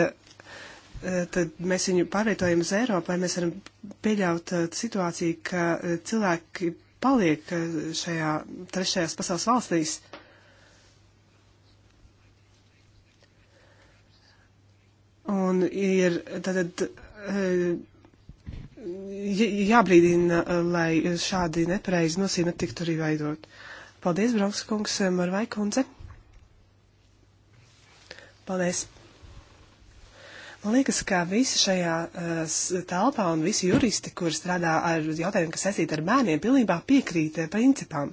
tad mēs viņu pārvietojam uz Eiropu, vai mēs varam pieļaut situāciju, ka cilvēki paliek šajā trešajās pasaules valstīs. un ir tātad eh, jābrīdina, eh, lai šādi nepareizi nosīmi tiktu arī veidot. Paldies, Brauks kungs, eh, Marvai kundze. Paldies. Man liekas, ka visi šajā uh, telpā un visi juristi, kur strādā ar jautājumiem, kas saistīti ar bērniem, pilnībā piekrīt principam,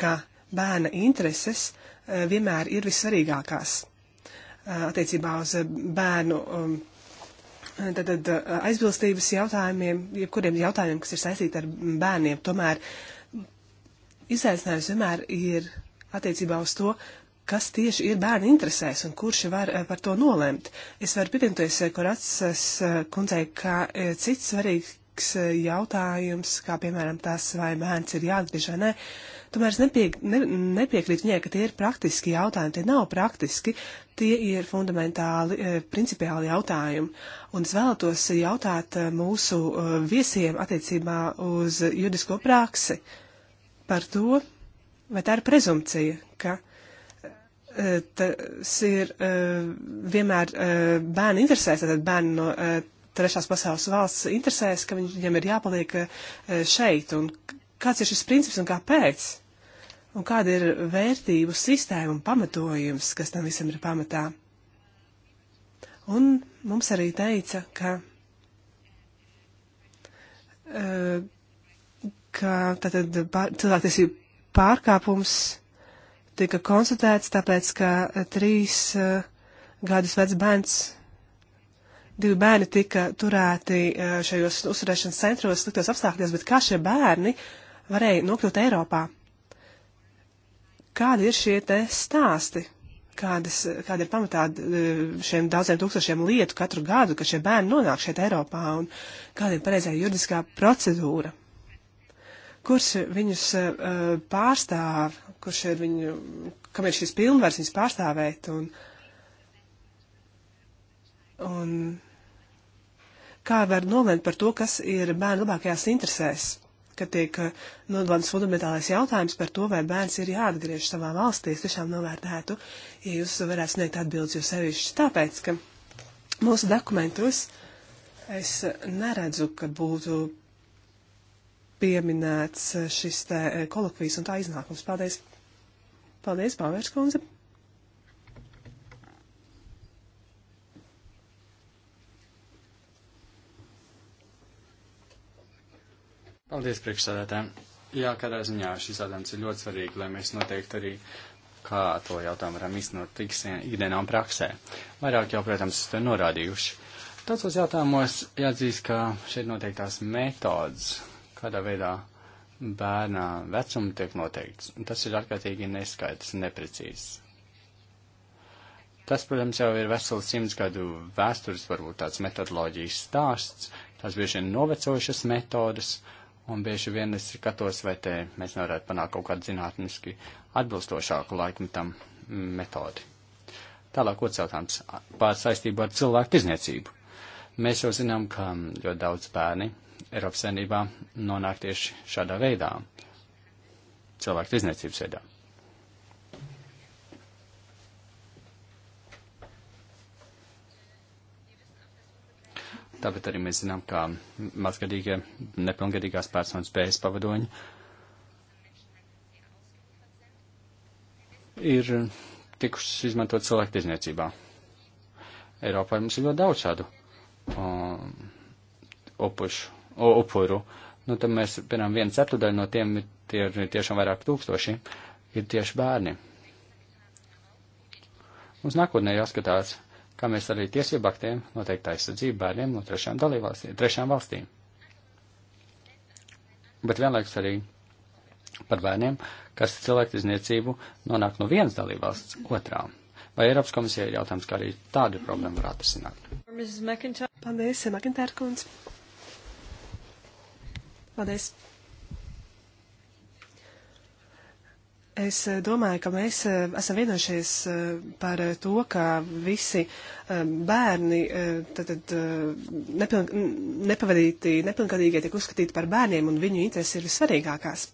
ka bērna intereses uh, vienmēr ir vissvarīgākās. Eh, attiecībā uz bērnu um, tad, tad, eh, aizbilstības jautājumiem, jebkuriem jautājumiem, kas ir saistīti ar bērniem. Tomēr izaicinājums vienmēr ir attiecībā uz to, kas tieši ir bērnu interesēs un kurš var eh, par to nolēmt. Es varu pievienoties Koracas kundzei, ka cits svarīgs tehnisks eh, jautājums, kā piemēram tas, vai bērns ir jāatgriež vai nē. Tomēr es nepiek, ne, nepiekrītu viņai, ka tie ir praktiski jautājumi. Tie nav praktiski, tie ir fundamentāli, eh, principiāli jautājumi. Un es vēlētos jautāt eh, mūsu viesiem attiecībā uz judisko praksi par to, vai tā ir prezumcija, ka tas ir vienmēr bērnu interesēs, tad bērnu no trešās pasaules valsts interesēs, ka viņiem ir jāpaliek eh, šeit. Un kāds ir šis princips un kāpēc? Un kāda ir vērtību sistēma un pamatojums, kas tam visam ir pamatā? Un mums arī teica, ka, eh, ka tātad cilvēktiesību pārkāpums tika konstatēts tāpēc, ka eh, trīs gadus vecs bērns divi bērni tika turēti eh, šajos uzturēšanas centros sliktos apstākļos, bet kā šie bērni varēja nokļūt Eiropā? Kādi ir šie te stāsti? Kādas, kāda ir pamatā eh, šiem daudziem tūkstošiem lietu katru gadu, ka šie bērni nonāk šeit Eiropā un kāda ir pareizā juridiskā procedūra? Kurš viņus uh, pārstāv, kurš ir viņu, kam ir šīs pilnvaras viņus pārstāvēt un uh, Un kā var nolēmt par to, kas ir bērnu labākajās interesēs, kad tiek uh, nodalīts fundamentālais jautājums par to, vai bērns ir jāatgriež savā valstī, es tiešām novērtētu, ja jūs varētu sniegt atbildes, jo sevišķi tāpēc, ka mūsu dokumentos es neredzu, ka būtu pieminēts šis te eh, kolokvijas un tā iznākums. Paldies! Paldies, Pāvērs kundze!
Paldies, priekšsēdētājiem. Jā, kādā ziņā šis jautājums ir ļoti svarīgi, lai mēs noteikti arī kā to jautājumu varam iznot ikdienā un praksē. Vairāk jau, protams, to norādījuši. Tādos jautājumos jāatzīst, ka šeit noteiktās metodas, kādā veidā bērnā vecuma tiek noteikts, un tas ir ārkārtīgi neskaidrs un neprecīzs. Tas, protams, jau ir vesels simts gadu vēstures, varbūt tāds metodoloģijas stāsts, tās bieži vien novecojušas metodas, uh, Un bieži vien es skatos, vai te mēs nevarētu panākt kaut kādu zinātniski atbilstošāku laikmetam metodi. Tālāk otrs jautājums par saistību ar cilvēku tirzniecību. Mēs jau zinām, ka ļoti daudz bērni Eiropas saimnībā nonāk tieši šādā veidā, cilvēku tirzniecības veidā. Tāpat arī mēs zinām, ka mazgadīgie nepilngadīgās personas bez pavadoņa ir tikušas izmantot cilvēku tirzniecībā. Eiropā mums ir ļoti daudz šādu um, upušu, upuru. Nu, tad mēs, piemēram, viena ceturdaļa no tiem ir, tie ir tiešām vairāk tūkstoši, ir tieši bērni. Mums nākotnē jāskatās, kā mēs arī tiesību aktiem noteikti aizsardzību bērniem no trešām, trešām valstīm. Bet vienlaikus arī par bērniem, kas cilvēku izniecību nonāk no vienas dalībvalsts otrā. Vai Eiropas komisija ir jautājums, kā arī tādu problēmu var atrisināt?
Paldies, Makintāra kundze. Paldies. Es eh, domāju, ka mēs eh, esam vienojušies eh, par to, ka visi bērni, tad, tad nepiln, nepavadīti, nepilngadīgie tiek uzskatīti par bērniem un viņu intereses ir vissvarīgākās.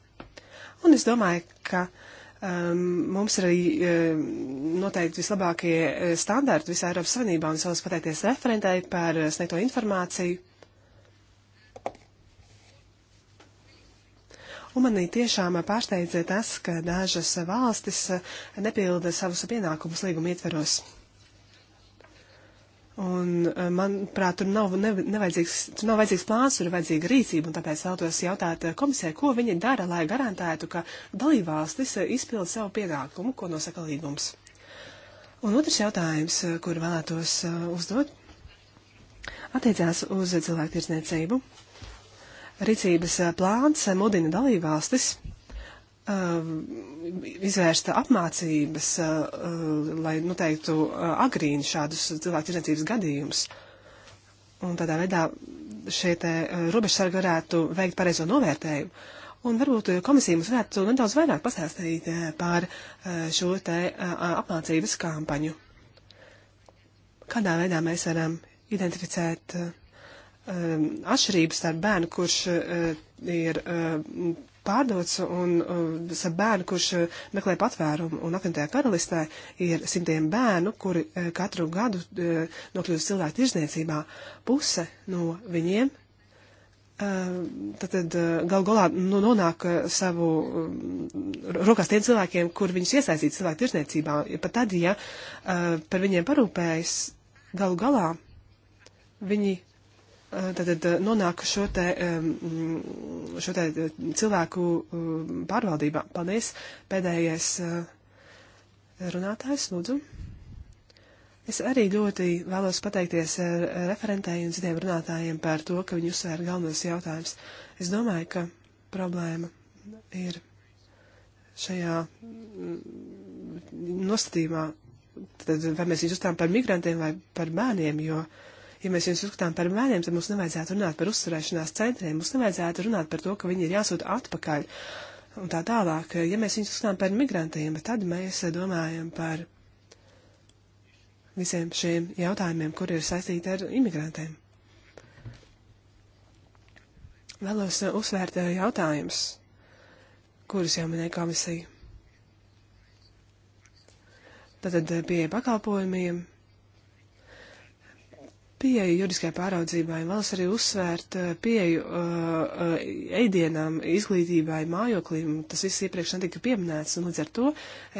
Un es domāju, ka um, mums ir arī um, noteikti vislabākie standarti visā Eiropas Savienībā un savas pateikties referentai par sniegto informāciju. Un manī tiešām pārsteidza tas, ka dažas valstis nepilda savus pienākumus līguma ietveros. Un, eh, manuprāt, tur nav, ne, nevajadzīgs, tur nav vajadzīgs plāns, tur ir vajadzīga rīcība, un tāpēc vēlos jautāt eh, komisijai, ko viņi dara, lai garantētu, ka dalībvalstis eh, izpilda savu pienākumu, ko nosaka līgums. Un otrs jautājums, kur vēlētos uzdot, attiecās uz cilvēktiesniecību. Uh, Rīcības eh, plāns eh, mudina dalībvalstis eh, izvērsta apmācības, lai noteiktu agrīni šādus cilvēku tirdzniecības gadījumus. Un tādā veidā šie te robežsargi varētu veikt pareizo novērtējumu. Un varbūt komisija mums varētu nedaudz vairāk pastāstīt par šo te apmācības kampaņu. Kādā veidā mēs varam identificēt uh, Um, atšķirības starp bērnu, kurš uh, ir uh, pārdots un uh, starp bērnu, kurš meklē patvērumu. Un apvienotajā karalistē ir simtiem bērnu, kuri katru gadu nokļūst cilvēku tirzniecībā. Puse no viņiem tad, tad gal galā nu, nonāk savu um, rokās tiem cilvēkiem, kur viņus iesaistīt cilvēku tirsniecībā. Pat tad, ja par viņiem parūpējas, gal galā viņi Tātad eh, nonāku šo te, mm, šo te eh, cilvēku eh, pārvaldībā. Paldies. Pēdējais runātājs, lūdzu. Es arī ļoti vēlos pateikties referentēji un citiem runātājiem par to, ka viņi uzsvēra galvenos jautājumus. Es domāju, ka problēma ir šajā mm, nostatījumā, tad vai mēs viņus uzstām par migrantiem vai par bērniem, jo uh, Ja mēs viņus uzskatām par bērniem, tad mums nevajadzētu runāt par uzturēšanās centriem, mums nevajadzētu runāt par to, ka viņi ir jāsūta atpakaļ un tā tālāk. Ja mēs viņus uzskatām par migrantiem, tad mēs domājam par visiem šiem jautājumiem, kur ir saistīti ar imigrantiem. Vēlos uzsvērt eh, jautājumus, kurus jau minēja komisija. Tātad eh, pieeja pakalpojumiem, pieeja juridiskajai pāraudzībai. Vēlos arī uzsvērt eh, pieeju uh, eh, eh, ēdienām, izglītībai, mājoklim. Tas viss iepriekš netika pieminēts, un līdz ar to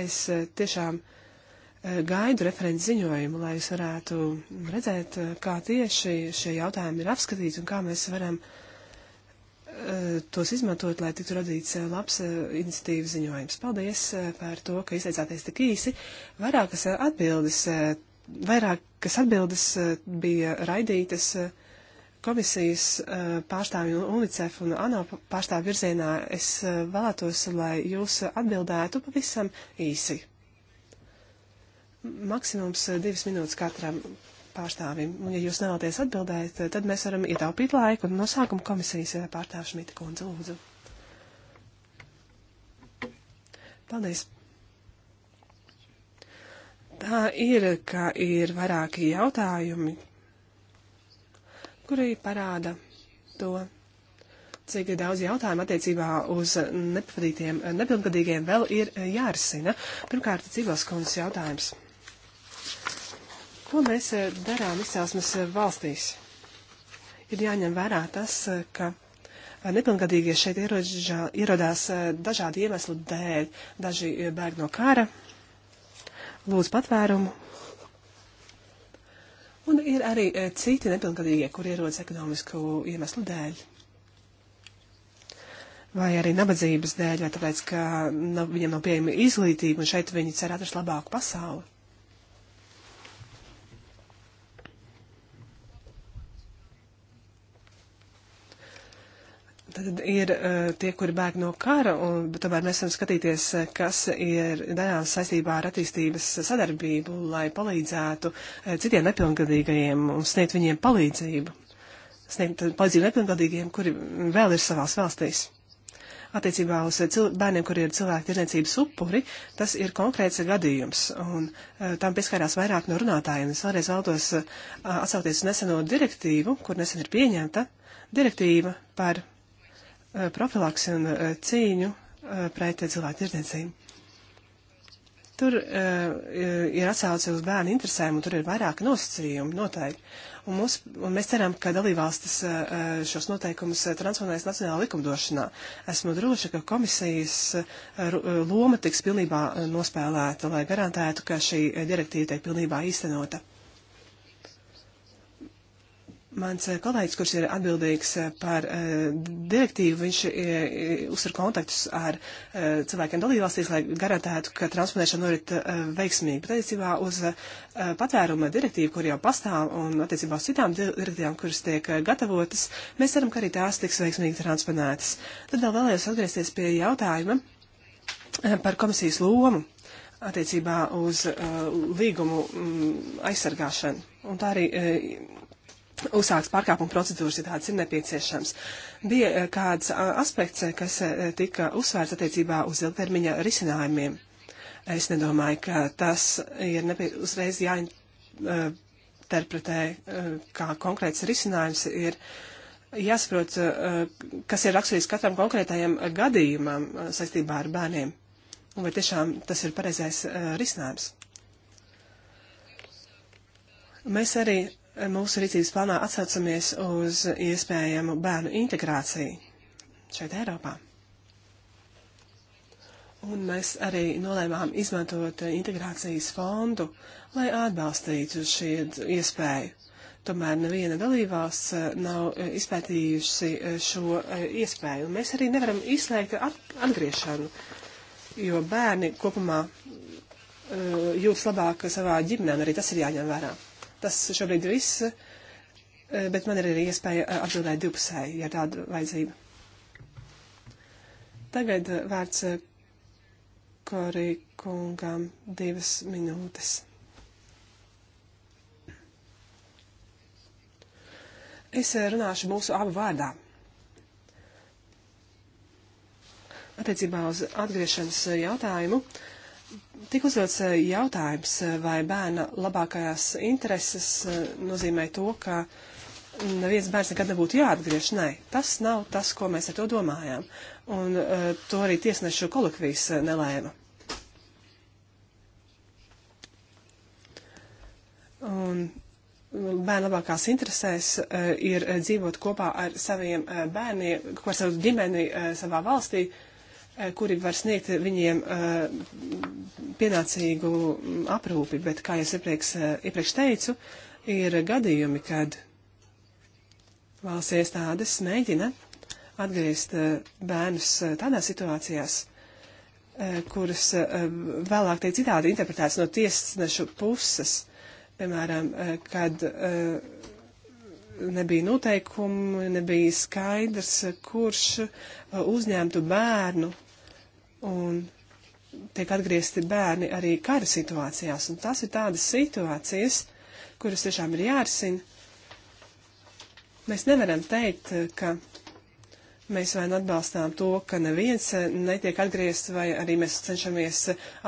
es tiešām gaidu referents ziņojumu, lai jūs varētu redzēt, kā tieši šie jautājumi ir apskatīti un kā mēs varam tos izmantot, lai tiktu radīts labs iniciatīvas ziņojums. Paldies par to, ka izteicāties tik īsi. Vairākas atbildes Vairākas atbildes eh, bija raidītas eh, komisijas eh, pārstāvju un UNICEF un ANO pārstāvju virzienā. Es vēlētos, lai jūs atbildētu pavisam īsi. Maksimums divas minūtes katram pārstāvim. Un, ja jūs nevēlaties atbildēt, tad mēs varam ietaupīt laiku. Un no sākuma komisijas pārstāvja Šmita kundze, lūdzu. Paldies, tā ir, ka ir vairāki jautājumi, kuri parāda to, cik daudz jautājumu attiecībā uz nepavadītiem, nepilngadīgiem vēl ir jārisina. Pirmkārt, Cibelskundas jautājums. Ko mēs darām izcelsmes valstīs? Ir jāņem vērā tas, ka nepilngadīgie šeit ieroģa, ierodās dažādu iemeslu dēļ. Daži bēg no kara, lūdz patvērumu. Un ir arī e, citi nepilngadīgie, kur ierodas ekonomisku iemeslu dēļ. Vai arī nabadzības dēļ, vai tāpēc, ka nav, viņam nav pieejama izglītība, un šeit viņi cer atrast labāku pasauli. tad ir eh, tie, kuri bēg no kara, un tomēr mēs varam skatīties, eh, kas ir darāms saistībā ar attīstības sadarbību, lai palīdzētu eh, citiem nepilngadīgajiem un sniegt viņiem palīdzību. Sniegt palīdzību nepilngadīgajiem, kuri vēl ir savās valstīs. Attiecībā uz bērniem, kuri ir cilvēku tirdzniecības upuri, tas ir konkrēts gadījums, un tam pieskārās vairāk no runātājiem. Es vēlreiz vēltos atsaukties uz neseno direktīvu, kur nesen ir pieņemta direktīva par Eh, profilaksi un eh, cīņu eh, pret cilvēku tirdzniecību. Tur ir atsauce uz bērnu interesēm, un tur ir vairāki nosacījumi noteikti. Un, mums, un mēs ceram, ka dalībvalstis šos noteikumus transformēs nacionālā likumdošanā. Esmu droša, ka komisijas loma tiks pilnībā nospēlēta, lai garantētu, ka šī direktīva tiek pilnībā īstenota. Mans eh, kolēģis, kurš ir atbildīgs eh, par eh, direktīvu, viņš uzsver kontaktus ar cilvēkiem dalībvalstīs, lai garantētu, ka transponēšana norit veiksmīgi. Bet attiecībā uz patvēruma direktīvu, kur jau pastāv, un attiecībā uz citām direktīvām, kuras tiek gatavotas, mēs ceram, ka arī tās tiks veiksmīgi transponētas. Tad vēl vēlējos atgriezties pie jautājuma par komisijas lomu attiecībā uz līgumu mm, aizsargāšanu. Un tā arī uzsāks pārkāpuma procedūras, ja tāds ir nepieciešams. Bija eh, kāds aspekts, eh, kas eh, tika uzsvērts attiecībā uz ilgtermiņa risinājumiem. Es nedomāju, ka tas ir nepie... uzreiz jāinterpretē kā konkrēts risinājums. Ir jāsaprot, kas ir raksturīgs katram konkrētajam gadījumam saistībā ar bērniem. Un vai tiešām tas ir pareizais risinājums? Mēs arī mūsu rīcības plānā atsaucamies uz iespējamu bērnu integrāciju šeit Eiropā. Un mēs arī nolēmām izmantot integrācijas fondu, lai atbalstītu šī iespēju. Tomēr neviena dalībās eh, nav eh, izpētījusi eh, šo iespēju. Un mēs arī nevaram izslēgt atgriešanu, jo bērni kopumā jūtas labāk savā ģimenē, un arī tas ir jāņem vērā. Tas šobrīd viss, eh, bet man ir arī iespēja eh, atbildēt divpusēji, ja tāda vajadzība. Tagad eh, vārds Kori kungām divas minūtes. Es runāšu mūsu abu vārdā. Attiecībā uz atgriešanas jautājumu. Uh, Tik uzdots eh, jautājums, eh, vai bērna labākajās intereses eh, nozīmē to, ka neviens bērns nekad nebūtu jāatgriež. Nē, tas nav tas, ko mēs ar to domājām. Un to arī tiesnešu kolokvijas nelēma. Un mm, bērnu labākās interesēs ir dzīvot kopā ar saviem bērniem, kopā ar savu ģimeni savā valstī, uh, Eh, kuri var sniegt viņiem eh, pienācīgu mm, aprūpi, bet, kā jau iepriekš, eh, iepriekš teicu, ir gadījumi, kad valsts iestādes mēģina atgriezt bērnus tādās situācijās, kuras vēlāk tiek citādi interpretētas no tiesnešu puses, piemēram, kad nebija noteikumu, nebija skaidrs, kurš uzņemtu bērnu un tiek atgriezti bērni arī kara situācijās, un tas ir tādas situācijas, kuras tiešām ir jārisina. Mēs nevaram teikt, ka mēs vai nu atbalstām to, ka neviens eh, netiek atgriezts, vai arī mēs cenšamies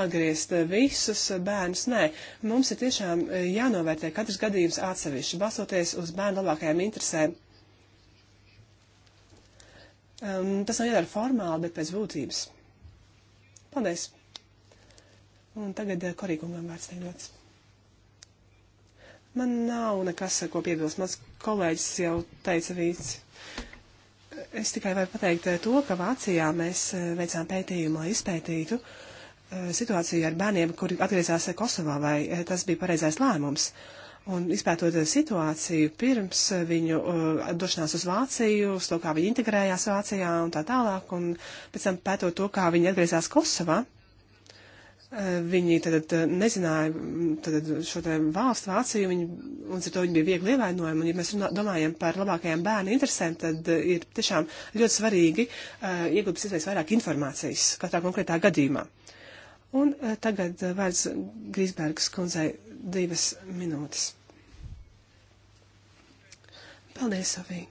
atgriezt eh, visus bērnus. Nē, mums ir tiešām eh, jānovērtē katrs gadījums atsevišķi, balstoties uz bērnu labākajām interesēm. Um, tas nav jādara formāli, bet pēc būtības. Paldies! Un tagad eh, korīgumam vārds teikts. Man nav nekas, ko piebilst. Mans kolēģis jau teica vīds. Es tikai varu pateikt eh, to, ka Vācijā mēs eh, veicām pētījumu, lai izpētītu situāciju ar bērniem, kuri atgriezās Kosovā, vai tas bija pareizais lēmums. Uh, Un izpētot situāciju pirms eh, viņu uh, došanās uz Vāciju, uz to, kā viņi integrējās Vācijā un tā tālāk, un pēc tam pētot to, kā viņi atgriezās Kosovā, uh, viņi tad nezināja mm, tad šo te valstu Vāciju, viņi, un ar to viņi bija viegli ievainojami, un ja mēs domājam par labākajām bērnu interesēm, tad uh, ir tiešām ļoti svarīgi uh, iegūt pēc iespējas vairāk informācijas katrā konkrētā gadījumā. Un uh, tagad uh, vārds Grīsbergas kundzei divas minūtes. Paldies, Sofija!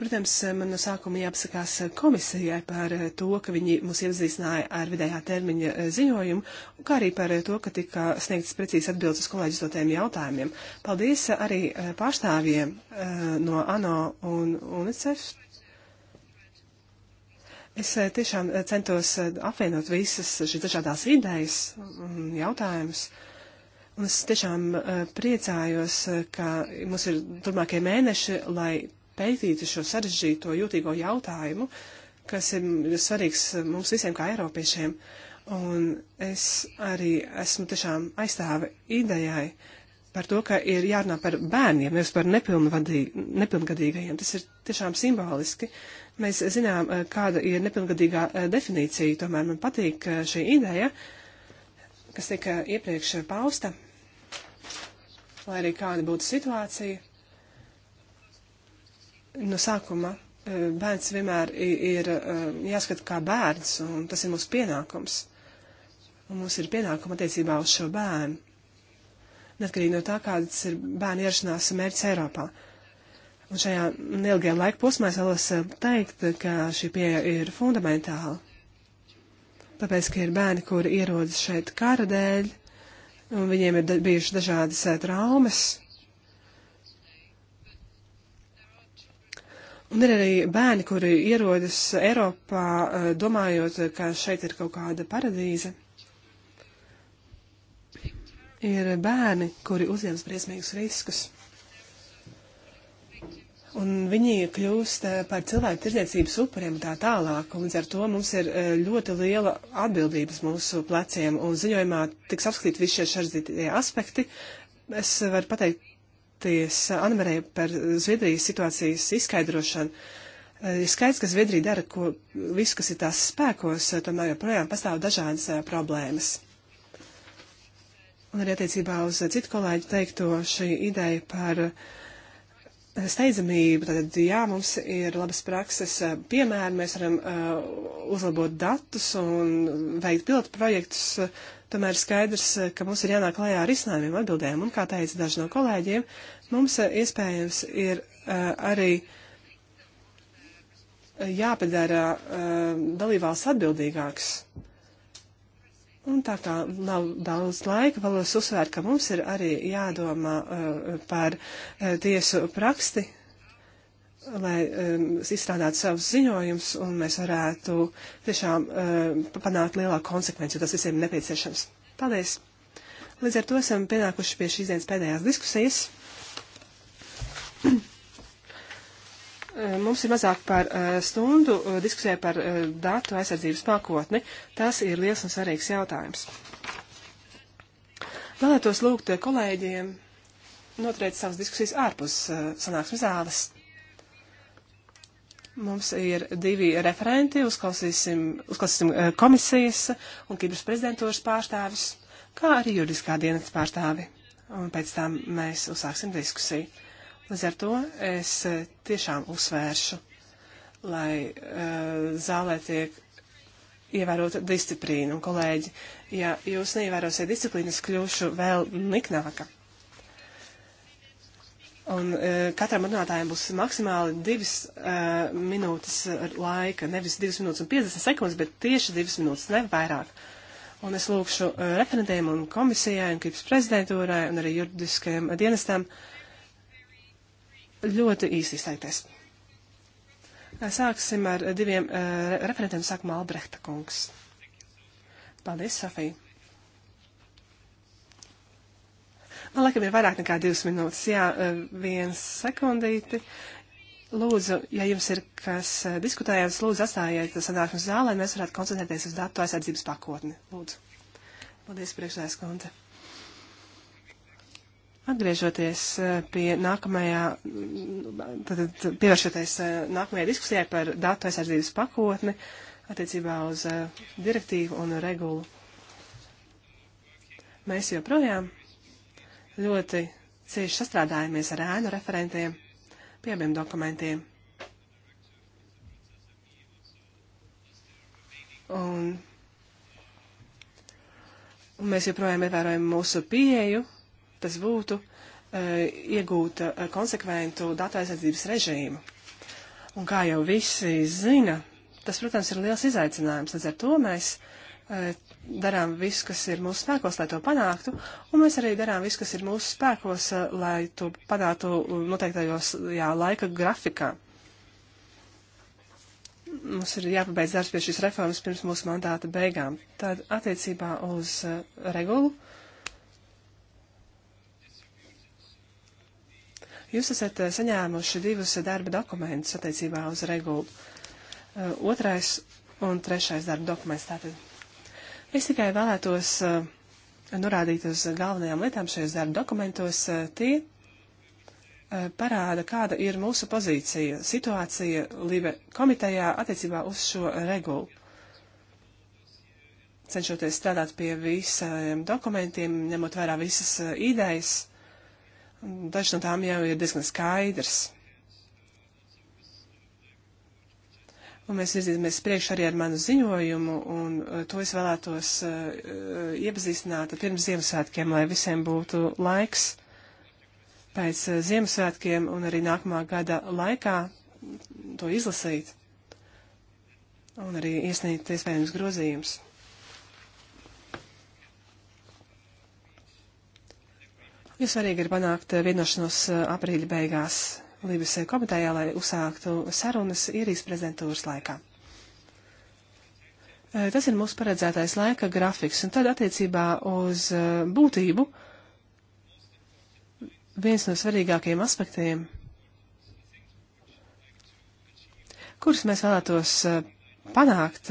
Protams, man no sākuma jāapsakās komisijai par to, ka viņi mūs iepazīstināja ar vidējā termiņa eh, ziņojumu, kā arī par to, ka tika sniegtas precīzi atbildes uz kolēģis dotiem jautājumiem. Paldies arī eh, pārstāvjiem eh, no ANO un UNICEF Es eh, tiešām eh, centos eh, apvienot visas šīs dažādās idejas un jautājumus. Un es tiešām priecājos, ka mums ir turpmākie mēneši, lai pētītu šo sarežģīto, jūtīgo jautājumu, kas ir svarīgs mums visiem kā Eiropiešiem. Un es arī esmu tiešām aizstāve idejai, par to, ka ir jārunā par bērniem, nevis par nepilngadīgajiem. Tas ir tiešām simboliski, Mēs zinām, eh, kāda ir nepilngadīgā eh, definīcija, tomēr man patīk eh, šī ideja, kas tika iepriekš pausta, lai arī kāda būtu situācija. No sākuma bērns vienmēr ir jāskata kā bērns, un tas ir mūsu pienākums. Un mums ir pienākuma attiecībā uz šo bērnu, neatkarīgi no tā, kādas ir bērnu ierašanās mērķis Eiropā. Uh, Un šajā neilgajā laika posmā es vēlos eh, teikt, ka šī pieeja ir fundamentāla. Tāpēc, ka ir bērni, kuri ierodas šeit kara dēļ, un viņiem ir da bijušas dažādas eh, traumas. Un ir arī bērni, kuri ierodas Eiropā, eh, domājot, ka šeit ir kaut kāda paradīze. Ir bērni, kuri uzņems briesmīgus riskus. Un viņi kļūst eh, par cilvēku tirdzniecības upuriem un tā tālāk. Un līdz ar to mums ir eh, ļoti liela atbildības mūsu pleciem. Un ziņojumā tiks apskatīt visi šie šarzītie aspekti. Es varu pateikties Anmarē par Zviedrijas situācijas izskaidrošanu. Eh, ir skaidrs, ka Zviedrija dara ko, visu, kas ir tās spēkos, tomēr joprojām pastāv dažādas problēmas. Un arī attiecībā uz citu kolēģu teikto šī ideja par uh, steidzamību. Tātad, jā, mums ir labas prakses eh, piemēri, mēs varam uh, uzlabot datus un veikt pilotu projektus. Uh, tomēr skaidrs, eh, ka mums ir jānāk klajā ar izsnājumiem, atbildēm, un, kā teica daži no kolēģiem, mums uh, iespējams ir arī jāpadara dalībvalsts atbildīgāks. Un tā kā nav daudz laika, vēlos uzsvērt, ka mums ir arī jādomā uh, par uh, tiesu praksti, lai um, izstrādātu savus ziņojumus, un mēs varētu tiešām uh, panākt lielāku konsekvenci, jo tas visiem ir nepieciešams. Paldies! Līdz ar to esam pienākuši pie šīs dienas pēdējās diskusijas. Mums ir mazāk par eh, stundu eh, diskusijai par eh, datu aizsardzības pakotni. Tas ir liels un svarīgs jautājums. Vēlētos lūgt kolēģiem noturēt savas diskusijas ārpus sanāksmes zāles. Mums ir divi referenti, uzklausīsim, uzklausīsim komisijas un Kipras prezidentūras pārstāvis, kā arī juridiskā dienas pārstāvi. Un pēc tam mēs uzsāksim diskusiju. Līdz ar to es eh, tiešām uzsvēršu, lai uh, zālē tiek ievērota disciplīna. Un, kolēģi, ja jūs neievērosiet disciplīnu, es kļūšu vēl niknāka. Un uh, katram runātājam būs maksimāli divas uh, minūtes laika, nevis divas minūtes un 50 sekundes, bet tieši divas minūtes, ne vairāk. Un es lūkšu uh, referentiem un komisijai un Kipras prezidentūrai un arī juridiskajam dienestam uh, ļoti īsi izteikties. Sāksim ar diviem uh, referentiem, sākumā Albrehta kungs. Paldies, Sofija. Man liekas, ir vairāk nekā divas minūtes. Jā, eh, viens sekundīti. Lūdzu, ja jums ir kas eh, diskutējams, lūdzu atstājiet sanāksmes zālē, mēs varētu koncentrēties uz datu aizsardzības pakotni. Lūdzu. Paldies, priekšsēdētājs Konte. Atgriežoties eh, pie nākamajā, tad pievēršoties eh, nākamajā diskusijā par datu aizsardzības pakotni attiecībā uz eh, direktīvu un regulu. Mēs joprojām ļoti cieši sastrādājamies ar ēnu referentiem pie abiem dokumentiem. Un, un mēs joprojām ievērojam mūsu pieeju tas būtu e, iegūt e, konsekventu datu aizsardzības režīmu. Un kā jau visi zina, tas, protams, ir liels izaicinājums. Līdz ar to mēs e, darām visu, kas ir mūsu spēkos, lai to panāktu, un mēs arī darām visu, kas ir mūsu spēkos, lai to panāktu noteiktajos jā, laika grafikā. Mums ir jāpabeidz darbs pie šīs reformas pirms mūsu mandāta beigām. Tad attiecībā uz regulu Jūs esat eh, saņēmuši divus darba dokumentus attiecībā uz regulu. Eh, otrais un trešais darba dokuments. Tātad es tikai vēlētos eh, norādīt uz galvenajām lietām šajos darba dokumentos. Tie parāda, kāda ir mūsu pozīcija, situācija Libe komitejā attiecībā uz šo regulu. Cenšoties strādāt pie visiem dokumentiem, ņemot vērā visas idejas, Dažas no tām jau ir diezgan skaidrs. Un mēs virzīsimies priekš arī ar manu ziņojumu, un uh, to es vēlētos uh, uh iepazīstināt pirms Ziemassvētkiem, lai visiem būtu laiks pēc uh, Ziemassvētkiem un arī nākamā gada laikā to izlasīt un arī iesniegt iespējams grozījums. Jo svarīgi ir panākt vienošanos eh, aprīļa beigās Lībijas komitejā, lai uzsāktu sarunas īrijas prezidentūras laikā. Eh, tas ir mūsu paredzētais laika grafiks, un tad attiecībā uz eh, būtību viens no svarīgākajiem aspektiem, kurus mēs vēlētos panākt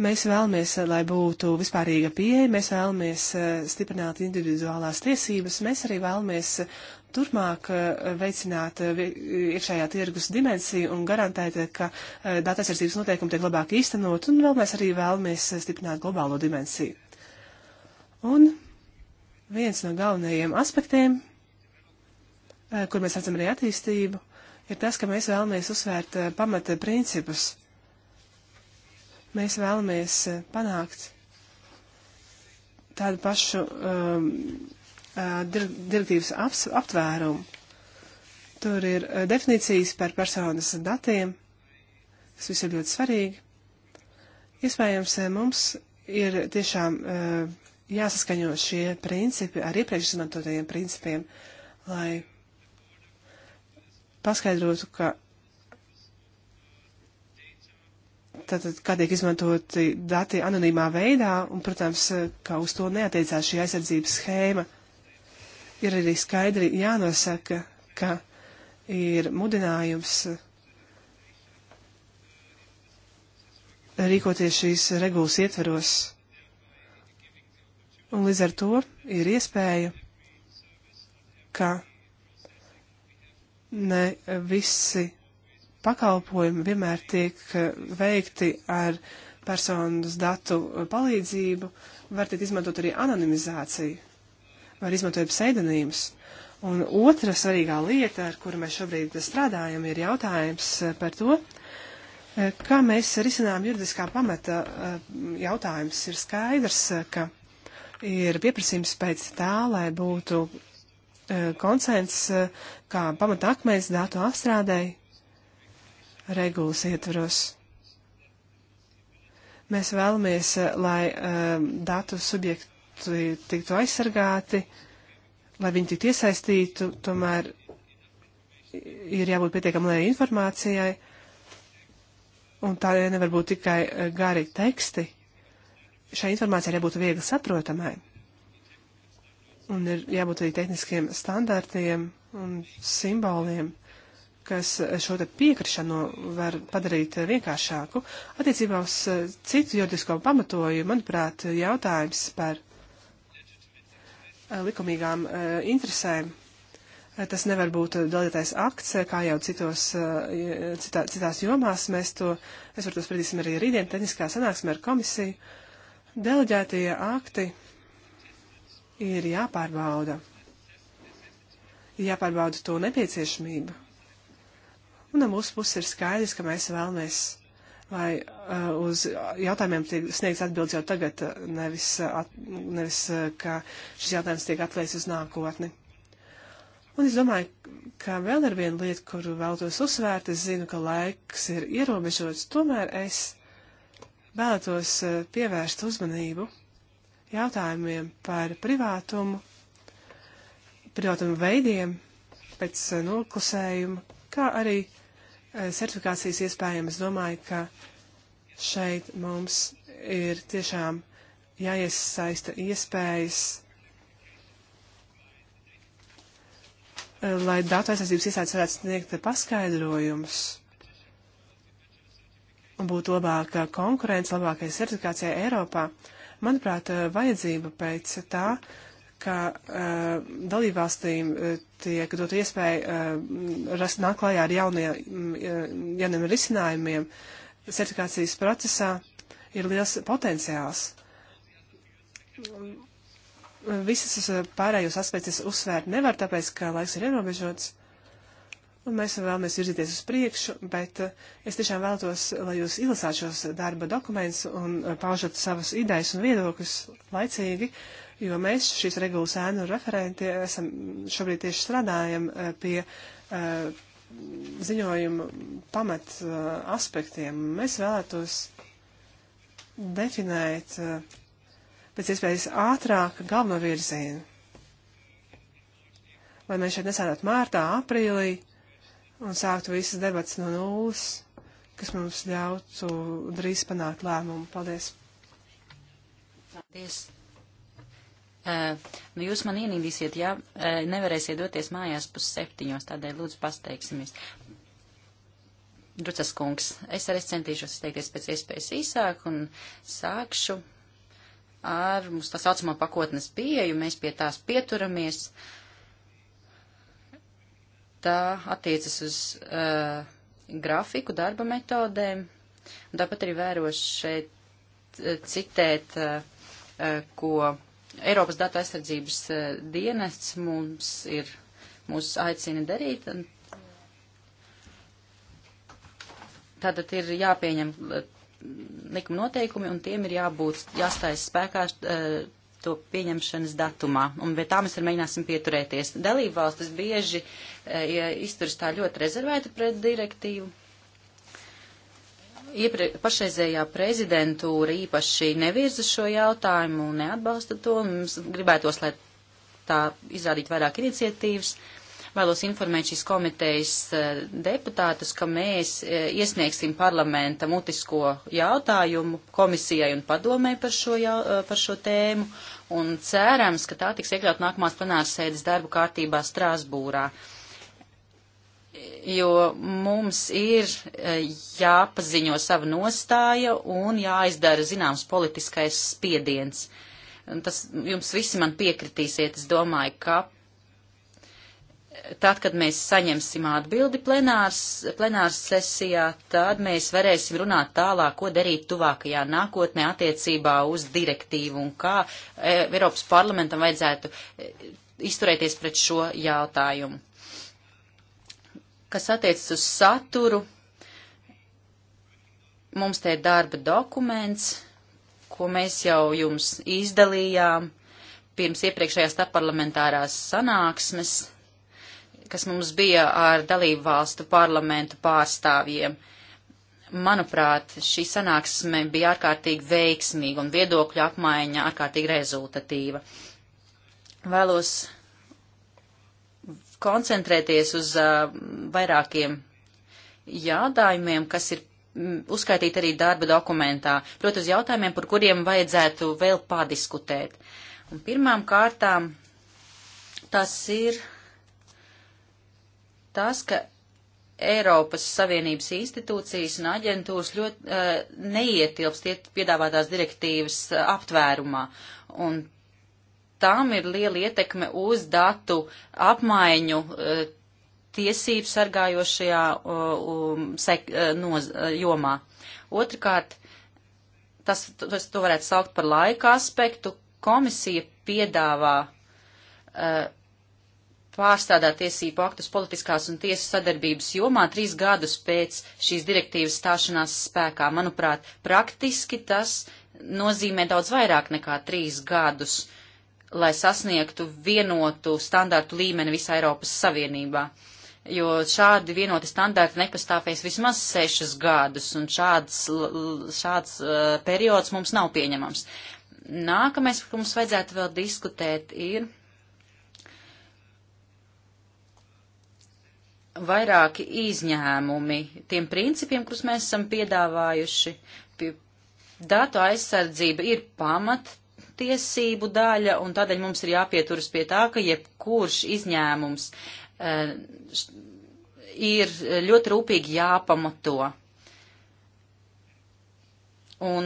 Mēs vēlamies, lai būtu vispārīga pieeja, mēs vēlamies eh, stiprināt individuālās tiesības, mēs arī vēlamies turpmāk eh, veicināt eh, iekšējā tirgus dimensiju un garantēt, ka datasardzības noteikumi tiek labāk īstenot, un vēl mēs arī vēlamies stiprināt globālo dimensiju. Un viens no galvenajiem aspektiem, kur mēs redzam arī attīstību, ir tas, ka mēs vēlamies uzsvērt pamata principus Mēs vēlamies eh, panākt tādu pašu um, eh, dir direktīvas aps, aptvērumu. Tur ir eh, definīcijas par personas datiem. Tas viss ir ļoti svarīgi. Iespējams, mums ir tiešām uh, jāsaskaņo šie principi ar iepriekš izmantotajiem principiem, lai paskaidrotu, ka tātad, kā tiek izmantoti dati anonīmā veidā, un, protams, ka uz to neatiecās šī aizsardzības schēma. Ir arī skaidri jānosaka, ka ir mudinājums rīkoties šīs regulas ietveros, un līdz ar to ir iespēja, ka ne visi pakalpojumi vienmēr tiek eh, veikti ar personas datu eh, palīdzību, var tikt izmantot arī anonimizāciju, var izmantot pseidonīmus. Un otra svarīgā lieta, ar kuru mēs šobrīd strādājam, ir jautājums eh, par to, kā mēs risinām juridiskā pamata jautājums. Ir skaidrs, ka ir pieprasījums pēc tā, lai būtu konsens kā pamata akmens datu apstrādēji regulas ietvaros. Mēs vēlamies, eh, lai eh, datu subjekti tiktu aizsargāti, lai viņi tiktu iesaistītu, tomēr ir jābūt pietiekamai informācijai, un tā nevar būt tikai eh, gari teksti. Šai informācijai jābūt viegli saprotamai, un ir jābūt arī tehniskiem standartiem un simboliem kas šo te piekrišanu var padarīt vienkāršāku. Attiecībā uz eh, citu juridisko pamatoju, manuprāt, jautājums par eh, likumīgām eh, interesēm. Tas nevar būt dalītais akts, kā jau citos, citā, citās jomās. Mēs to, es varu to spredīsim arī rītdien tehniskā sanāksmē ar komisiju. Deleģētie akti ir jāpārbauda. Jāpārbauda to nepieciešamību Un no mūsu puses ir skaidrs, ka mēs vēlamies, lai uh, uz jautājumiem tiek sniegts atbildes jau tagad, uh, nevis, uh, at, nevis uh, ka šis jautājums tiek atlaists uz nākotni. Un es domāju, ka vēl ir viena lieta, kuru vēlos uzsvērt. Es zinu, ka laiks ir ierobežots, tomēr es vēlētos uh, pievērst uzmanību jautājumiem par privātumu, privātumu veidiem pēc uh, noklusējuma, kā arī Eh, certifikācijas iespējām, es domāju, ka šeit mums ir tiešām jāiesaista iespējas, eh, lai datu aizsardzības iestādes varētu sniegt paskaidrojumus un būtu labāka konkurence, labākai certifikācijai Eiropā. Manuprāt, eh, vajadzība pēc tā, uh, ka uh, dalībvalstīm uh, tiek dot iespēja uh, eh, rast nāk klājā ar jaunie, uh, jauniem risinājumiem. Certifikācijas procesā ir liels potenciāls. Visas uh, pārējos aspektus uzsvērt nevar, tāpēc, ka laiks ir ierobežots. Un mēs vēlamies virzīties uz priekšu, bet uh, es tiešām vēlētos, lai jūs ilasāt šos darba dokumentus un uh, paužat savas idejas un viedokļus laicīgi, uh, jo mēs šīs regulas ēnu referenti esam šobrīd tieši strādājam eh, pie eh, ziņojuma pamat eh, aspektiem. Mēs vēlētos definēt pēc iespējas ātrāk galveno virzienu. Lai mēs šeit nesēdētu mārtā, aprīlī un sāktu visas debats no nulles, kas mums ļautu drīz panākt lēmumu. Paldies!
Paldies! Eh, nu, jūs man ienīdīsiet, ja eh, nevarēsiet doties mājās pus septiņos, tādēļ lūdzu pasteiksimies. Drucas kungs, es arī centīšos izteikties pēc iespējas īsāk un sākšu ar mums tā saucamo pakotnes pieju. Mēs pie tās pieturamies. Tā attiecas uz uh, grafiku, darba metodēm. Un tāpat arī vērošu šeit citēt, uh, uh, ko Eiropas datu aizsardzības eh, dienests mums ir, mūs aicina darīt. Tātad ir jāpieņem eh, likuma noteikumi un tiem ir jābūt, jāstājas spēkā eh, to pieņemšanas datumā. Un pie tā mēs arī mēģināsim pieturēties. Dalībvalstis bieži ja izturas tā ļoti rezervēti pret direktīvu. Iepre, pašreizējā prezidentūra īpaši nevirza šo jautājumu un neatbalsta to. Mums gribētos, lai tā izrādītu vairāk iniciatīvas. Vēlos informēt šīs komitejas eh, deputātus, ka mēs eh, iesniegsim parlamenta mutisko jautājumu komisijai un padomē par šo, jau, eh, par šo tēmu un cerams, ka tā tiks iekļaut nākamās plenāras sēdes darbu kārtībā Strāsbūrā. Uh, jo mums ir eh, jāpaziņo sava nostāja un jāizdara zināms politiskais spiediens. Tas jums visi man piekritīsiet, es domāju, ka tad, kad mēs saņemsim atbildi plenārs, plenārs sesijā, tad mēs varēsim runāt tālāk, ko darīt tuvākajā nākotnē attiecībā uz direktīvu un kā eh, Eiropas parlamentam vajadzētu eh, izturēties pret šo jautājumu. Kas attiecas uz saturu, mums te ir darba dokuments, ko mēs jau jums izdalījām pirms iepriekšējās starpparlamentārās sanāksmes, kas mums bija ar dalību valstu parlamentu pārstāvjiem. Manuprāt, šī sanāksme bija ārkārtīgi veiksmīga un viedokļu apmaiņa ārkārtīgi rezultatīva. Vēlos koncentrēties uz uh, vairākiem jādājumiem, kas ir uzskaitīti arī darba dokumentā, proti uz jautājumiem, par kuriem vajadzētu vēl padiskutēt. Un pirmām kārtām tas ir tas, ka Eiropas Savienības institūcijas un aģentūras ļoti uh, neietilpst piedāvātās direktīvas uh, aptvērumā. Un tām ir liela ietekme uz datu apmaiņu uh, tiesību sargājošajā uh, sek, uh, noz, eh, jomā. Otrakārt, tas, tas to varētu saukt par laika aspektu. Komisija piedāvā pārstrādāt tiesību aktus politiskās un tiesu sadarbības jomā trīs gadus pēc šīs direktīvas stāšanās spēkā. Manuprāt, praktiski tas nozīmē daudz vairāk nekā trīs gadus. Uh, lai sasniegtu vienotu standārtu līmeni visā Eiropas Savienībā. Jo šādi vienoti standarti nepastāvēs vismaz sešus gadus, un šāds, šāds uh, periods mums nav pieņemams. Nākamais, par ko mums vajadzētu vēl diskutēt, ir vairāki izņēmumi tiem principiem, kurus mēs esam piedāvājuši. Datu aizsardzība ir pamat tiesību daļa, un tādēļ mums ir jāpieturas pie tā, ka jebkurš izņēmums eh, ir ļoti rūpīgi jāpamato. Un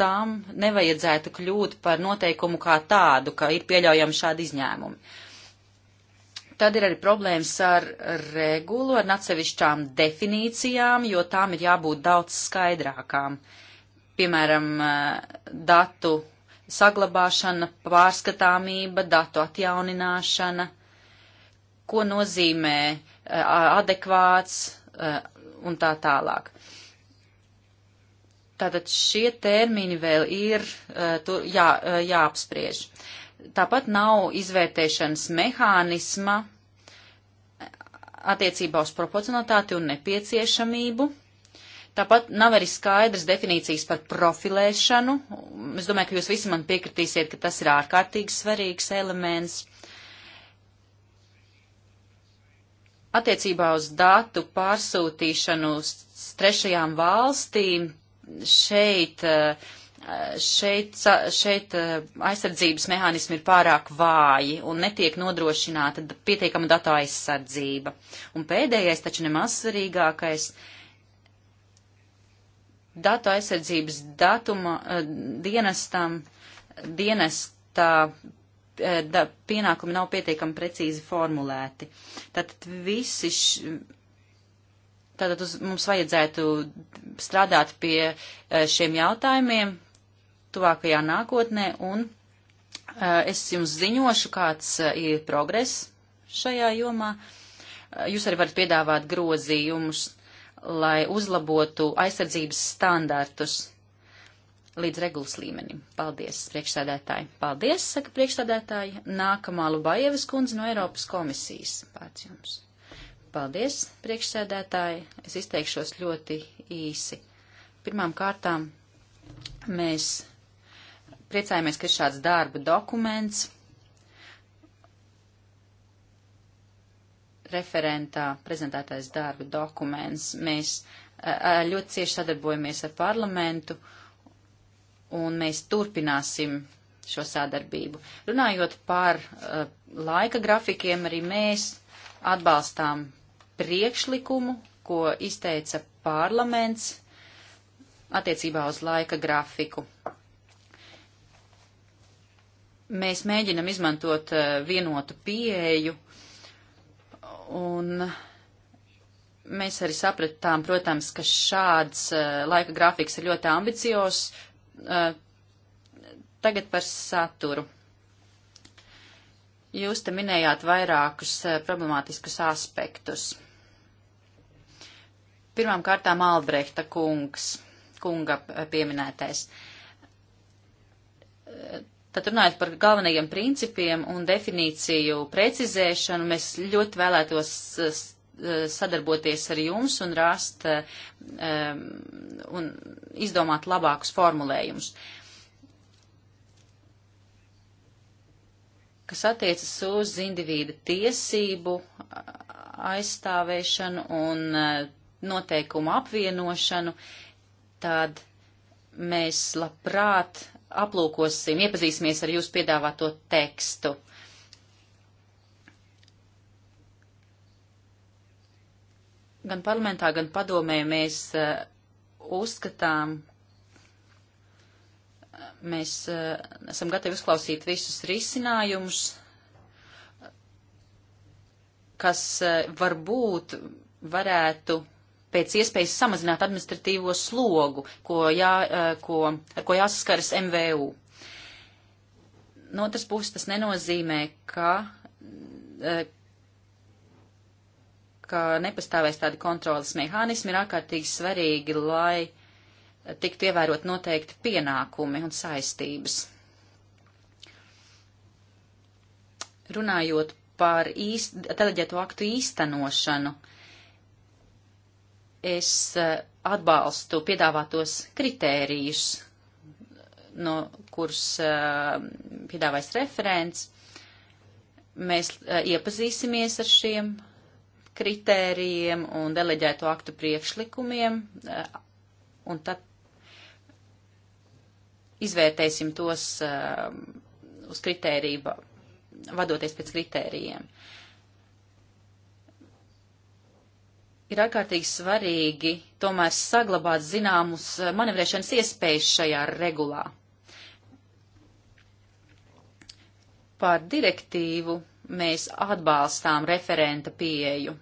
tām nevajadzētu kļūt par noteikumu kā tādu, ka ir pieļaujami šādi izņēmumi. Tad ir arī problēmas ar regulu, ar atsevišķām definīcijām, jo tām ir jābūt daudz skaidrākām. Piemēram, eh, datu saglabāšana, pārskatāmība, datu atjaunināšana, ko nozīmē eh, adekvāts eh, un tā tālāk. Tātad šie termini vēl ir eh, tur jā, jāapspriež. Tāpat nav izvērtēšanas mehānisma attiecībā uz proporcionalitāti un nepieciešamību Tāpat nav arī skaidras definīcijas par profilēšanu. Es domāju, ka jūs visi man piekritīsiet, ka tas ir ārkārtīgi svarīgs elements. Attiecībā uz datu pārsūtīšanu uz trešajām valstīm šeit uh, šeit, šeit eh, aizsardzības mehānismi ir pārāk vāji un netiek nodrošināta pietiekama datu aizsardzība. Un pēdējais, taču nemaz svarīgākais, datu aizsardzības datuma eh, dienestam, dienestā eh, da, pienākumi nav pietiekami precīzi formulēti. Tātad visi, š, tātad uz, mums vajadzētu strādāt pie eh, šiem jautājumiem tuvākajā nākotnē un es jums ziņošu, kāds ir progress šajā jomā. Jūs arī varat piedāvāt grozījumus lai uzlabotu aizsardzības standartus līdz regulas līmenim. Paldies, priekšsēdētāji. Paldies, saka priekšsēdētāji. Nākamā Lubājevas kundze no Eiropas komisijas. Pārts jums. Paldies, priekšsēdētāji. Es izteikšos ļoti īsi. Pirmām kārtām mēs priecājamies, ka ir šāds darba dokuments referentā prezentētais darba dokuments. Mēs ļoti cieši sadarbojamies ar parlamentu un mēs turpināsim šo sadarbību. Runājot par uh, laika grafikiem, arī mēs atbalstām priekšlikumu, ko izteica parlaments attiecībā uz laika grafiku. Mēs mēģinam izmantot uh, vienotu pieeju Un mēs arī sapratām, protams, ka šāds eh, laika grafiks ir ļoti ambiciozs. Eh, tagad par saturu. Jūs te minējāt vairākus eh, problemātiskus aspektus. Pirmām kārtām Albrehta kungs, kunga pieminētais. Tad runājot par galvenajiem principiem un definīciju precizēšanu, mēs ļoti vēlētos eh, eh, sadarboties ar jums un rast um, un izdomāt labākus formulējumus. Kas attiecas uz individu tiesību aizstāvēšanu un noteikumu apvienošanu, tad mēs labprāt aplūkosim, iepazīsimies ar jūsu piedāvāto tekstu. Gan parlamentā, gan padomē mēs uh, uzskatām, mēs uh, esam gatavi uzklausīt visus risinājumus, kas uh, varbūt varētu pēc iespējas samazināt administratīvo slogu, ko jā, ko, ar ko jāsaskaras MVU. No nu, otras puses, tas nenozīmē, ka, ka nepastāvēs tādi kontrolas mehānismi, ir ārkārtīgi svarīgi, lai tiktu ievērot noteikti pienākumi un saistības. Runājot par īst, deleģēto aktu īstenošanu, uh, es eh, atbalstu piedāvātos kritērijus, no kuras eh, piedāvājas referents. Mēs eh, iepazīsimies ar šiem kritērijiem un deleģēto aktu priekšlikumiem, un tad izvērtēsim tos uz kritēriju, vadoties pēc kritērijiem. Uh, ir ārkārtīgi svarīgi tomēr saglabāt zināmus eh, manevrēšanas iespējas šajā regulā. Par direktīvu mēs atbalstām referenta pieeju.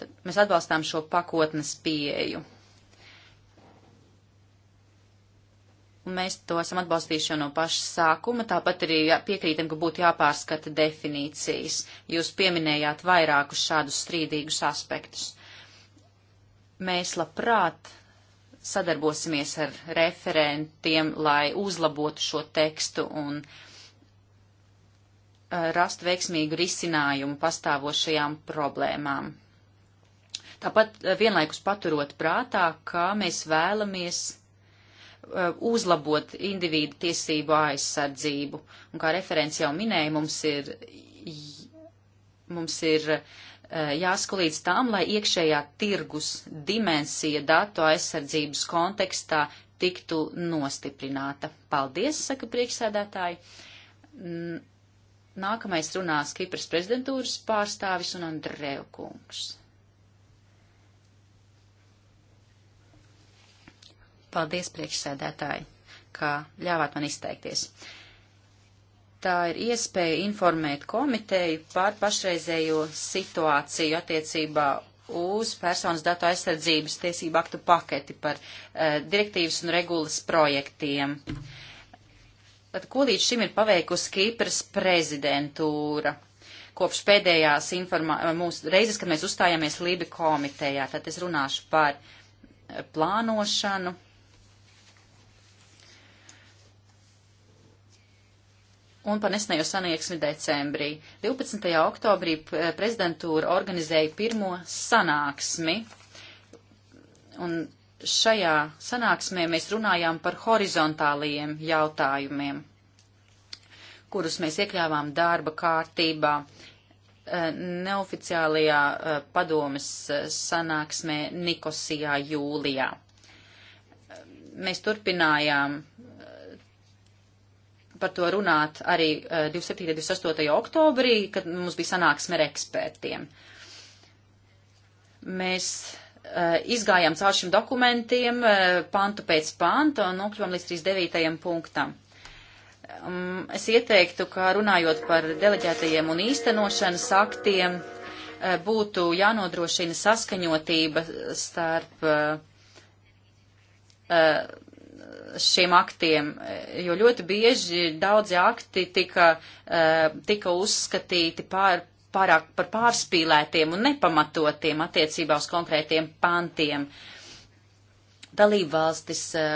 Tad mēs atbalstām šo pakotnes pieeju. Mēs to esam atbalstījuši jau no paša sākuma, tāpat arī piekrītam, ka būtu jāpārskata definīcijas. Jūs pieminējāt vairākus šādus strīdīgus aspektus. Mēs labprāt sadarbosimies ar referentiem, lai uzlabotu šo tekstu un eh, rastu veiksmīgu risinājumu pastāvošajām problēmām. Tāpat eh, vienlaikus paturot prātā, ka mēs vēlamies Uh, uzlabot individu tiesību aizsardzību. Un kā referents jau minēja, mums ir, mums ir uh, jāskolīdz tām, lai iekšējā tirgus dimensija datu aizsardzības kontekstā tiktu nostiprināta. Paldies, saka priekšsēdētāji. Nākamais runās Kipras prezidentūras pārstāvis un Andrēl kungs. Paldies, priekšsēdētāji, kā ļāvāt man izteikties. Tā ir iespēja informēt komiteju par pašreizējo situāciju attiecībā uz personas datu aizsardzības tiesību aktu paketi par uh, direktīvas un regulas projektiem. Tad, ko līdz šim ir paveikusi Kīpras prezidentūra? Kopš pēdējās mūsu reizes, kad mēs uzstājāmies Lībi komitejā, tad es runāšu par eh, plānošanu, un par nesnējo sanāksmi decembrī. 12. oktobrī eh, prezidentūra organizēja pirmo sanāksmi, un šajā sanāksmē mēs runājām par horizontālajiem jautājumiem, kurus mēs iekļāvām darba kārtībā. Eh, neoficiālajā eh, padomes sanāksmē Nikosijā jūlijā. Mēs turpinājām par to runāt arī 27. un 28. oktobrī, kad mums bija sanāksme ar ekspertiem. Mēs eh, izgājām caur šiem dokumentiem eh, pantu pēc panta un nokļuvām līdz 39. punktam. Um, es ieteiktu, ka runājot par deleģētajiem un īstenošanas aktiem, eh, būtu jānodrošina saskaņotība starp šiem aktiem, jo ļoti bieži daudzi akti tika, eh, tika uzskatīti pār, pārāk par pārspīlētiem un nepamatotiem attiecībā uz konkrētiem pantiem. Dalībvalstis eh,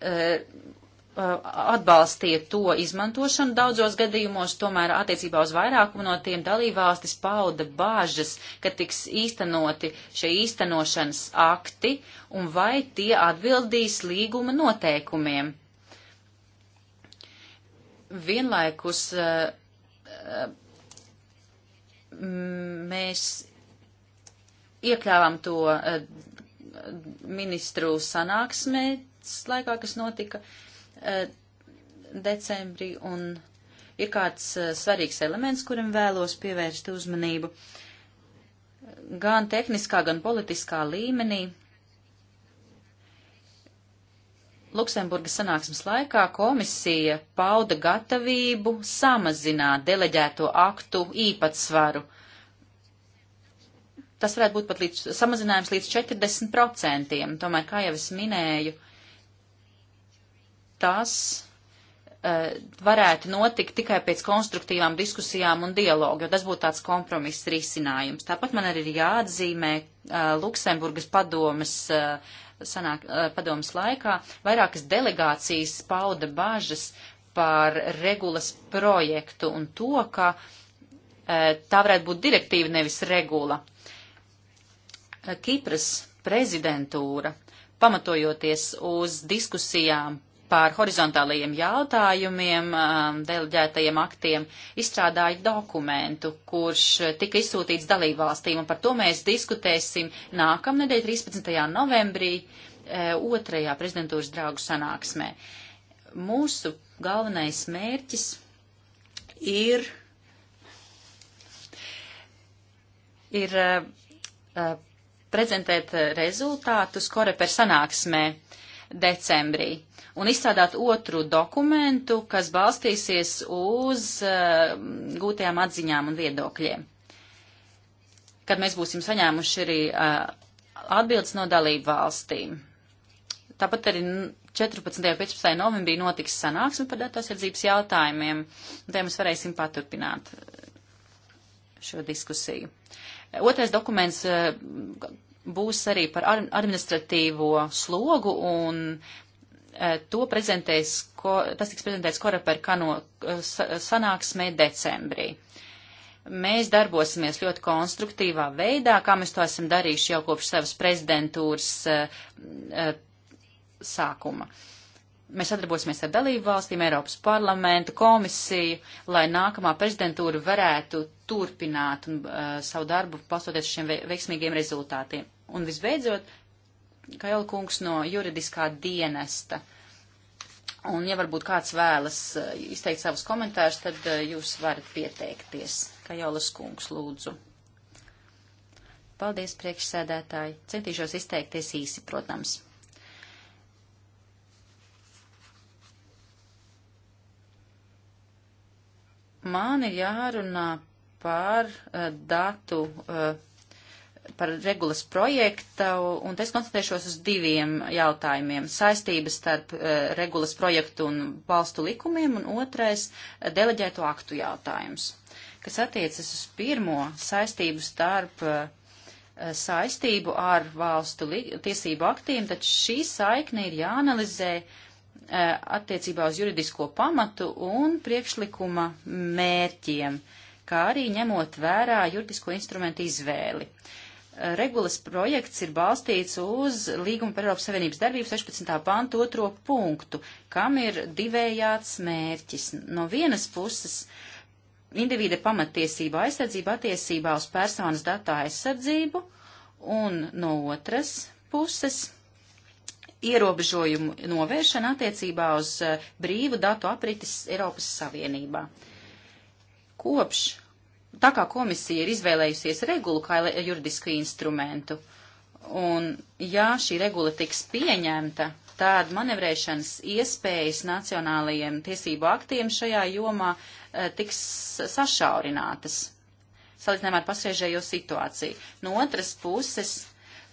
eh, Uh, atbalstiet to izmantošanu. Daudzos gadījumos tomēr attiecībā uz vairākumu no tiem dalībvalstis pauda bāžas, ka tiks īstenoti šie īstenošanas akti un vai tie atbildīs līguma noteikumiem. Vienlaikus uh, uh, mēs iekļāvām to ministru sanāksmē laikā, kas notika. Uh, Eh, decembrī, un ir kāds eh, svarīgs elements, kurim vēlos pievērst uzmanību gan tehniskā, gan politiskā līmenī. Luksemburgas sanāksmes laikā komisija pauda gatavību samazināt deleģēto aktu īpatsvaru. Tas varētu būt pat līdz, samazinājums līdz 40%. Tomēr, kā jau es minēju, uh, tas uh, varētu notikt tikai pēc konstruktīvām diskusijām un dialogu, jo tas būtu tāds kompromiss risinājums. Tāpat man arī ir jāatzīmē uh, Luksemburgas padomas, uh, sanāk, padomas laikā vairākas delegācijas pauda bažas par regulas projektu un to, ka tā varētu būt direktīva, nevis regula. Kipras prezidentūra, pamatojoties uz diskusijām par horizontālajiem jautājumiem, um, deleģētajiem aktiem, izstrādāja dokumentu, kurš tika izsūtīts dalībvalstīm, un par to mēs diskutēsim nākamnedēļ, 13. novembrī, eh, otrajā prezidentūras draugu sanāksmē. Mūsu galvenais mērķis ir, ir uh, prezentēt rezultātus Koreper sanāksmē decembrī un izstrādāt otru dokumentu, kas balstīsies uz uh, gūtajām atziņām un viedokļiem. Kad mēs būsim saņēmuši arī uh, atbildes no dalību valstīm. Tāpat arī 14. un 15. novembrī notiks sanāksme par datosardzības jautājumiem, un te mēs varēsim paturpināt uh, šo diskusiju. Otrais dokuments uh, būs arī par administratīvo slogu un Eh, to prezentēs, ko, tas tiks prezentēts Koreper Kano eh, sanāksmē decembrī. Mēs darbosimies ļoti konstruktīvā veidā, kā mēs to esam darījuši jau kopš savas prezidentūras eh, sākuma. Mēs sadarbosimies ar dalību valstīm, Eiropas parlamentu, komisiju, lai nākamā prezidentūra varētu turpināt un, uh, savu darbu, pastoties šiem veiksmīgiem rezultātiem. Un visbeidzot, Kaila kungs no juridiskā dienesta. Un, ja varbūt kāds vēlas eh, izteikt savus komentārus, tad eh, jūs varat pieteikties. Kajolas kungs, lūdzu. Paldies, priekšsēdētāji. Centīšos izteikties īsi, protams. Man ir jārunā par uh, datu uh, par regulas projekta, un es koncentrēšos uz diviem jautājumiem - saistības starp uh, regulas projektu un valstu likumiem, un otrais uh, - deleģēto aktu jautājums, kas attiecas uz pirmo saistību starp uh, saistību ar valstu tiesību aktiem, tad šī saikne ir jāanalizē attiecībā uz juridisko pamatu un priekšlikuma mērķiem, kā arī ņemot vērā juridisko instrumentu izvēli. Uh, regulas projekts ir balstīts uz līguma par Eiropas Savienības darbību 16. pantu otro punktu, kam ir divējāds mērķis. No vienas puses individa pamatiesība aizsardzība attiecībā uz personas datu aizsardzību, un no otras puses ierobežojumu novēršana attiecībā uz eh, brīvu datu apritis Eiropas Savienībā. Kopš tā kā komisija ir izvēlējusies regulu kā juridisku instrumentu, un ja šī regula tiks pieņemta, tad manevrēšanas iespējas nacionālajiem tiesību aktiem šajā jomā eh, tiks sašaurinātas, salīdzinājumā ar pasriežējo situāciju. No otras puses,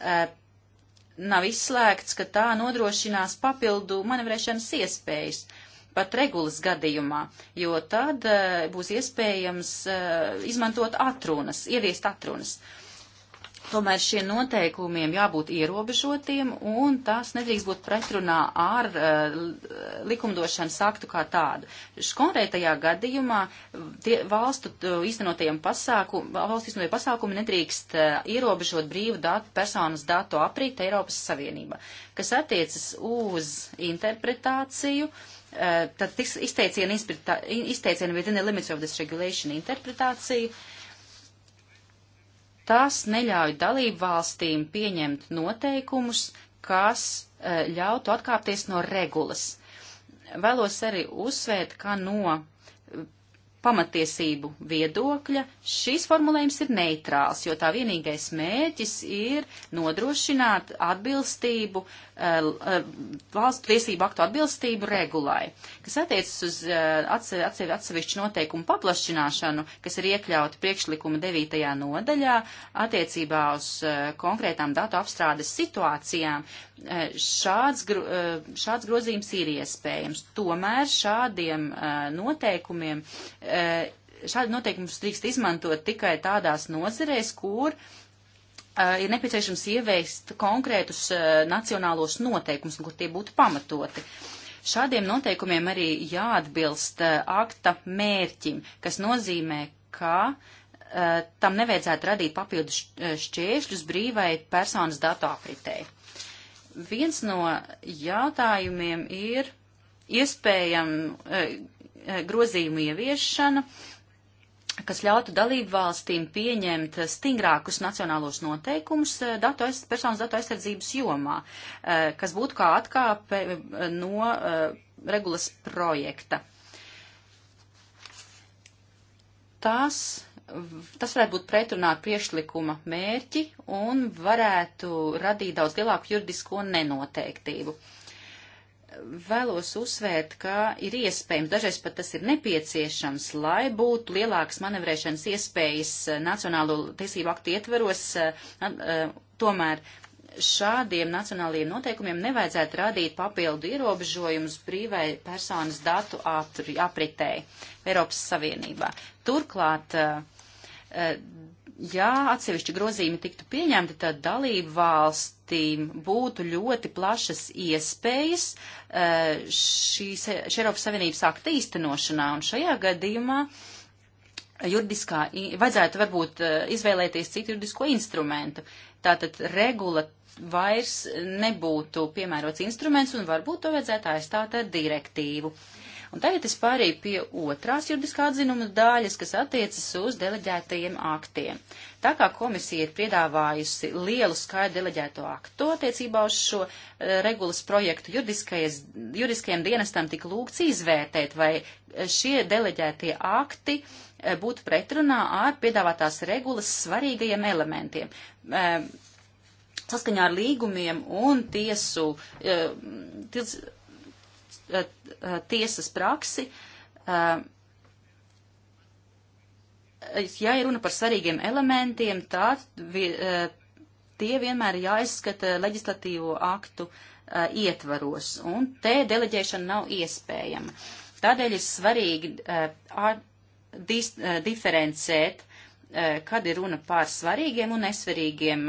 eh, nav izslēgts, ka tā nodrošinās papildu manevrēšanas iespējas, pat regulas gadījumā, jo tad e, būs iespējams e, izmantot atrunas, ieviest atrunas. Tomēr šiem noteikumiem jābūt ierobežotiem, un tās nedrīkst būt pretrunā ar uh, likumdošanas aktu kā tādu. Konkrētajā gadījumā tie, valstu īstenotajiem pasākum, valstu īstenotajiem pasākumi nedrīkst uh, ierobežot brīvu datu, personas datu aprīti Eiropas Savienībā, kas attiecas uz interpretāciju. Uh, Eh, tad tiks izteiciena, izteiciena within the limits of this regulation interpretācija. Tas neļauj dalību valstīm pieņemt noteikumus, kas eh, ļautu atkāpties no regulas. Vēlos arī uzsvērt, ka no pamatiesību viedokļa šīs formulējums ir neitrāls, jo tā vienīgais mēķis ir nodrošināt atbilstību, eh, eh, valstu tiesību aktu atbilstību regulai, kas attiecas uz eh, atsevi, atsevišķu noteikumu paplašināšanu, kas ir iekļauti priekšlikuma 9. nodaļā attiecībā uz konkrētām datu apstrādes situācijām. Šāds, šāds grozījums ir iespējams. Tomēr šādiem noteikumiem E, šādi noteikums drīkst izmantot tikai tādās nozerēs, kur e, ir nepieciešams ieviest konkrētus e, nacionālos noteikumus, kur tie būtu pamatoti. Šādiem noteikumiem arī jāatbilst akta mērķim, kas nozīmē, ka tam nevajadzētu radīt papildus šķēršļus brīvai personas datu apritei. Viens no jautājumiem ir iespējam, Eh, grozījumu ieviešana, kas ļautu dalību valstīm pieņemt stingrākus nacionālos noteikumus eh, datu aiz, personas datu aizsardzības jomā, eh, kas būtu kā atkāpe no regulas projekta. Tas, tas varētu būt pretrunā ar priešlikuma mērķi un varētu radīt daudz lielāku juridisko nenoteiktību. Uh, vēlos uzsvērt, ka ir iespējams, dažreiz pat tas ir nepieciešams, lai būtu lielākas manevrēšanas iespējas eh, nacionālo tiesību aktu ietveros, eh, eh, tomēr šādiem nacionālajiem noteikumiem nevajadzētu radīt papildu ierobežojumus brīvai personas datu apritēji Eiropas Savienībā. Turklāt ja atsevišķi grozījumi tiktu pieņemti, tad dalību valstīm būtu ļoti plašas iespējas eh, šīs Eiropas Savienības akta īstenošanā. Un šajā gadījumā juridiskā, vajadzētu varbūt eh, izvēlēties citu juridisko instrumentu. Tātad regula vairs nebūtu piemērots instruments un varbūt to vajadzētu aizstāt ar direktīvu. Uh, Un tagad es pārēju pie otrās juridiskā atzinuma daļas, kas attiecas uz deleģētajiem aktiem. Tā kā komisija ir piedāvājusi lielu skaitu deleģēto aktu attiecībā uz šo uh, regulas projektu, juridiskajiem dienestam tika lūgts izvērtēt, vai eh, šie deleģētie akti uh, būtu pretrunā ar piedāvātās regulas svarīgajiem elementiem. Uh, saskaņā ar līgumiem un tiesu, ties, Eh, eh, tiesas praksi, eh, ja ir runa par svarīgiem elementiem, tad vi, tie vienmēr ir jāizskata leģislatīvo aktu ietvaros, un te deleģēšana nav iespējama. Tādēļ ir svarīgi dis, diferencēt, kad ir runa par svarīgiem un nesvarīgiem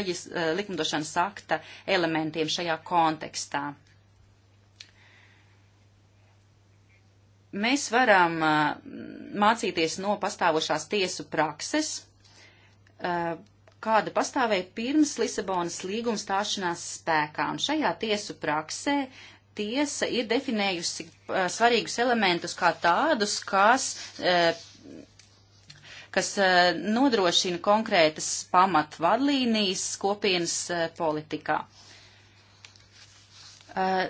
leģis, likumdošanas akta elementiem šajā kontekstā. mēs varam mācīties no pastāvošās tiesu prakses, kāda pastāvēja pirms Lisabonas līguma stāšanās spēkā. Un šajā tiesu praksē tiesa ir definējusi svarīgus elementus kā tādus, kas kas nodrošina konkrētas pamatvadlīnijas kopienas politikā.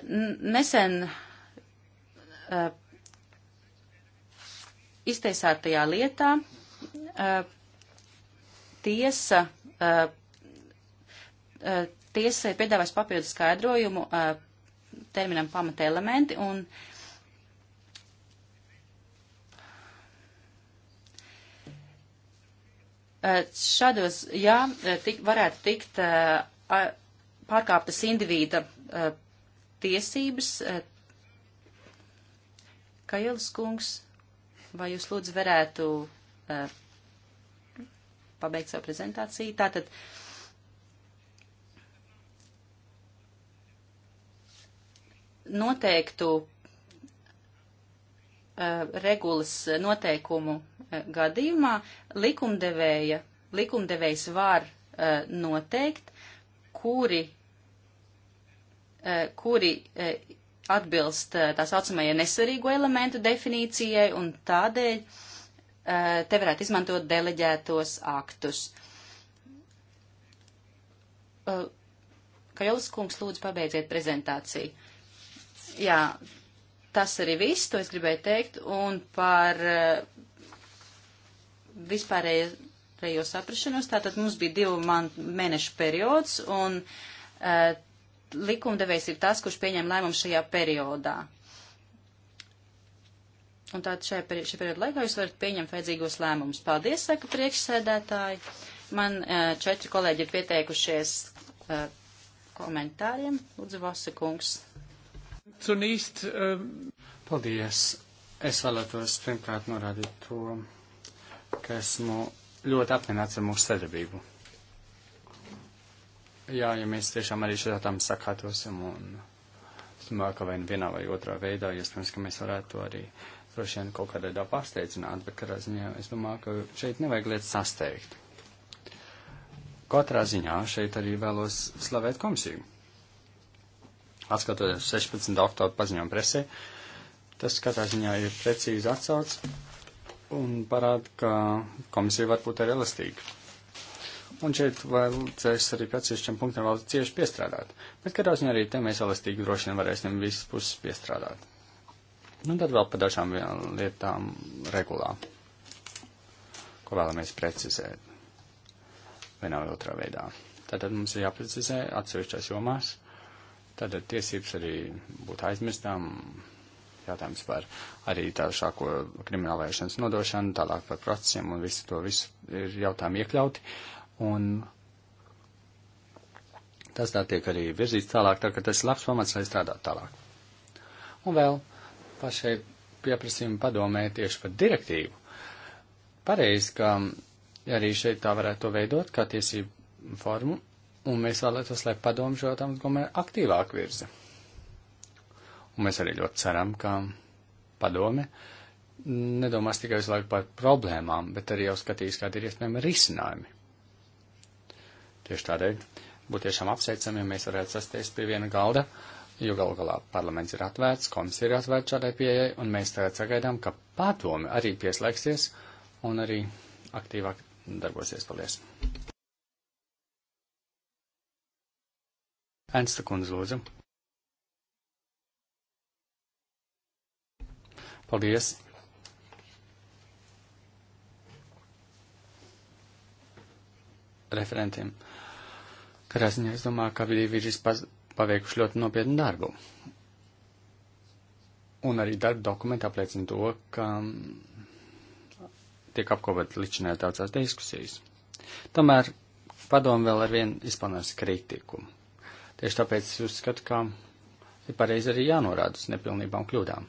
Nesen iztiesātajā lietā eh, tiesa, eh, eh, tiesa ir piedāvājis papildu skaidrojumu terminam pamata elementi un šādos, jā, tik, varētu tikt pārkāptas indivīda tiesības. Kailis kungs Vai jūs lūdzu varētu uh, pabeigt savu prezentāciju? Tātad. Noteiktu uh, regulas noteikumu uh, gadījumā likumdevēja, likumdevējs var noteikt, kuri, kuri atbilst eh, tā saucamajai nesvarīgo elementu definīcijai, un tādēļ eh, te varētu izmantot deleģētos aktus. Eh, Kajolas kungs, lūdzu, pabeidziet prezentāciju. Jā, tas arī viss, to es gribēju teikt, un par vispārējo saprašanos, tātad mums bija divu man, mēnešu periods, un uh, likumdevējs ir tas, kurš pieņem lēmumu šajā periodā. Un tātad šajā peri šī perioda laikā jūs varat pieņemt vajadzīgos lēmumus. Paldies, saka priekšsēdētāji. Man četri kolēģi ir pieteikušies komentāriem. Lūdzu, Vasa kungs.
Cunīst, um... paldies. Es vēlētos pirmkārt norādīt to, ka esmu ļoti apmierināts ar mūsu sadarbību. Jā, ja mēs tiešām arī šajā tam sakātosim un smāk vai vienā vai otrā veidā, iespējams, ka mēs varētu to arī droši vien kaut kādā veidā pārsteidzināt, bet katrā ziņā es domāju, ka šeit nevajag lietas sasteigt. Katrā ziņā šeit arī vēlos slavēt komisiju. Atskatoties 16. oktobra paziņojumu presē, tas katrā ziņā ir precīzi atsauc un parāda, ka komisija var būt arī elastīga. Un šeit vajadzēs arī pēc atsevišķiem punktiem vēl cieši piestrādāt. Bet katrā ziņā arī te mēs elastīgi droši vien varēsim visas puses piestrādāt. Nu, tad vēl par dažām lietām regulā, ko vēlamies precizēt vienā vai otrā veidā. Tātad mums ir jāprecizē atsevišķās jomās, tātad tiesības arī būt aizmirstām, jautājums par arī tālāko kriminālvēršanas nodošanu, tālāk par procesiem un visu to visu ir jautājumi iekļauti. Uh, Un tas tā tiek arī virzīts tālāk, tā ka tas ir labs pamats, lai strādātu tālāk. Un vēl pašai pieprasījumu padomē tieši par direktīvu. Pareizi, ka arī šeit tā varētu to veidot kā tiesību formu, un mēs vēlētos, lai padomu šo tam tomēr aktīvāk virza. Un mēs arī ļoti ceram, ka padome nedomās tikai visu laiku par problēmām, bet arī jau skatīs, kādi ir iespējami risinājumi. Tieši tādēļ būtu tiešām apsveicami, ja mēs varētu sasties pie viena galda, jo galu galā parlaments ir atvērts, komisija ir atvērta šādai pieejai, un mēs tagad sagaidām, ka pātomi arī pieslēgsies un arī aktīvāk darbosies. Paldies! Ernsta kundze, lūdzu. Paldies! Referentiem. Katrā ziņā es domāju, ka vīrieši paveikuši ļoti nopietnu darbu. Un arī darba dokumenti apliecina to, ka tiek apkopot ličinē daudzās diskusijas. Tomēr padomu vēl ar vienu izpanās kritiku. Tieši tāpēc es uzskatu, ka ir pareizi arī jānorāda uz nepilnībām un kļūdām.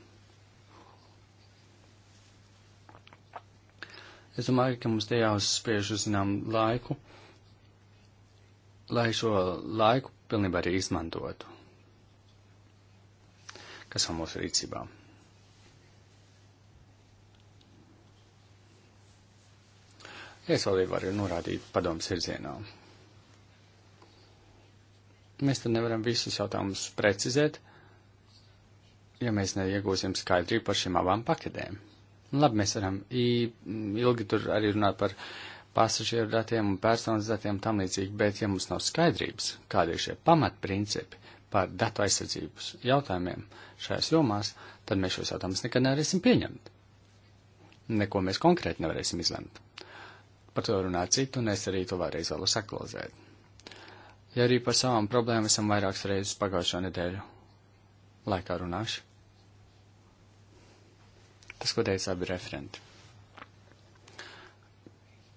Es domāju, ka mums te jāuzspiež uz zinām laiku lai šo laiku pilnībā arī izmantotu, kas ir mūsu rīcībā. Iesvaldība var norādīt padomus virzienā. Mēs tad nevaram visus jautājumus precizēt, ja mēs neiegūsim skaidrību par šīm abām paketēm. Labi, mēs varam ilgi tur arī runāt par uh, pasažieru datiem un personas datiem tam līdzīgi, bet ja mums nav skaidrības, kādi ir šie pamatprincipi par datu aizsardzības jautājumiem šajās jomās, tad mēs šos jautājumus nekad nevarēsim pieņemt. Neko mēs konkrēti nevarēsim izlemt. Par to runāt citu, un es arī to vēlreiz vēlos aktualizēt. Ja arī par savām problēmām esam vairākas reizes pagājušo nedēļu laikā runājuši. Tas, ko teica abi referenti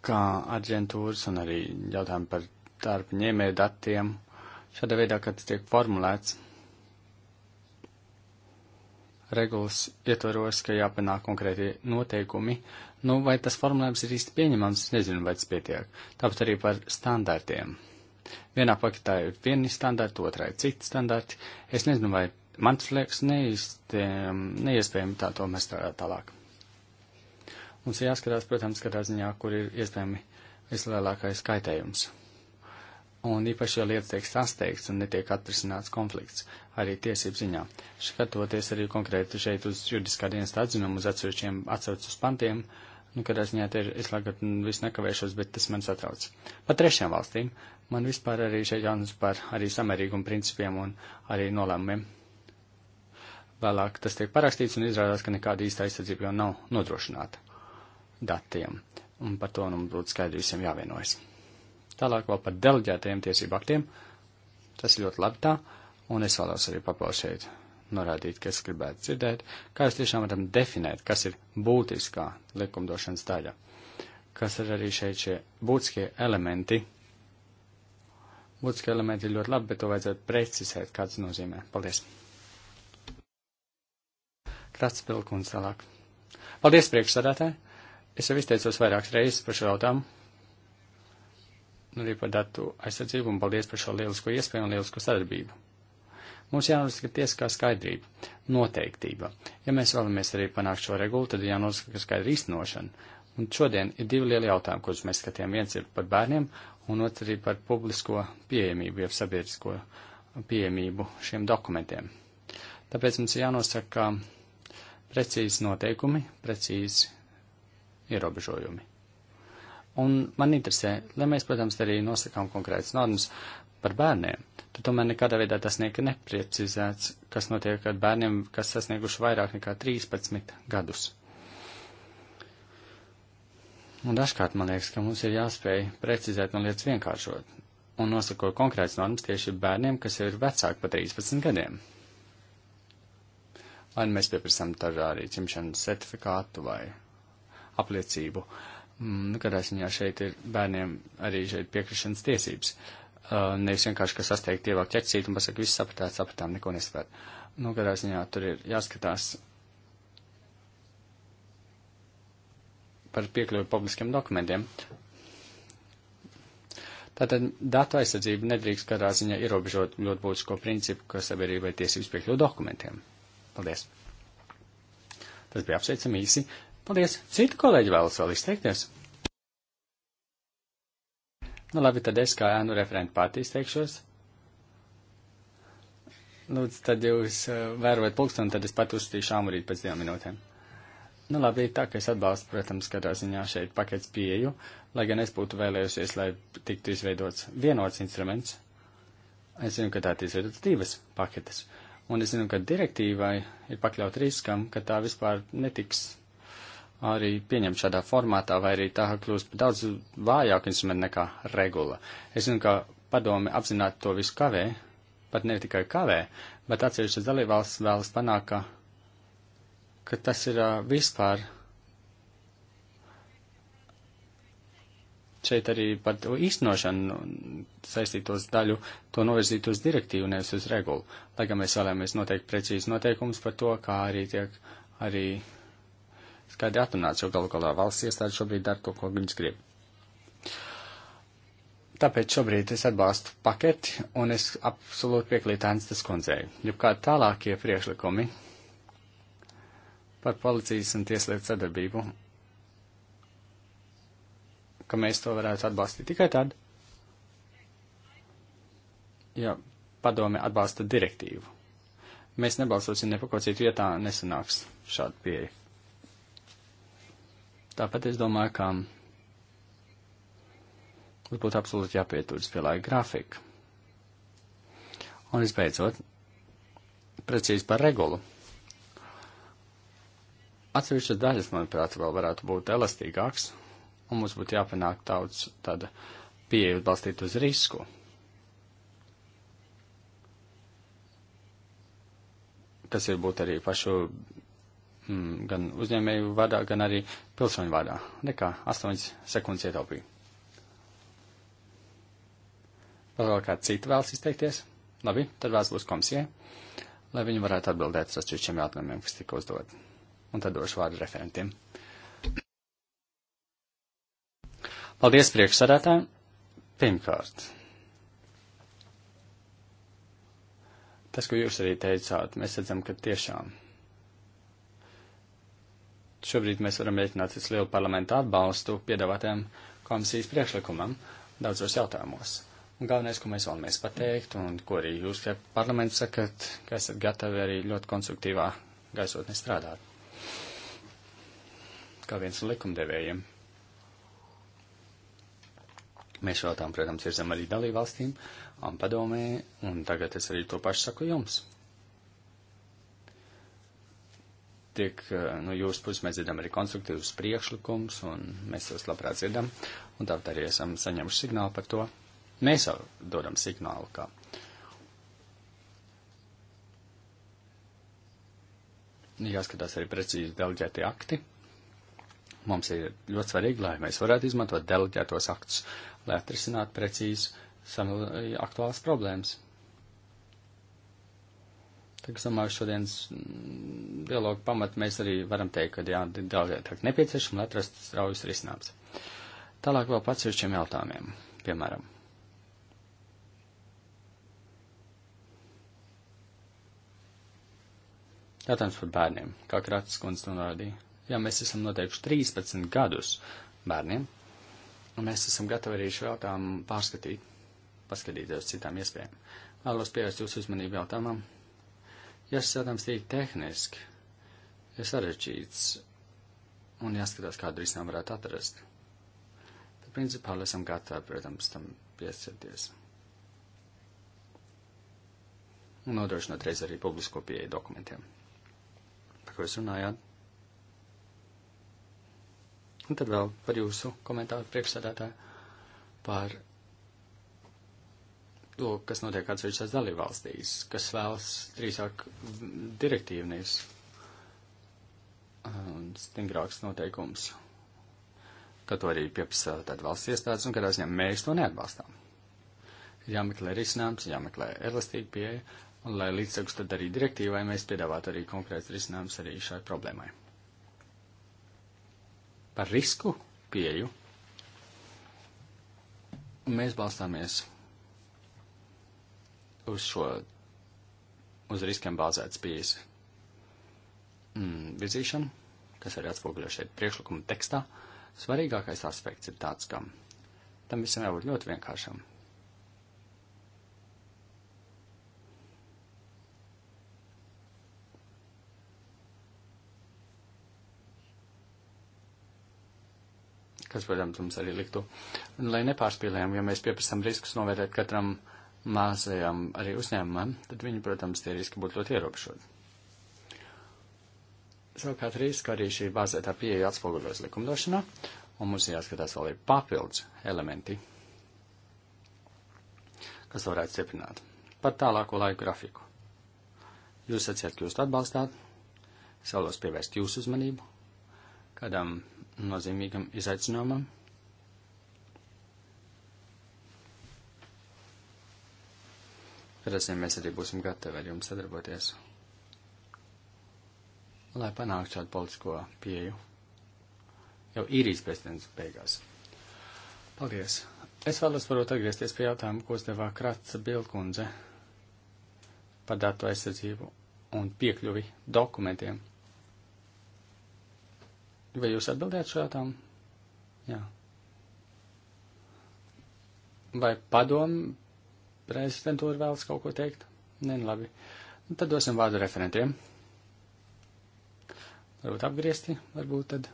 kā aģentūras un arī jautājumi par darba ņēmēju datiem. Šādā veidā, kad tas tiek formulēts, regulas ietvaros, ka jāpanāk konkrēti noteikumi, nu vai tas formulējums ir īsti pieņemams, nezinu, vai tas pietiek. Tāpat arī par standartiem. Vienā paketā ir vieni standarti, otrā ir citi standarti. Es nezinu, vai man tas liekas neīsti, neiespējami tā to mēs strādāt tālāk. Mums ir jāskatās, protams, katrā ziņā, kur ir iespējami vislielākais kaitējums. Un īpaši, ja lietas tiek sasteigts un netiek atrisināts konflikts, arī tiesību ziņā. Skatoties arī konkrēti šeit uz juridiskā dienas atzinumu, uz atsevišķiem atsaucus pantiem, nu, katrā ziņā te ir, es tagad viss nekavēšos, bet tas man satrauc. Par trešajām valstīm man vispār arī šeit jaunas par arī samērīgumu principiem un arī nolēmumiem. Vēlāk tas tiek parakstīts un izrādās, ka nekāda īsta aizsardzība jau nav nodrošināta datiem, un par to mums nu, būtu skaidri visiem jāvienojas. Tālāk vēl par deleģētajiem tiesību aktiem. Tas ir ļoti labi tā, un es vēlos arī paplašīt, norādīt, ka es gribētu dzirdēt, kā jūs tiešām varam definēt, kas ir būtiskā likumdošanas daļa, kas ir arī šeit šie būtiskie elementi. Būtiskie elementi ir ļoti labi, bet to vajadzētu precizēt, kāds nozīmē. Paldies! Krats Pilkuns tālāk. Paldies priekšsādātāji! Es jau izteicos vairākas reizes par šo jautājumu, arī par datu aizsardzību, un paldies par šo lielisko iespēju un lielisko sadarbību. Mums jānosaka tiesiskā skaidrība, noteiktība. Ja mēs vēlamies arī panākt šo regulu, tad jānosaka skaidra īstenošana. Un šodien ir divi lieli jautājumi, kurus mēs skatījām. Viens ir par bērniem, un otrs arī par publisko pieejamību, jeb sabiedrisko pieejamību šiem dokumentiem. Tāpēc mums ir jānosaka precīzi noteikumi, precīzi ierobežojumi. Un man interesē, lai mēs, protams, arī nosakām konkrētas normas par bērniem, tad tomēr nekādā veidā tas tiek neprecizēts, kas notiek ar bērniem, kas sasnieguši vairāk nekā 13 gadus. Un dažkārt man liekas, ka mums ir jāspēj precizēt un lietas vienkāršot, un nosakot konkrētas normas tieši bērniem, kas ir vecāki par 13 gadiem. Vai nu mēs pieprasām tādu arī cimšanas certifikātu vai apliecību. Mm, katrā ziņā šeit ir bērniem arī šeit piekrišanas tiesības. Uh, nevis vienkārši, ka sasteigt ievāk ķekcīt un pasaka, viss sapratāt, sapratām, neko nesaprat. Nu, katrā ziņā tur ir jāskatās par piekļuvi publiskiem dokumentiem. Tātad datu aizsardzība nedrīkst kādā ziņā ierobežot ļoti būtisko principu, kas sabiedrībai tiesības piekļūt dokumentiem. Paldies! Tas bija apsveicami īsi, Paldies! Citi kolēģi vēlas vēl izteikties? Nu labi, tad es kā ēnu referentu pati izteikšos. Lūdzu, tad jūs eh, vērojat pulksteni, tad es pat uzstīšu āmurīt pēc divām minūtēm. Nu, labi, tā kā es atbalstu, protams, katrā ziņā šeit pakets pieeju, lai gan es būtu vēlējusies, lai tiktu izveidots vienots instruments. Es zinu, ka tā ir izveidots divas paketes, un es zinu, ka direktīvai ir pakļaut riskam, ka tā vispār netiks arī pieņemt šādā formātā, vai arī tā kļūst daudz vājāk instrumentu nekā regula. Es zinu, ka padomi apzināti to visu kavē, pat ne tikai kavē, bet atsevišķas dalībvalsts vēlas panākt, ka, ka tas ir vispār. Šeit arī par īstenošanu saistītos daļu to novirzīt uz direktīvu, nevis uz regulu. Lai gan mēs vēlamies noteikt precīzi noteikumus par to, kā arī tiek arī skaidri atrunāts, jo galu galā valsts iestāde šobrīd dara to, ko viņas grib. Tāpēc šobrīd es atbalstu paketi un es absolūti piekrītu Anstas kundzei. Ja kādi tālākie priekšlikumi par policijas un tieslietu sadarbību, ka mēs to varētu atbalstīt tikai tad, ja padome atbalsta direktīvu. Mēs nebalsosim ne par ko citu, ja tā nesanāks šāda pieeja. Tāpat es domāju, ka mums būtu absolūti jāpieturas pie laika grafika. Un visbeidzot, precīzi par regulu. Atsevišķas daļas, manuprāt, vēl varētu būt elastīgāks, un mums būtu jāpanāk daudz tāda pieeja balstīt uz risku. Tas ir būt arī pašu Mm, gan uzņēmēju vārdā, gan arī pilsoņu vārdā. Nekā 8 sekundes ietaupīju. Vēl vēl kāds cits vēlas izteikties? Labi, tad vēlas būs komisijai, lai viņi varētu atbildēt uz šiem jautājumiem, kas tika uzdot. Un tad došu vārdu referentiem. Paldies priekšsarētājiem. Pirmkārt, tas, ko jūs arī teicāt, mēs redzam, ka tiešām Šobrīd mēs varam rēķināt vislielu parlamentu atbalstu piedāvātajam komisijas priekšlikumam daudzos jautājumos. Un galvenais, ko mēs vēlamies pateikt, un ko arī jūs, kā parlaments, sakat, ka esat gatavi arī ļoti konstruktīvā gaisotnē strādāt. Kā viens no likumdevējiem. Mēs šo jautājumu, protams, virzam arī dalībvalstīm un padomē, un tagad es arī to pašu saku jums. tiek eh, no jūsu puses, mēs dzirdam arī konstruktīvus priekšlikumus, un mēs tos labprāt dzirdam, un tāpat arī esam saņemuši signālu par to. Mēs jau dodam signālu, ka. Jāskatās arī precīzi delģētie akti. Mums ir ļoti svarīgi, lai mēs varētu izmantot delģētos aktus, lai atrisinātu precīzi aktuālas problēmas. Tā kā domāju, šodienas dialogu pamat mēs arī varam teikt, ka jā, dialogu nepieciešama, lai atrastu straujas risinājums. Tālāk vēl pats višķiem jautājumiem, piemēram. Jautājums par bērniem, kā Kratis kundze norādīja. Jā, mēs esam noteikuši 13 gadus bērniem, un mēs esam gatavi arī šo jautājumu pārskatīt, paskatīties uz citām iespējām. Vēlos pievērst jūsu uzmanību jautājumam, Ja šis jautājums tiek tehniski, ir sarežģīts un jāskatās, kādu risinājumu varētu atrast. Tad principā esam gatavi, protams, tam piesarties. Un nodrošināt reiz arī publisko pieeju dokumentiem. Par ko jūs runājāt? Un tad vēl par jūsu komentāru priekšsēdētāju par to, kas notiek atsevišķās dalībvalstīs, kas vēlas drīzāk direktīvnīs um, uh, stingrāks noteikums, ka to arī pieprasa tāda valsts iestādes un kādās ņem mēs to neatbalstām. Jāmeklē risinājums, jāmeklē elastīgi pieeja, un lai līdzsakus tad arī direktīvai mēs piedāvātu arī konkrēts risinājums arī šai problēmai. Par risku pieju mēs balstāmies uz šo uz riskiem bāzētas pieejas mm, virzīšanu, kas arī atspoguļo šeit priekšlikuma tekstā, svarīgākais aspekts ir tāds, ka tam visam jābūt ļoti vienkāršam. kas, protams, mums arī liktu. Lai nepārspīlējam, ja mēs pieprasām riskus novērtēt katram uh, mazajam arī uzņēmumam, tad viņi, protams, tie riski būtu ļoti ierobežoti. Savukārt riska arī šī bāzētā pieeja atspoguļos likumdošanā, un mums jāskatās vēl ir papildus elementi, kas varētu stiprināt. Par tālāko laiku grafiku. Jūs sacījāt, ka jūs atbalstāt, es vēlos pievērst jūsu uzmanību kādam nozīmīgam izaicinājumam reizēm mēs arī būsim gatavi ar jums sadarboties, lai panāktu šādu politisko pieju. Jau īrijas prezidents beigās. Paldies! Es vēlos varbūt atgriezties pie jautājuma, ko uzdevā Kratsa Bilkundze par datu aizsardzību un piekļuvi dokumentiem. Vai jūs atbildējat šo jautājumu? Jā. Vai padom Prezidentūra vēlas kaut ko teikt? Nē, nu labi. Nu, tad dosim vārdu referentiem. Varbūt apgriezti, varbūt tad.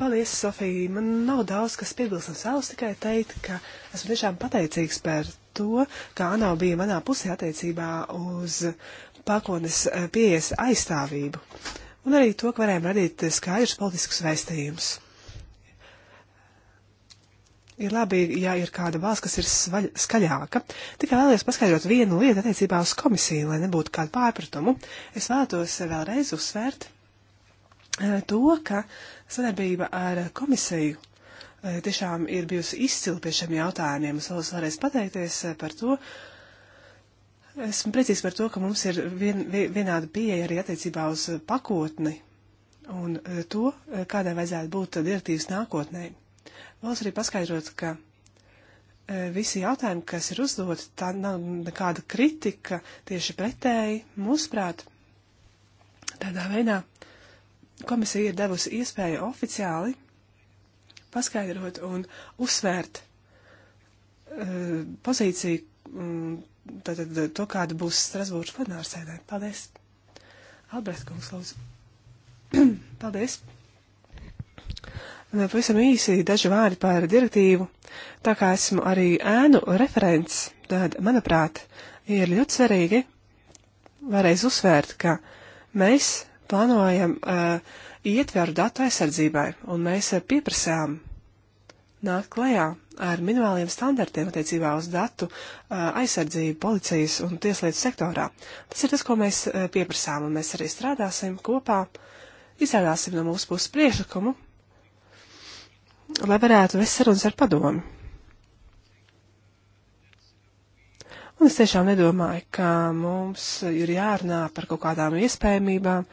Paldies, Sofija. Man nav daudz, kas piebilstams. Vēlos tikai teikt, ka esmu tiešām pateicīgs par to, kā Anā bija manā pusē attiecībā uz pakotnes eh, pieejas aizstāvību. Un arī to, ka varējām radīt eh, skaidrs politisks vēstījums ir labi, ja ir kāda balss, kas ir svaļ, skaļāka. Tikai vēlējos paskaidrot vienu lietu attiecībā uz komisiju, lai nebūtu kādu pārpratumu. Es vēlētos vēlreiz uzsvērt e, to, ka sadarbība ar komisiju e, tiešām ir bijusi izcila pie šiem jautājumiem. Es vēlos vēlreiz pateikties e, par to. Esmu priecīgs par to, ka mums ir vien, vienāda pieeja arī attiecībā uz pakotni un to, kādai vajadzētu būt direktīvas nākotnēji. Vēlos arī paskaidrot, ka e, visi jautājumi, kas ir uzdoti, tā nav nekāda kritika, tieši pretēji, mūsuprāt, tādā veidā komisija ir devusi iespēju oficiāli paskaidrot un uzsvērt uh, pozīciju, um, tātad to, kāda būs Strasbūras plenārsēdē. Paldies! Albrecht kungs, lūdzu. Paldies! Pavisam īsi daži vārdi par direktīvu. Tā kā esmu arī ēnu referents, tad, manuprāt, ir ļoti svarīgi vēlreiz uzsvērt, ka mēs plānojam uh, ietveru datu aizsardzībai, un mēs uh, pieprasām nākt klajā ar minimāliem standartiem attiecībā uz datu uh, aizsardzību policijas un tieslietu sektorā. Tas ir tas, ko mēs uh, pieprasām, un mēs arī strādāsim kopā, izrādāsim no mūsu puses priešlikumu lai varētu vest sarunas ar padomu. Un es tiešām nedomāju, ka mums ir jārunā par kaut kādām iespējamībām.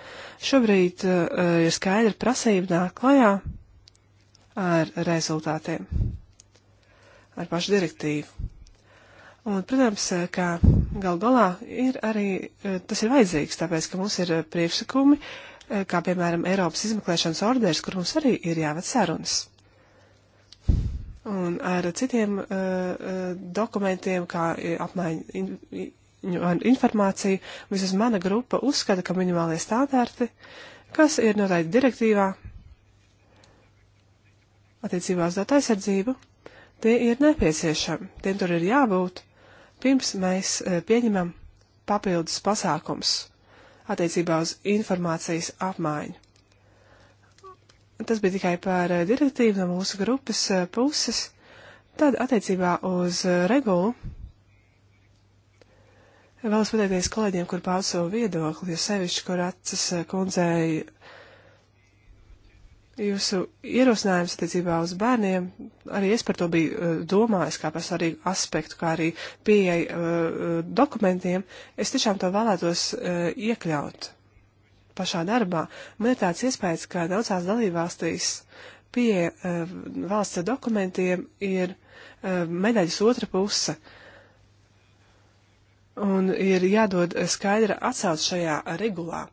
Šobrīd uh, ir skaidra prasība nāk klajā ar rezultātiem, ar pašu direktīvu. Un, protams, ka gal galā ir arī, eh, tas ir vajadzīgs, tāpēc, ka mums ir eh, priekšsakumi, kā piemēram Eiropas izmeklēšanas orders, kur mums arī ir jāved sarunas un ar citiem uh, dokumentiem, kā apmaiņa in, in, informāciju, vismaz mana grupa uzskata, ka minimālie standarti, kas ir noteikti direktīvā attiecībā uz datu aizsardzību, tie ir nepieciešami, tiem tur ir jābūt, pirms mēs uh, pieņemam papildus pasākums attiecībā uz informācijas apmaiņu. Tas bija tikai par eh, direktīvu no mūsu grupas eh, puses. Tad attiecībā uz eh, regulu vēlos pateikties kolēģiem, kur pauž savu viedokli, jo sevišķi, kur acis kundzei jūsu ierosinājums attiecībā uz bērniem, arī es par to biju domājis kā par svarīgu aspektu, kā arī pieeja uh, dokumentiem. Es tiešām to vēlētos uh, iekļaut pašā darbā. Man ir tāds iespējas, ka daudzās dalībvalstīs pie uh, valsts dokumentiem ir uh, medaļas otra puse. Un ir jādod skaidra atsauce šajā regulā.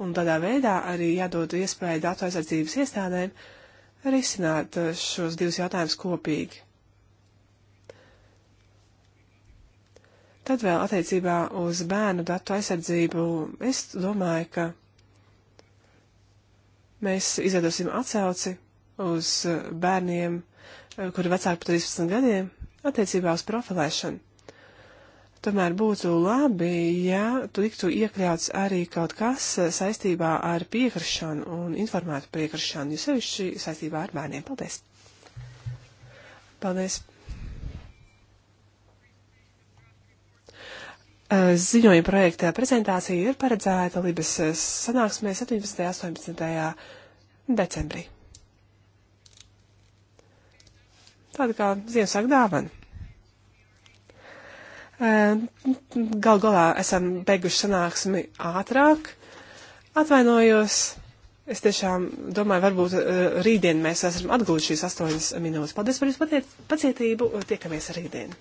Un tādā veidā arī jādod iespēja datu aizsardzības iestādēm risināt uh, šos divus jautājumus kopīgi. Tad vēl attiecībā uz bērnu datu aizsardzību es domāju, ka Mēs izveidosim atsauci uz eh, bērniem, eh, kuri vecāki par 13 gadiem, attiecībā uz profilēšanu. Tomēr būtu labi, ja tiktu iekļauts arī kaut kas eh, saistībā ar piekrišanu un informētu piekrišanu, jo sevišķi saistībā ar bērniem. Paldies! Paldies! Eh, ziņojuma projekta prezentācija ir paredzēta Libes eh, sanāksmē 17. un 18. decembrī. Tāda kā Ziemassvētku dāvana. Eh, gal galā esam beiguši sanāksmi ātrāk. Atvainojos. Es tiešām domāju, varbūt rītdien mēs esam atguvuši šīs astoņas minūtes. Paldies par jūsu pacietību. Tiekamies rītdien.